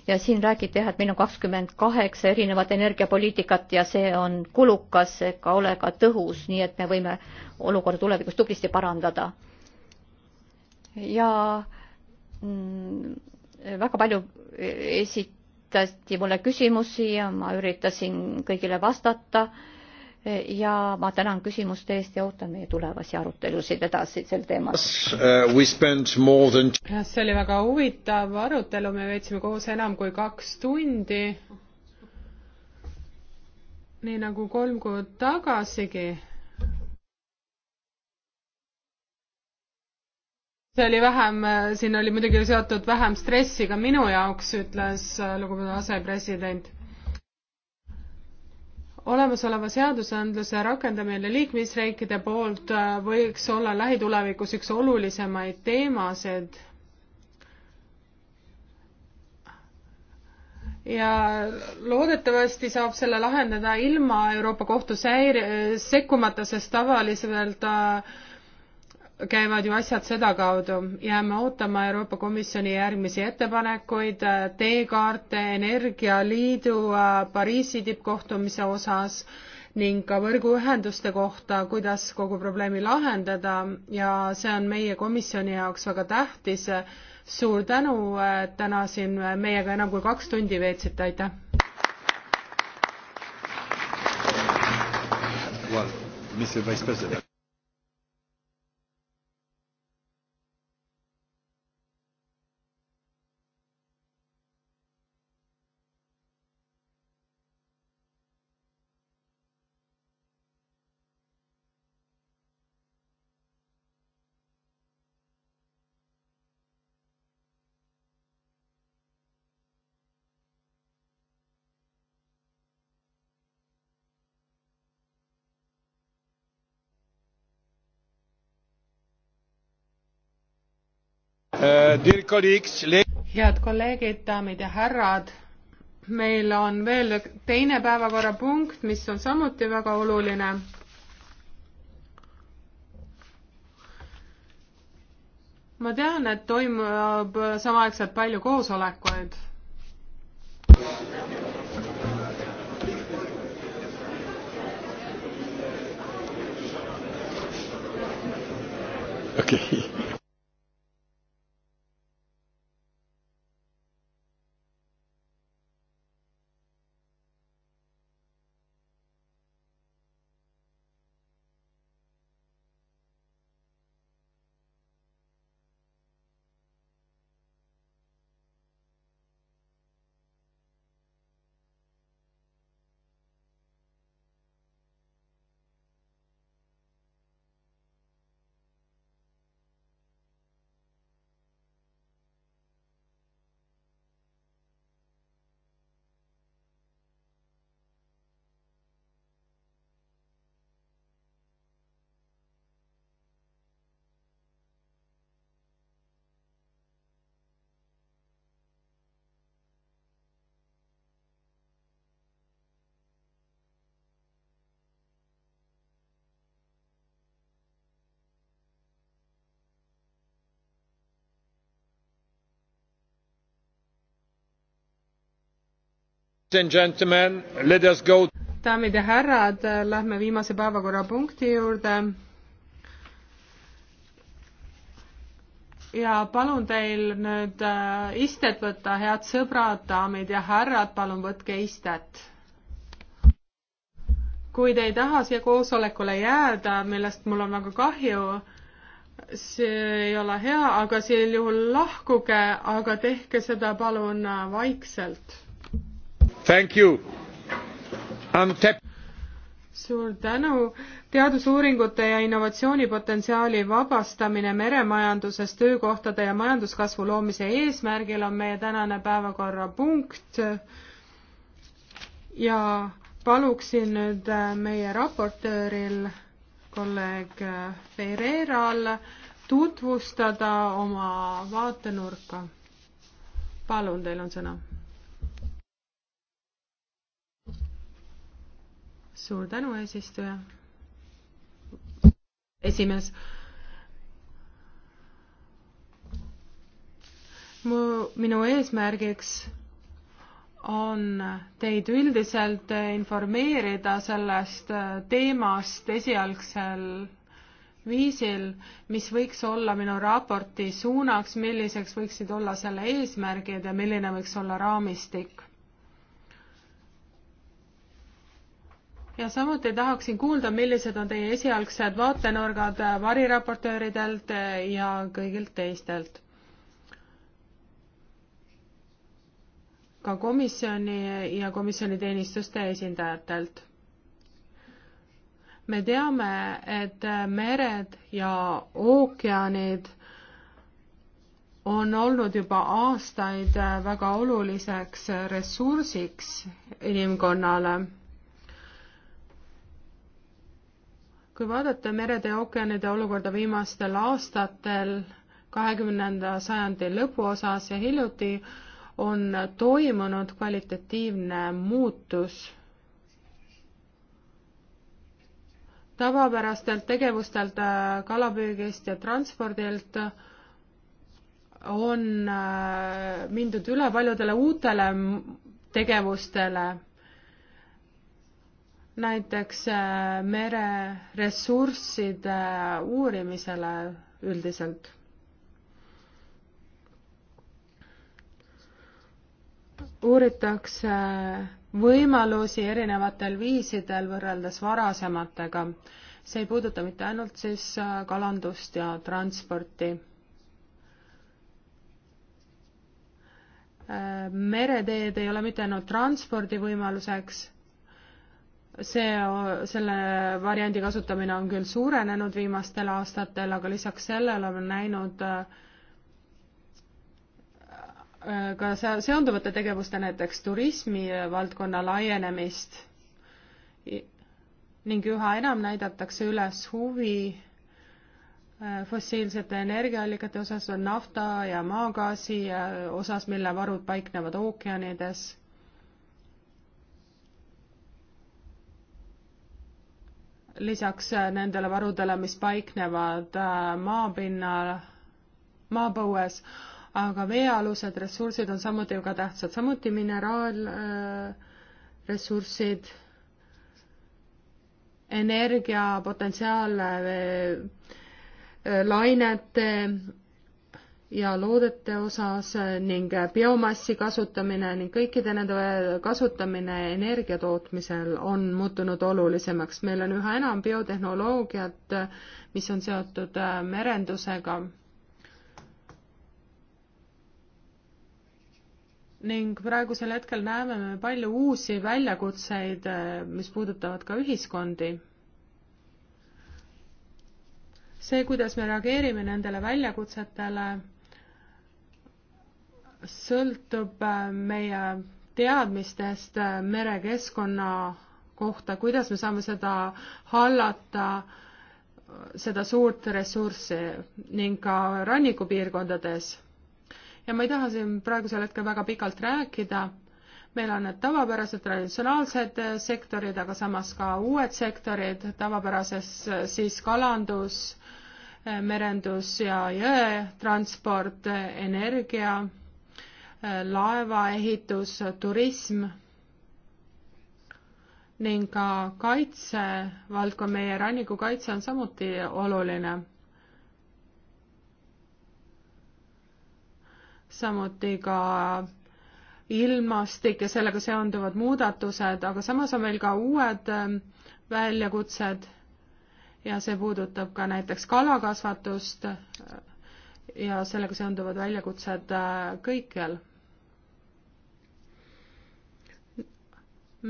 ja siin räägiti jah, et meil on kakskümmend kaheksa erinevat energiapoliitikat ja see on kulukas ega ole ka tõhus, nii et me võime olukorda tulevikus tublisti parandada. ja mm, väga palju esitati mulle küsimusi ja ma üritasin kõigile vastata ja ma tänan küsimuste eest ja ootan meie tulevasi arutelusid edasi sel teemal. Uh, jah, see oli väga huvitav arutelu, me veetsime koos enam kui kaks tundi. nii nagu kolm kuud tagasigi. see oli vähem, siin oli muidugi seotud vähem stressi ka minu jaoks, ütles lugupeetud asepresident olemasoleva seadusandluse rakendamine liikmesriikide poolt äh, võiks olla lähitulevikus üks olulisemaid teemasid. ja loodetavasti saab selle lahendada ilma Euroopa Kohtu säir-, sekkumata, sest tavaliselt äh, käivad ju asjad sedakaudu, jääme ootama Euroopa Komisjoni järgmisi ettepanekuid äh, teekaarte Energialiidu äh, Pariisi tippkohtumise osas ning ka võrguühenduste kohta, kuidas kogu probleemi lahendada ja see on meie komisjoni jaoks väga tähtis. suur tänu, et äh, täna siin meiega enam kui kaks tundi veetsite, aitäh! Well, Mr. Vice President. head kolleegid, daamid ja härrad, meil on veel teine päevakorrapunkt, mis on samuti väga oluline. ma tean, et toimub samaaegselt palju koosolekuid daamid ja härrad, lähme viimase päevakorrapunkti juurde. ja palun teil nüüd äh, istet võtta, head sõbrad, daamid ja härrad, palun võtke istet. kui te ei taha siia koosolekule jääda, millest mul on väga kahju, see ei ole hea, aga sel juhul lahkuge, aga tehke seda palun äh, vaikselt suur tänu. teadusuuringute ja innovatsioonipotentsiaali vabastamine meremajanduses töökohtade ja majanduskasvu loomise eesmärgil on meie tänane päevakorrapunkt. ja paluksin nüüd äh, meie raportööril, kolleeg äh, Ferreiral tutvustada oma vaatenurka. palun, teil on sõna suur tänu, eesistuja. esimees. mu, minu eesmärgiks on teid üldiselt informeerida sellest teemast esialgsel viisil, mis võiks olla minu raporti suunaks, milliseks võiksid olla selle eesmärgid ja milline võiks olla raamistik ja samuti tahaksin kuulda, millised on teie esialgsed vaatenurgad äh, variraportööridelt äh, ja kõigilt teistelt. ka komisjoni ja komisjoni teenistuste esindajatelt. me teame, et äh, mered ja ookeanid on olnud juba aastaid väga oluliseks ressursiks inimkonnale kui vaadata merede ja ookeanide olukorda viimastel aastatel, kahekümnenda sajandi lõpuosas ja hiljuti, on toimunud kvalitatiivne muutus tavapärastelt tegevustelt äh, kalapüügist ja transpordilt on äh, mindud üle paljudele uutele tegevustele näiteks äh, mereressursside äh, uurimisele üldiselt. uuritakse võimalusi erinevatel viisidel võrreldes varasematega. see ei puuduta mitte ainult siis äh, kalandust ja transporti mereteed ei ole mitte ainult transpordivõimaluseks, see, selle variandi kasutamine on küll suurenenud viimastel aastatel, aga lisaks sellele oleme näinud äh, ka seonduvate tegevuste, näiteks turismi valdkonna laienemist ning üha enam näidatakse üles huvi äh, fossiilsete energiaallikate osas, nafta ja maagaasi äh, osas, mille varud paiknevad ookeanides lisaks äh, nendele varudele, mis paiknevad äh, maapinnal, maapõues, aga veealused ressursid on samuti ju ka tähtsad, samuti mineraalressursid, äh, energia potentsiaal, lainete ja loodete osas ning biomassi kasutamine ning kõikide nende kasutamine energia tootmisel on muutunud olulisemaks. meil on üha enam biotehnoloogiat, mis on seotud äh, merendusega. ning praegusel hetkel näeme me palju uusi väljakutseid, äh, mis puudutavad ka ühiskondi see, kuidas me reageerime nendele väljakutsetele sõltub äh, meie teadmistest äh, merekeskkonna kohta, kuidas me saame seda hallata, seda suurt ressurssi ning ka rannikupiirkondades. ja ma ei taha siin praegusel hetkel väga pikalt rääkida, meil on need tavapärased traditsionaalsed äh, sektorid, aga samas ka uued sektorid, tavapärases siis kalandus, merendus ja jõetransport, energia laevaehitus, turism ning ka kaitsevaldkond, meie rannikukaitse on samuti oluline. samuti ka ilmastik ja sellega seonduvad muudatused, aga samas on meil ka uued ähm, väljakutsed ja see puudutab ka näiteks kalakasvatust ja sellega seonduvad väljakutsed äh, kõikjal.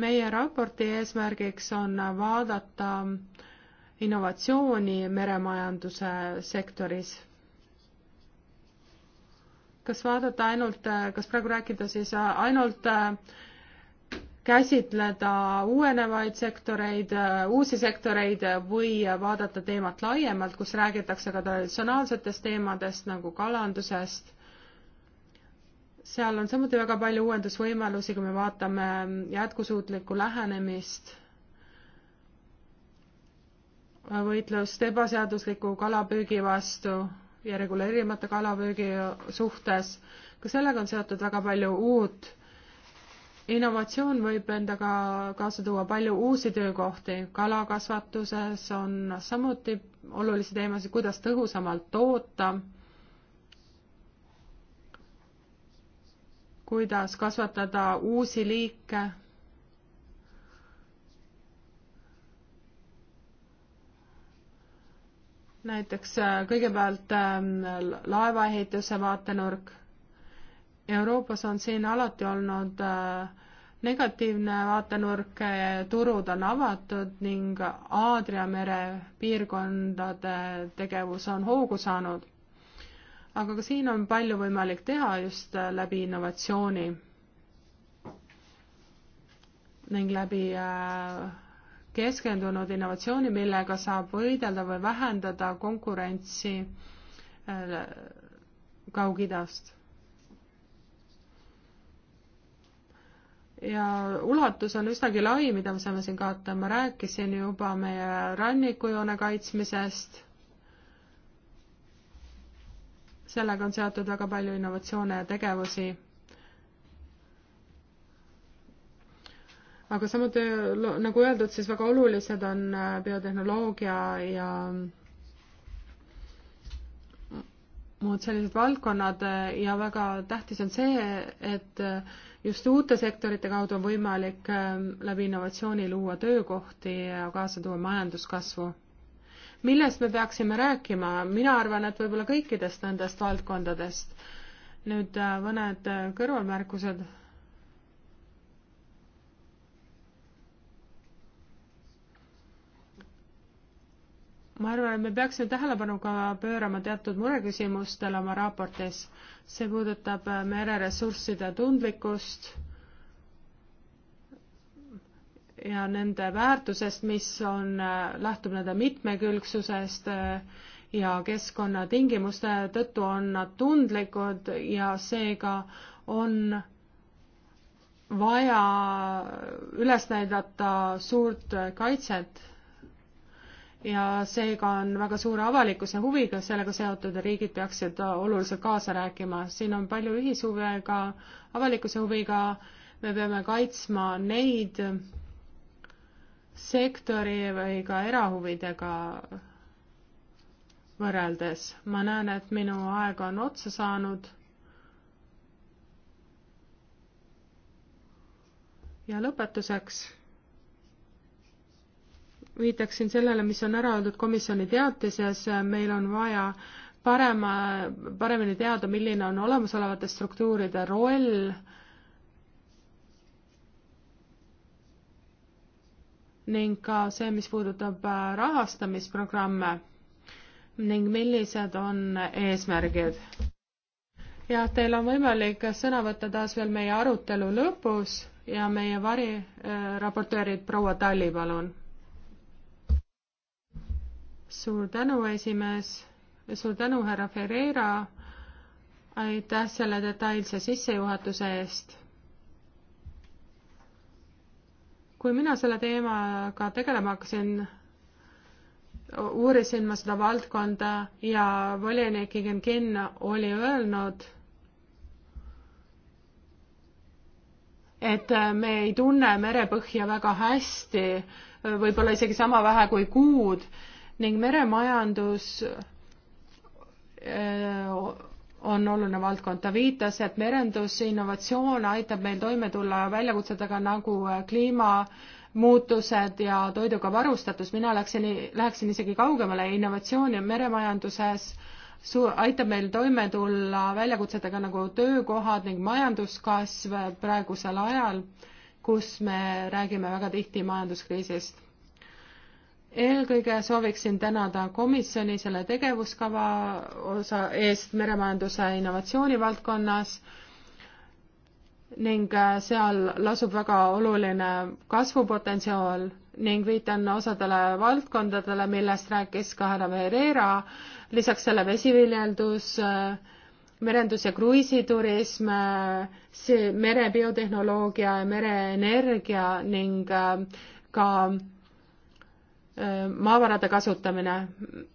meie raporti eesmärgiks on vaadata innovatsiooni meremajanduse sektoris. kas vaadata ainult, äh, kas praegu rääkida siis äh, ainult äh, käsitleda uuenevaid sektoreid, uusi sektoreid või vaadata teemat laiemalt, kus räägitakse ka traditsionaalsetest teemadest nagu kalandusest. seal on samuti väga palju uuendusvõimalusi, kui me vaatame jätkusuutlikku lähenemist, võitlust ebaseadusliku kalapüügi vastu ja reguleerimata kalapüügi suhtes, ka sellega on seotud väga palju uut innovatsioon võib endaga kaasa tuua palju uusi töökohti, kalakasvatuses on samuti olulisi teemasid, kuidas tõhusamalt toota, kuidas kasvatada uusi liike. näiteks äh, kõigepealt ähm, laevaehituse vaatenurk Euroopas on siin alati olnud äh, negatiivne vaatenurk, turud on avatud ning Aadria mere piirkondade tegevus on hoogu saanud. aga ka siin on palju võimalik teha just äh, läbi innovatsiooni ning läbi äh, keskendunud innovatsiooni, millega saab võidelda või vähendada konkurentsi Kaug-Idast ja ulatus on üsnagi lai, mida me saame siin kaota, ma rääkisin juba meie rannikujoone kaitsmisest, sellega on seotud väga palju innovatsioone ja tegevusi. aga samuti, nagu öeldud, siis väga olulised on äh, biotehnoloogia ja muud sellised valdkonnad äh, ja väga tähtis on see, et äh, just uute sektorite kaudu on võimalik ähm, läbi innovatsiooni luua töökohti ja kaasa tuua majanduskasvu. millest me peaksime rääkima, mina arvan, et võib-olla kõikidest nendest valdkondadest. nüüd äh, mõned äh, kõrvalmärkused ma arvan, et me peaksime tähelepanu ka pöörama teatud mureküsimustele oma raportis. see puudutab äh, mereressursside tundlikkust ja nende väärtusest, mis on, äh, lähtub nende mitmekülgsusest äh, ja keskkonnatingimuste tõttu on nad tundlikud ja seega on vaja üles näidata suurt kaitset ja seega on väga suure avalikkuse huviga sellega seotud ja riigid peaksid oluliselt kaasa rääkima. siin on palju ühishuve ka avalikkuse huviga, me peame kaitsma neid sektori või ka erahuvidega võrreldes. ma näen, et minu aeg on otsa saanud. ja lõpetuseks viitaksin sellele, mis on ära öeldud komisjoni teatises, meil on vaja parema, paremini teada, milline on olemasolevate struktuuride roll ning ka see, mis puudutab äh, rahastamisprogramme ning millised on eesmärgid. jah, teil on võimalik sõna võtta taas veel meie arutelu lõpus ja meie variraportöörid äh, proua Talli, palun suur tänu, esimees, suur tänu, härra Ferreira, aitäh selle detailse sissejuhatuse eest. kui mina selle teemaga tegelema hakkasin, uurisin ma seda valdkonda ja volinik Igenkin oli öelnud, et me ei tunne merepõhja väga hästi, võib-olla isegi sama vähe kui kuud ning meremajandus eh, on oluline valdkond. ta viitas, et merendusinnovatsioon aitab meil toime tulla väljakutsedega nagu eh, kliimamuutused ja toiduga varustatus. mina läksin, läheksin isegi kaugemale, innovatsioon meremajanduses su-, aitab meil toime tulla väljakutsedega nagu töökohad ning majanduskasv praegusel ajal, kus me räägime väga tihti majanduskriisist eelkõige sooviksin tänada komisjoni selle tegevuskava osa eest meremajanduse innovatsiooni valdkonnas ning äh, seal lasub väga oluline kasvupotentsiaal ning viitan osadele valdkondadele, millest rääkis ka härra Vereera, lisaks selle vesiviljeldus, äh, merendus- ja kruiisiturism, äh, see merebiotehnoloogia ja mereenergia ning ka Äh, maavarade kasutamine.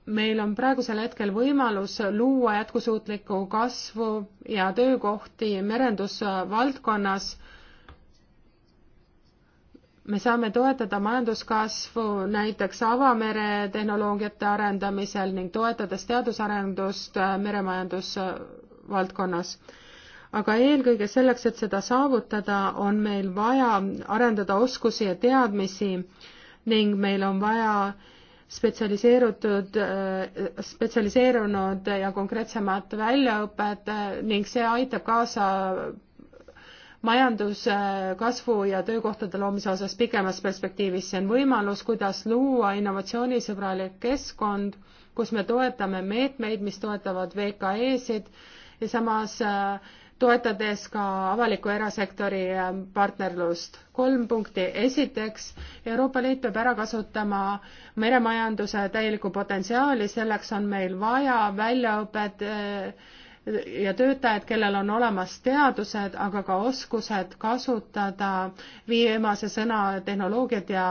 meil on praegusel hetkel võimalus luua jätkusuutlikku kasvu ja töökohti merendusvaldkonnas. me saame toetada majanduskasvu näiteks avamere tehnoloogiate arendamisel ning toetades teadusarendust äh, meremajandusvaldkonnas äh, aga eelkõige selleks, et seda saavutada, on meil vaja arendada oskusi ja teadmisi ning meil on vaja spetsialiseerutud, spetsialiseerunud ja konkreetsemat väljaõpet ning see aitab kaasa majanduskasvu ja töökohtade loomise osas pikemas perspektiivis. see on võimalus, kuidas luua innovatsioonisõbralik keskkond, kus me toetame meetmeid, mis toetavad VKE-sid ja samas äh, toetades ka avaliku erasektori äh, partnerlust. kolm punkti. esiteks, Euroopa Liit peab ära kasutama meremajanduse täielikku potentsiaali, selleks on meil vaja väljaõpet äh, ja töötajad, kellel on olemas teadused, aga ka oskused kasutada viimase sõna tehnoloogiat ja,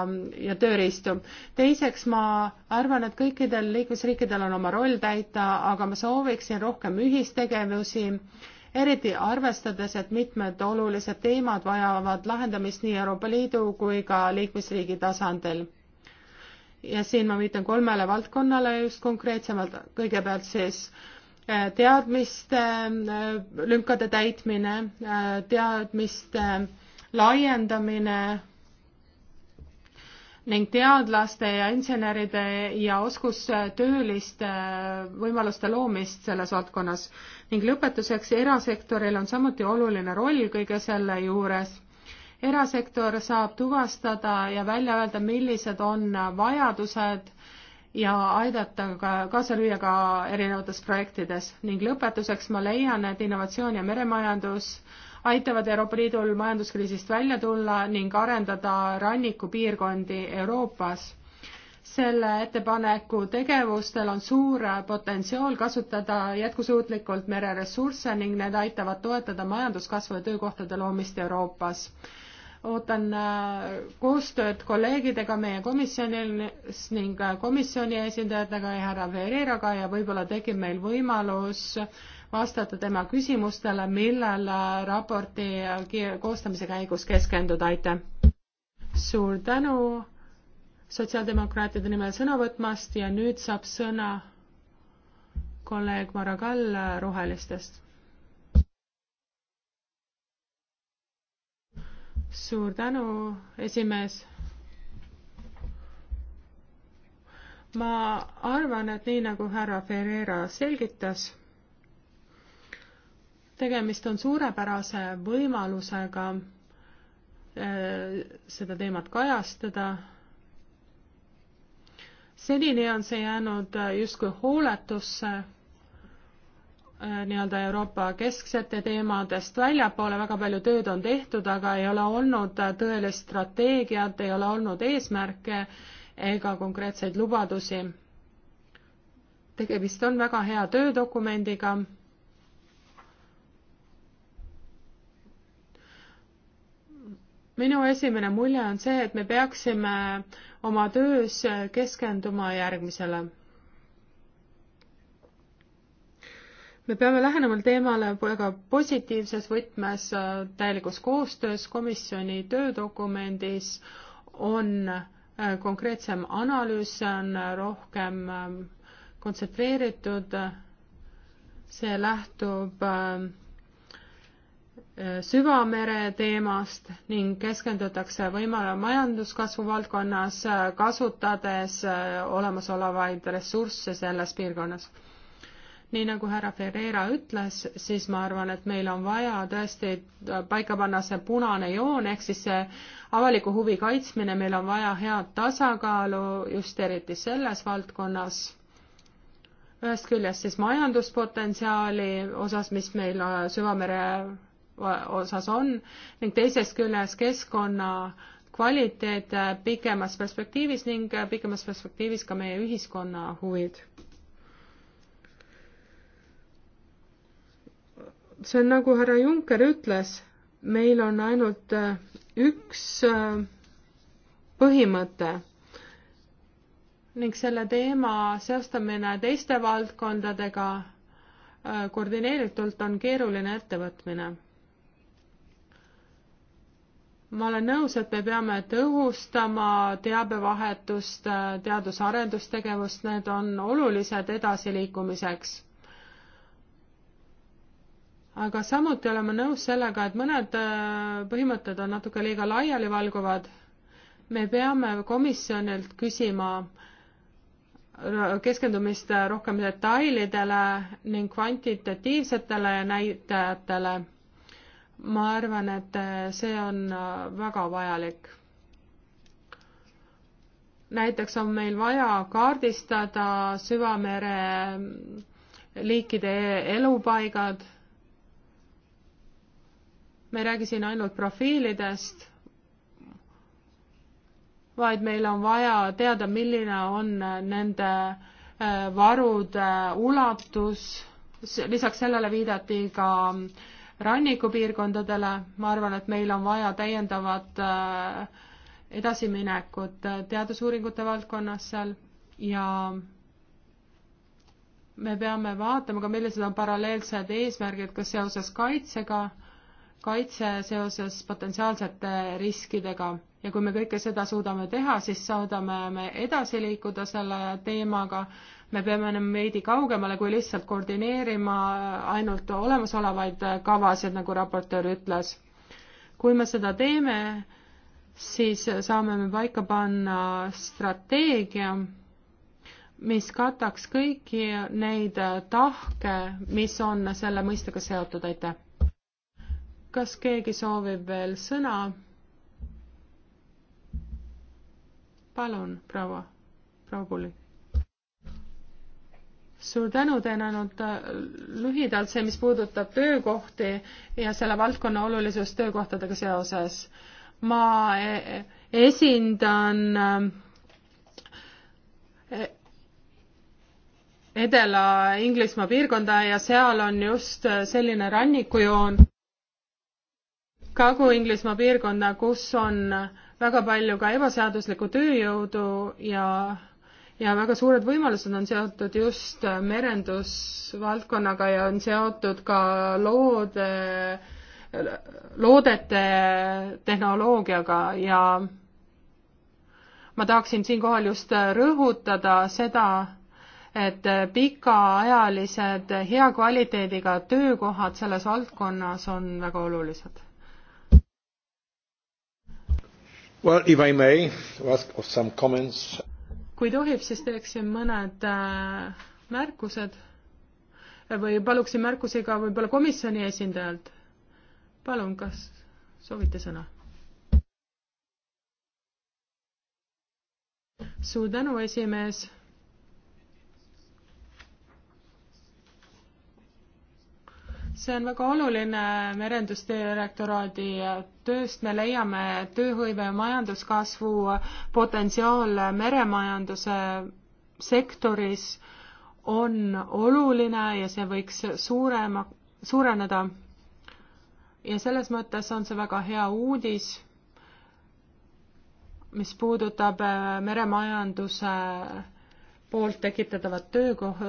ja tööriistu. teiseks, ma arvan, et kõikidel liikmesriikidel on oma roll täita, aga ma sooviksin rohkem ühistegevusi eriti arvestades, et mitmed olulised teemad vajavad lahendamist nii Euroopa Liidu kui ka liikmesriigi tasandil. ja siin ma viitan kolmele valdkonnale just konkreetsemalt, kõigepealt siis eh, teadmiste eh, lünkade täitmine, eh, teadmiste laiendamine ning teadlaste ja inseneride ja oskustööliste võimaluste loomist selles valdkonnas ning lõpetuseks, erasektoril on samuti oluline roll kõige selle juures. erasektor saab tuvastada ja välja öelda, millised on vajadused ja aidata ka kaasa lüüa ka erinevates projektides ning lõpetuseks ma leian, et innovatsioon ja meremajandus aitavad Euroopa Liidul majanduskriisist välja tulla ning arendada rannikupiirkondi Euroopas selle ettepaneku tegevustel on suur potentsiaal kasutada jätkusuutlikult mereressursse ning need aitavad toetada majanduskasvu ja töökohtade loomist Euroopas. ootan äh, koostööd kolleegidega meie komisjonis ning äh, komisjoni esindajatega ja härra Ferreiraga ja võib-olla tekib meil võimalus vastata tema küsimustele, millele äh, raporti koostamise käigus keskenduda, aitäh! suur tänu! sotsiaaldemokraatide nimel sõna võtmast ja nüüd saab sõna kolleeg Maragall Rohelistest. suur tänu, esimees. ma arvan, et nii nagu härra Ferreira selgitas, tegemist on suurepärase võimalusega eh, seda teemat kajastada senini on see jäänud äh, justkui hooletusse äh, nii-öelda Euroopa kesksete teemadest väljapoole, väga palju tööd on tehtud, aga ei ole olnud äh, tõelist strateegiat, ei ole olnud eesmärke ega konkreetseid lubadusi. tegemist on väga hea töödokumendiga minu esimene mulje on see, et me peaksime oma töös keskenduma järgmisele. me peame lähenema teemale väga positiivses võtmes, täielikus koostöös, komisjoni töödokumendis on äh, konkreetsem analüüs, see on rohkem äh, kontsentreeritud, see lähtub äh, süvamere teemast ning keskendutakse võimale majanduskasvu valdkonnas, äh, kasutades äh, olemasolevaid ressursse selles piirkonnas. nii nagu härra Ferreira ütles, siis ma arvan, et meil on vaja tõesti paika panna see punane joon, ehk siis see avaliku huvi kaitsmine, meil on vaja head tasakaalu just eriti selles valdkonnas ühest küljest siis majanduspotentsiaali osas, mis meil äh, süvamere osas on ning teisest küljest keskkonna kvaliteet äh, pikemas perspektiivis ning äh, pikemas perspektiivis ka meie ühiskonna huvid. see on nagu härra Juncker ütles, meil on ainult äh, üks põhimõte ning selle teema seostamine teiste valdkondadega koordineeritult on keeruline ettevõtmine ma olen nõus, et me peame tõhustama teabevahetust, äh, teadus-arendustegevust, need on olulised edasiliikumiseks. aga samuti olen ma nõus sellega, et mõned äh, põhimõtted on natuke liiga laialivalguvad. me peame komisjonilt küsima keskendumist rohkem detailidele ning kvantitatiivsetele näitajatele ma arvan, et äh, see on äh, väga vajalik. näiteks on meil vaja kaardistada süvamere mm, liikide elupaigad. me ei räägi siin ainult profiilidest, vaid meil on vaja teada, milline on äh, nende varude ulatus, lisaks sellele viidati ka äh, rannikupiirkondadele, ma arvan, et meil on vaja täiendavat äh, edasiminekut äh, teadusuuringute valdkonnas seal ja me peame vaatama ka, millised on paralleelsed eesmärgid, kas seoses kaitsega, kaitse seoses potentsiaalsete riskidega ja kui me kõike seda suudame teha, siis saadame me edasi liikuda selle teemaga me peame minema veidi kaugemale kui lihtsalt koordineerima ainult olemasolevaid kavasid, nagu raportöör ütles. kui me seda teeme, siis saame me paika panna strateegia, mis kataks kõiki neid tahke, mis on selle mõistega seotud, aitäh. kas keegi soovib veel sõna? palun, proua, proua Puli suur tänu, teen ainult äh, lühidalt see, mis puudutab töökohti ja selle valdkonna olulisust töökohtadega seoses. ma äh, esindan äh, Edela-Inglismaa piirkonda ja seal on just selline rannikujoon Kagu-Inglismaa piirkonda, kus on väga palju ka ebaseaduslikku tööjõudu ja ja väga suured võimalused on seotud just äh, merendusvaldkonnaga ja on seotud ka loode, loodete tehnoloogiaga ja ma tahaksin siinkohal just äh, rõhutada seda, et äh, pikaajalised hea kvaliteediga töökohad selles valdkonnas on väga olulised. Well, if I may ask of some comments kui tohib, siis teeksin mõned äh, märkused või paluksin märkusi ka võib-olla komisjoni esindajalt. palun, kas soovite sõna? suur tänu, esimees see on väga oluline merendusdirektoraadi tööst, me leiame tööhõive ja majanduskasvu potentsiaal meremajanduse sektoris on oluline ja see võiks suurema, suureneda. ja selles mõttes on see väga hea uudis, mis puudutab meremajanduse poolt tekitatavat töökoh-,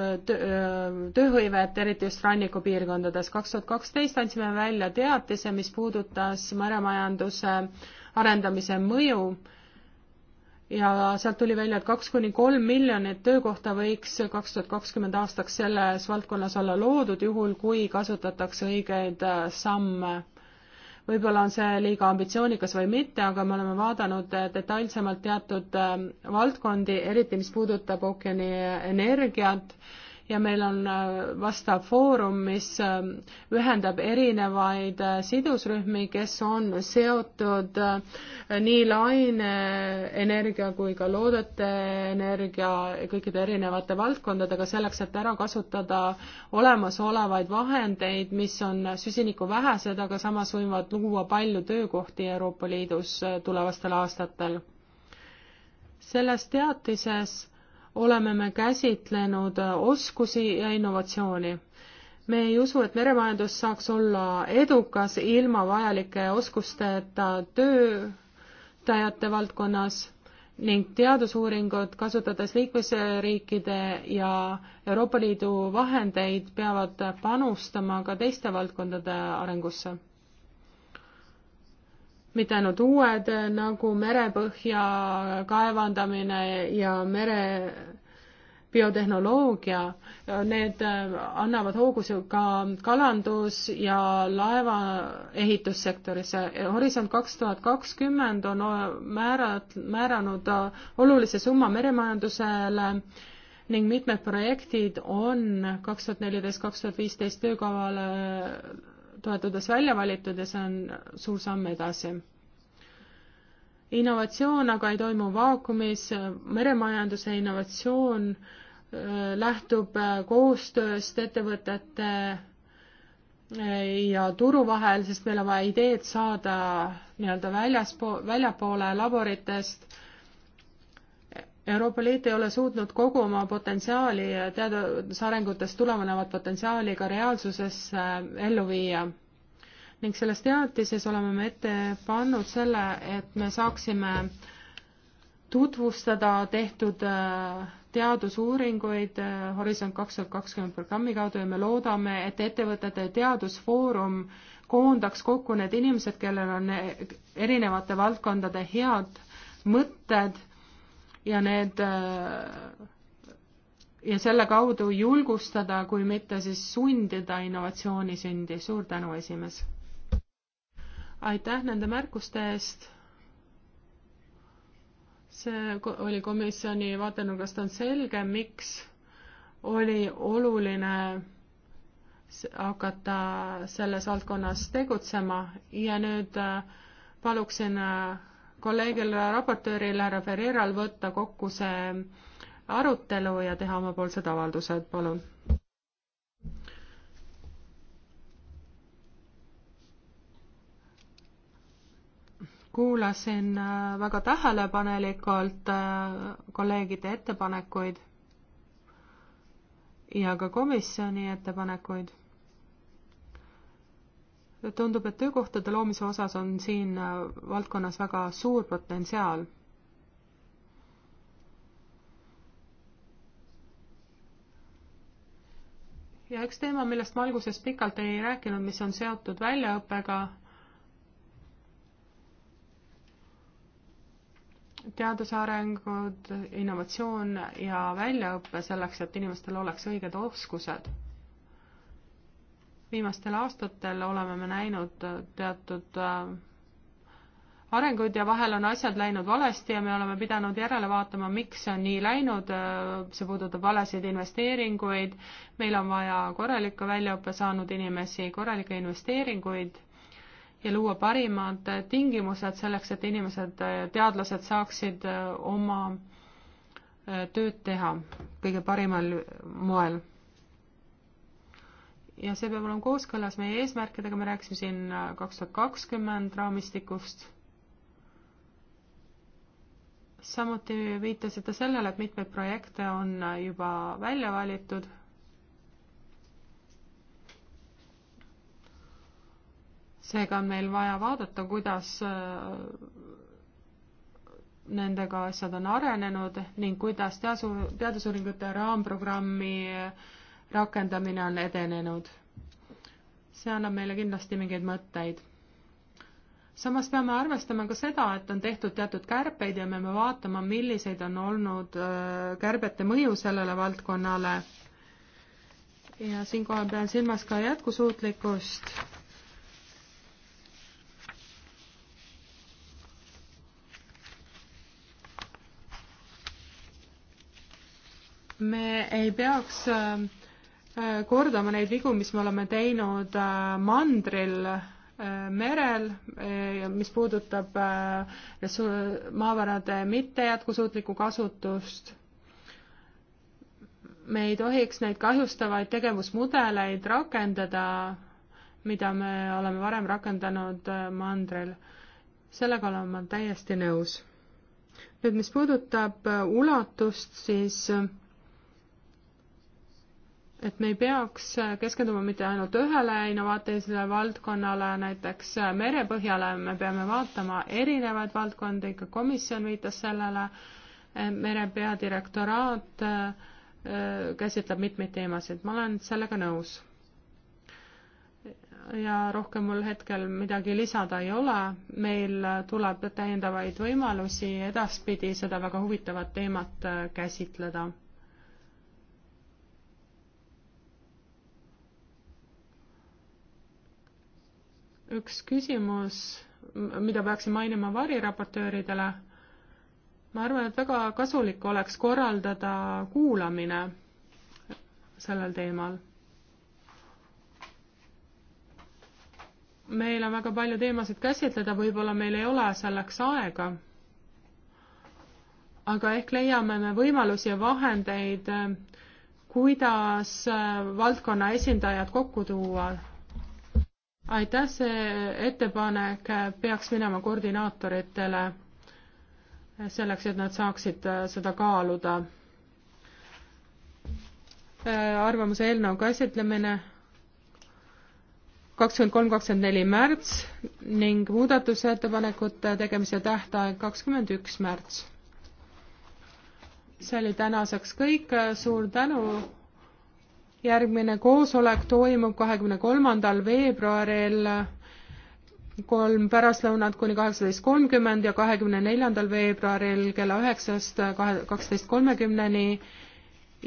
tööhõivet, eriti just rannikupiirkondades. kaks tuhat kaksteist andsime välja teatise, mis puudutas meremajanduse arendamise mõju ja sealt tuli välja, et kaks kuni kolm miljonit töökohta võiks kaks tuhat kakskümmend aastaks selles valdkonnas olla loodud, juhul kui kasutatakse õigeid samme võib-olla on see liiga ambitsioonikas või mitte, aga me oleme vaadanud äh, detailsemalt teatud ähm, valdkondi, eriti mis puudutab ookeani energiat ja meil on äh, vastav foorum, mis äh, ühendab erinevaid äh, sidusrühmi, kes on seotud nii laineenergia kui ka loodete energia kõikide erinevate valdkondadega selleks, et ära kasutada olemasolevaid vahendeid, mis on süsinikuvähesed, aga samas võivad luua palju töökohti Euroopa Liidus tulevastel aastatel selles teatises oleme me käsitlenud äh, oskusi ja innovatsiooni. me ei usu, et meremajandus saaks olla edukas ilma vajalike oskusteta töötajate valdkonnas ning teadusuuringud, kasutades liikmesriikide ja Euroopa Liidu vahendeid, peavad panustama ka teiste valdkondade arengusse mitte ainult uued nagu merepõhja kaevandamine ja mere biotehnoloogia, need äh, annavad hoogu ka kalandus- ja laevaehitussektorisse. Horisont kaks tuhat kakskümmend on määrat-, määranud äh, olulise summa meremajandusele ning mitmed projektid on kaks tuhat neliteist, kaks tuhat viisteist töökavale toetudes välja valitud ja see on suur samm edasi. innovatsioon aga ei toimu vaakumis, meremajanduse innovatsioon äh, lähtub äh, koostööst ettevõtete äh, ja turu vahel, sest meil on vaja ideed saada nii-öelda väljaspool, väljapoole laboritest Euroopa Liit ei ole suutnud kogu oma potentsiaali, teadusarengutest tulenevat potentsiaali ka reaalsusesse äh, ellu viia. ning selles teatises oleme me ette pannud selle, et me saaksime tutvustada tehtud äh, teadusuuringuid äh, Horisont kaks tuhat kakskümmend programmi kaudu ja me loodame, et ettevõtete teadusfoorum koondaks kokku need inimesed, kellel on erinevate valdkondade head mõtted ja need äh, ja selle kaudu julgustada, kui mitte siis sundida innovatsiooni sündi. suur tänu, esimees! aitäh nende märkuste eest! see oli komisjoni vaatenurgast on selge, miks oli oluline hakata selles valdkonnas tegutsema ja nüüd äh, paluksin äh, kolleegil raportööril härra Ferreiral võtta kokku see arutelu ja teha omapoolsed avaldused, palun. kuulasin äh, väga tähelepanelikult äh, kolleegide ettepanekuid ja ka komisjoni ettepanekuid tundub, et töökohtade loomise osas on siin äh, valdkonnas väga suur potentsiaal. ja üks teema, millest ma alguses pikalt ei rääkinud, mis on seotud väljaõppega, teaduse arengud, innovatsioon ja väljaõpe selleks, et inimestel oleks õiged oskused viimastel aastatel oleme me näinud äh, teatud äh, arenguid ja vahel on asjad läinud valesti ja me oleme pidanud järele vaatama, miks see on nii läinud, äh, see puudutab valesid investeeringuid, meil on vaja korralikku väljaõppe saanud inimesi, korralikke investeeringuid ja luua parimad tingimused selleks, et inimesed, teadlased saaksid oma tööd teha kõige parimal moel ja see peab olema kooskõlas meie eesmärkidega, me rääkisime siin äh, kaks tuhat kakskümmend raamistikust. samuti viitasite sellele, et mitmeid projekte on äh, juba välja valitud. seega on meil vaja vaadata, kuidas äh, nendega asjad on arenenud ning kuidas teasu, teadusuuringute raamprogrammi äh, rakendamine on edenenud. see annab meile kindlasti mingeid mõtteid. samas peame arvestama ka seda, et on tehtud teatud kärpeid ja me peame vaatama, millised on olnud äh, kärbete mõju sellele valdkonnale. ja siinkohal pean silmas ka jätkusuutlikkust. me ei peaks äh, Äh, kordama neid vigu, mis me oleme teinud äh, mandril, äh, merel, mis puudutab maavarade mittejätkusuutlikku kasutust. me ei tohiks neid kahjustavaid tegevusmudeleid rakendada, mida me oleme varem rakendanud mandril. sellega olen ma täiesti nõus. nüüd, mis puudutab ulatust, siis et me ei peaks keskenduma mitte ainult ühele innovaatilisele valdkonnale, näiteks merepõhjale, me peame vaatama erinevaid valdkondi, ka komisjon viitas sellele, mere peadirektoraat äh, käsitleb mitmeid teemasid, ma olen sellega nõus. ja rohkem mul hetkel midagi lisada ei ole, meil tuleb täiendavaid võimalusi edaspidi seda väga huvitavat teemat äh, käsitleda üks küsimus, mida peaksin mainima variraportööridele. ma arvan, et väga kasulik oleks korraldada kuulamine sellel teemal. meil on väga palju teemasid käsitleda, võib-olla meil ei ole selleks aega. aga ehk leiame me võimalusi ja vahendeid, kuidas äh, valdkonna esindajad kokku tuua aitäh, see ettepanek peaks minema koordinaatoritele selleks, et nad saaksid äh, seda kaaluda. Äh, arvamuse eelnõu käsitlemine kakskümmend kolm, kakskümmend neli märts ning muudatusettepanekute tegemise tähtaeg kakskümmend üks märts. see oli tänaseks kõik, suur tänu järgmine koosolek toimub kahekümne kolmandal veebruaril kolm pärastlõunat kuni kaheksateist kolmkümmend ja kahekümne neljandal veebruaril kella üheksast kahe, kaksteist kolmekümneni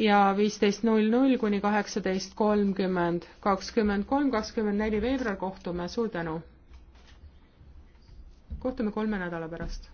ja viisteist null null kuni kaheksateist kolmkümmend, kakskümmend kolm, kakskümmend neli veebruar kohtume, suur tänu! kohtume kolme nädala pärast.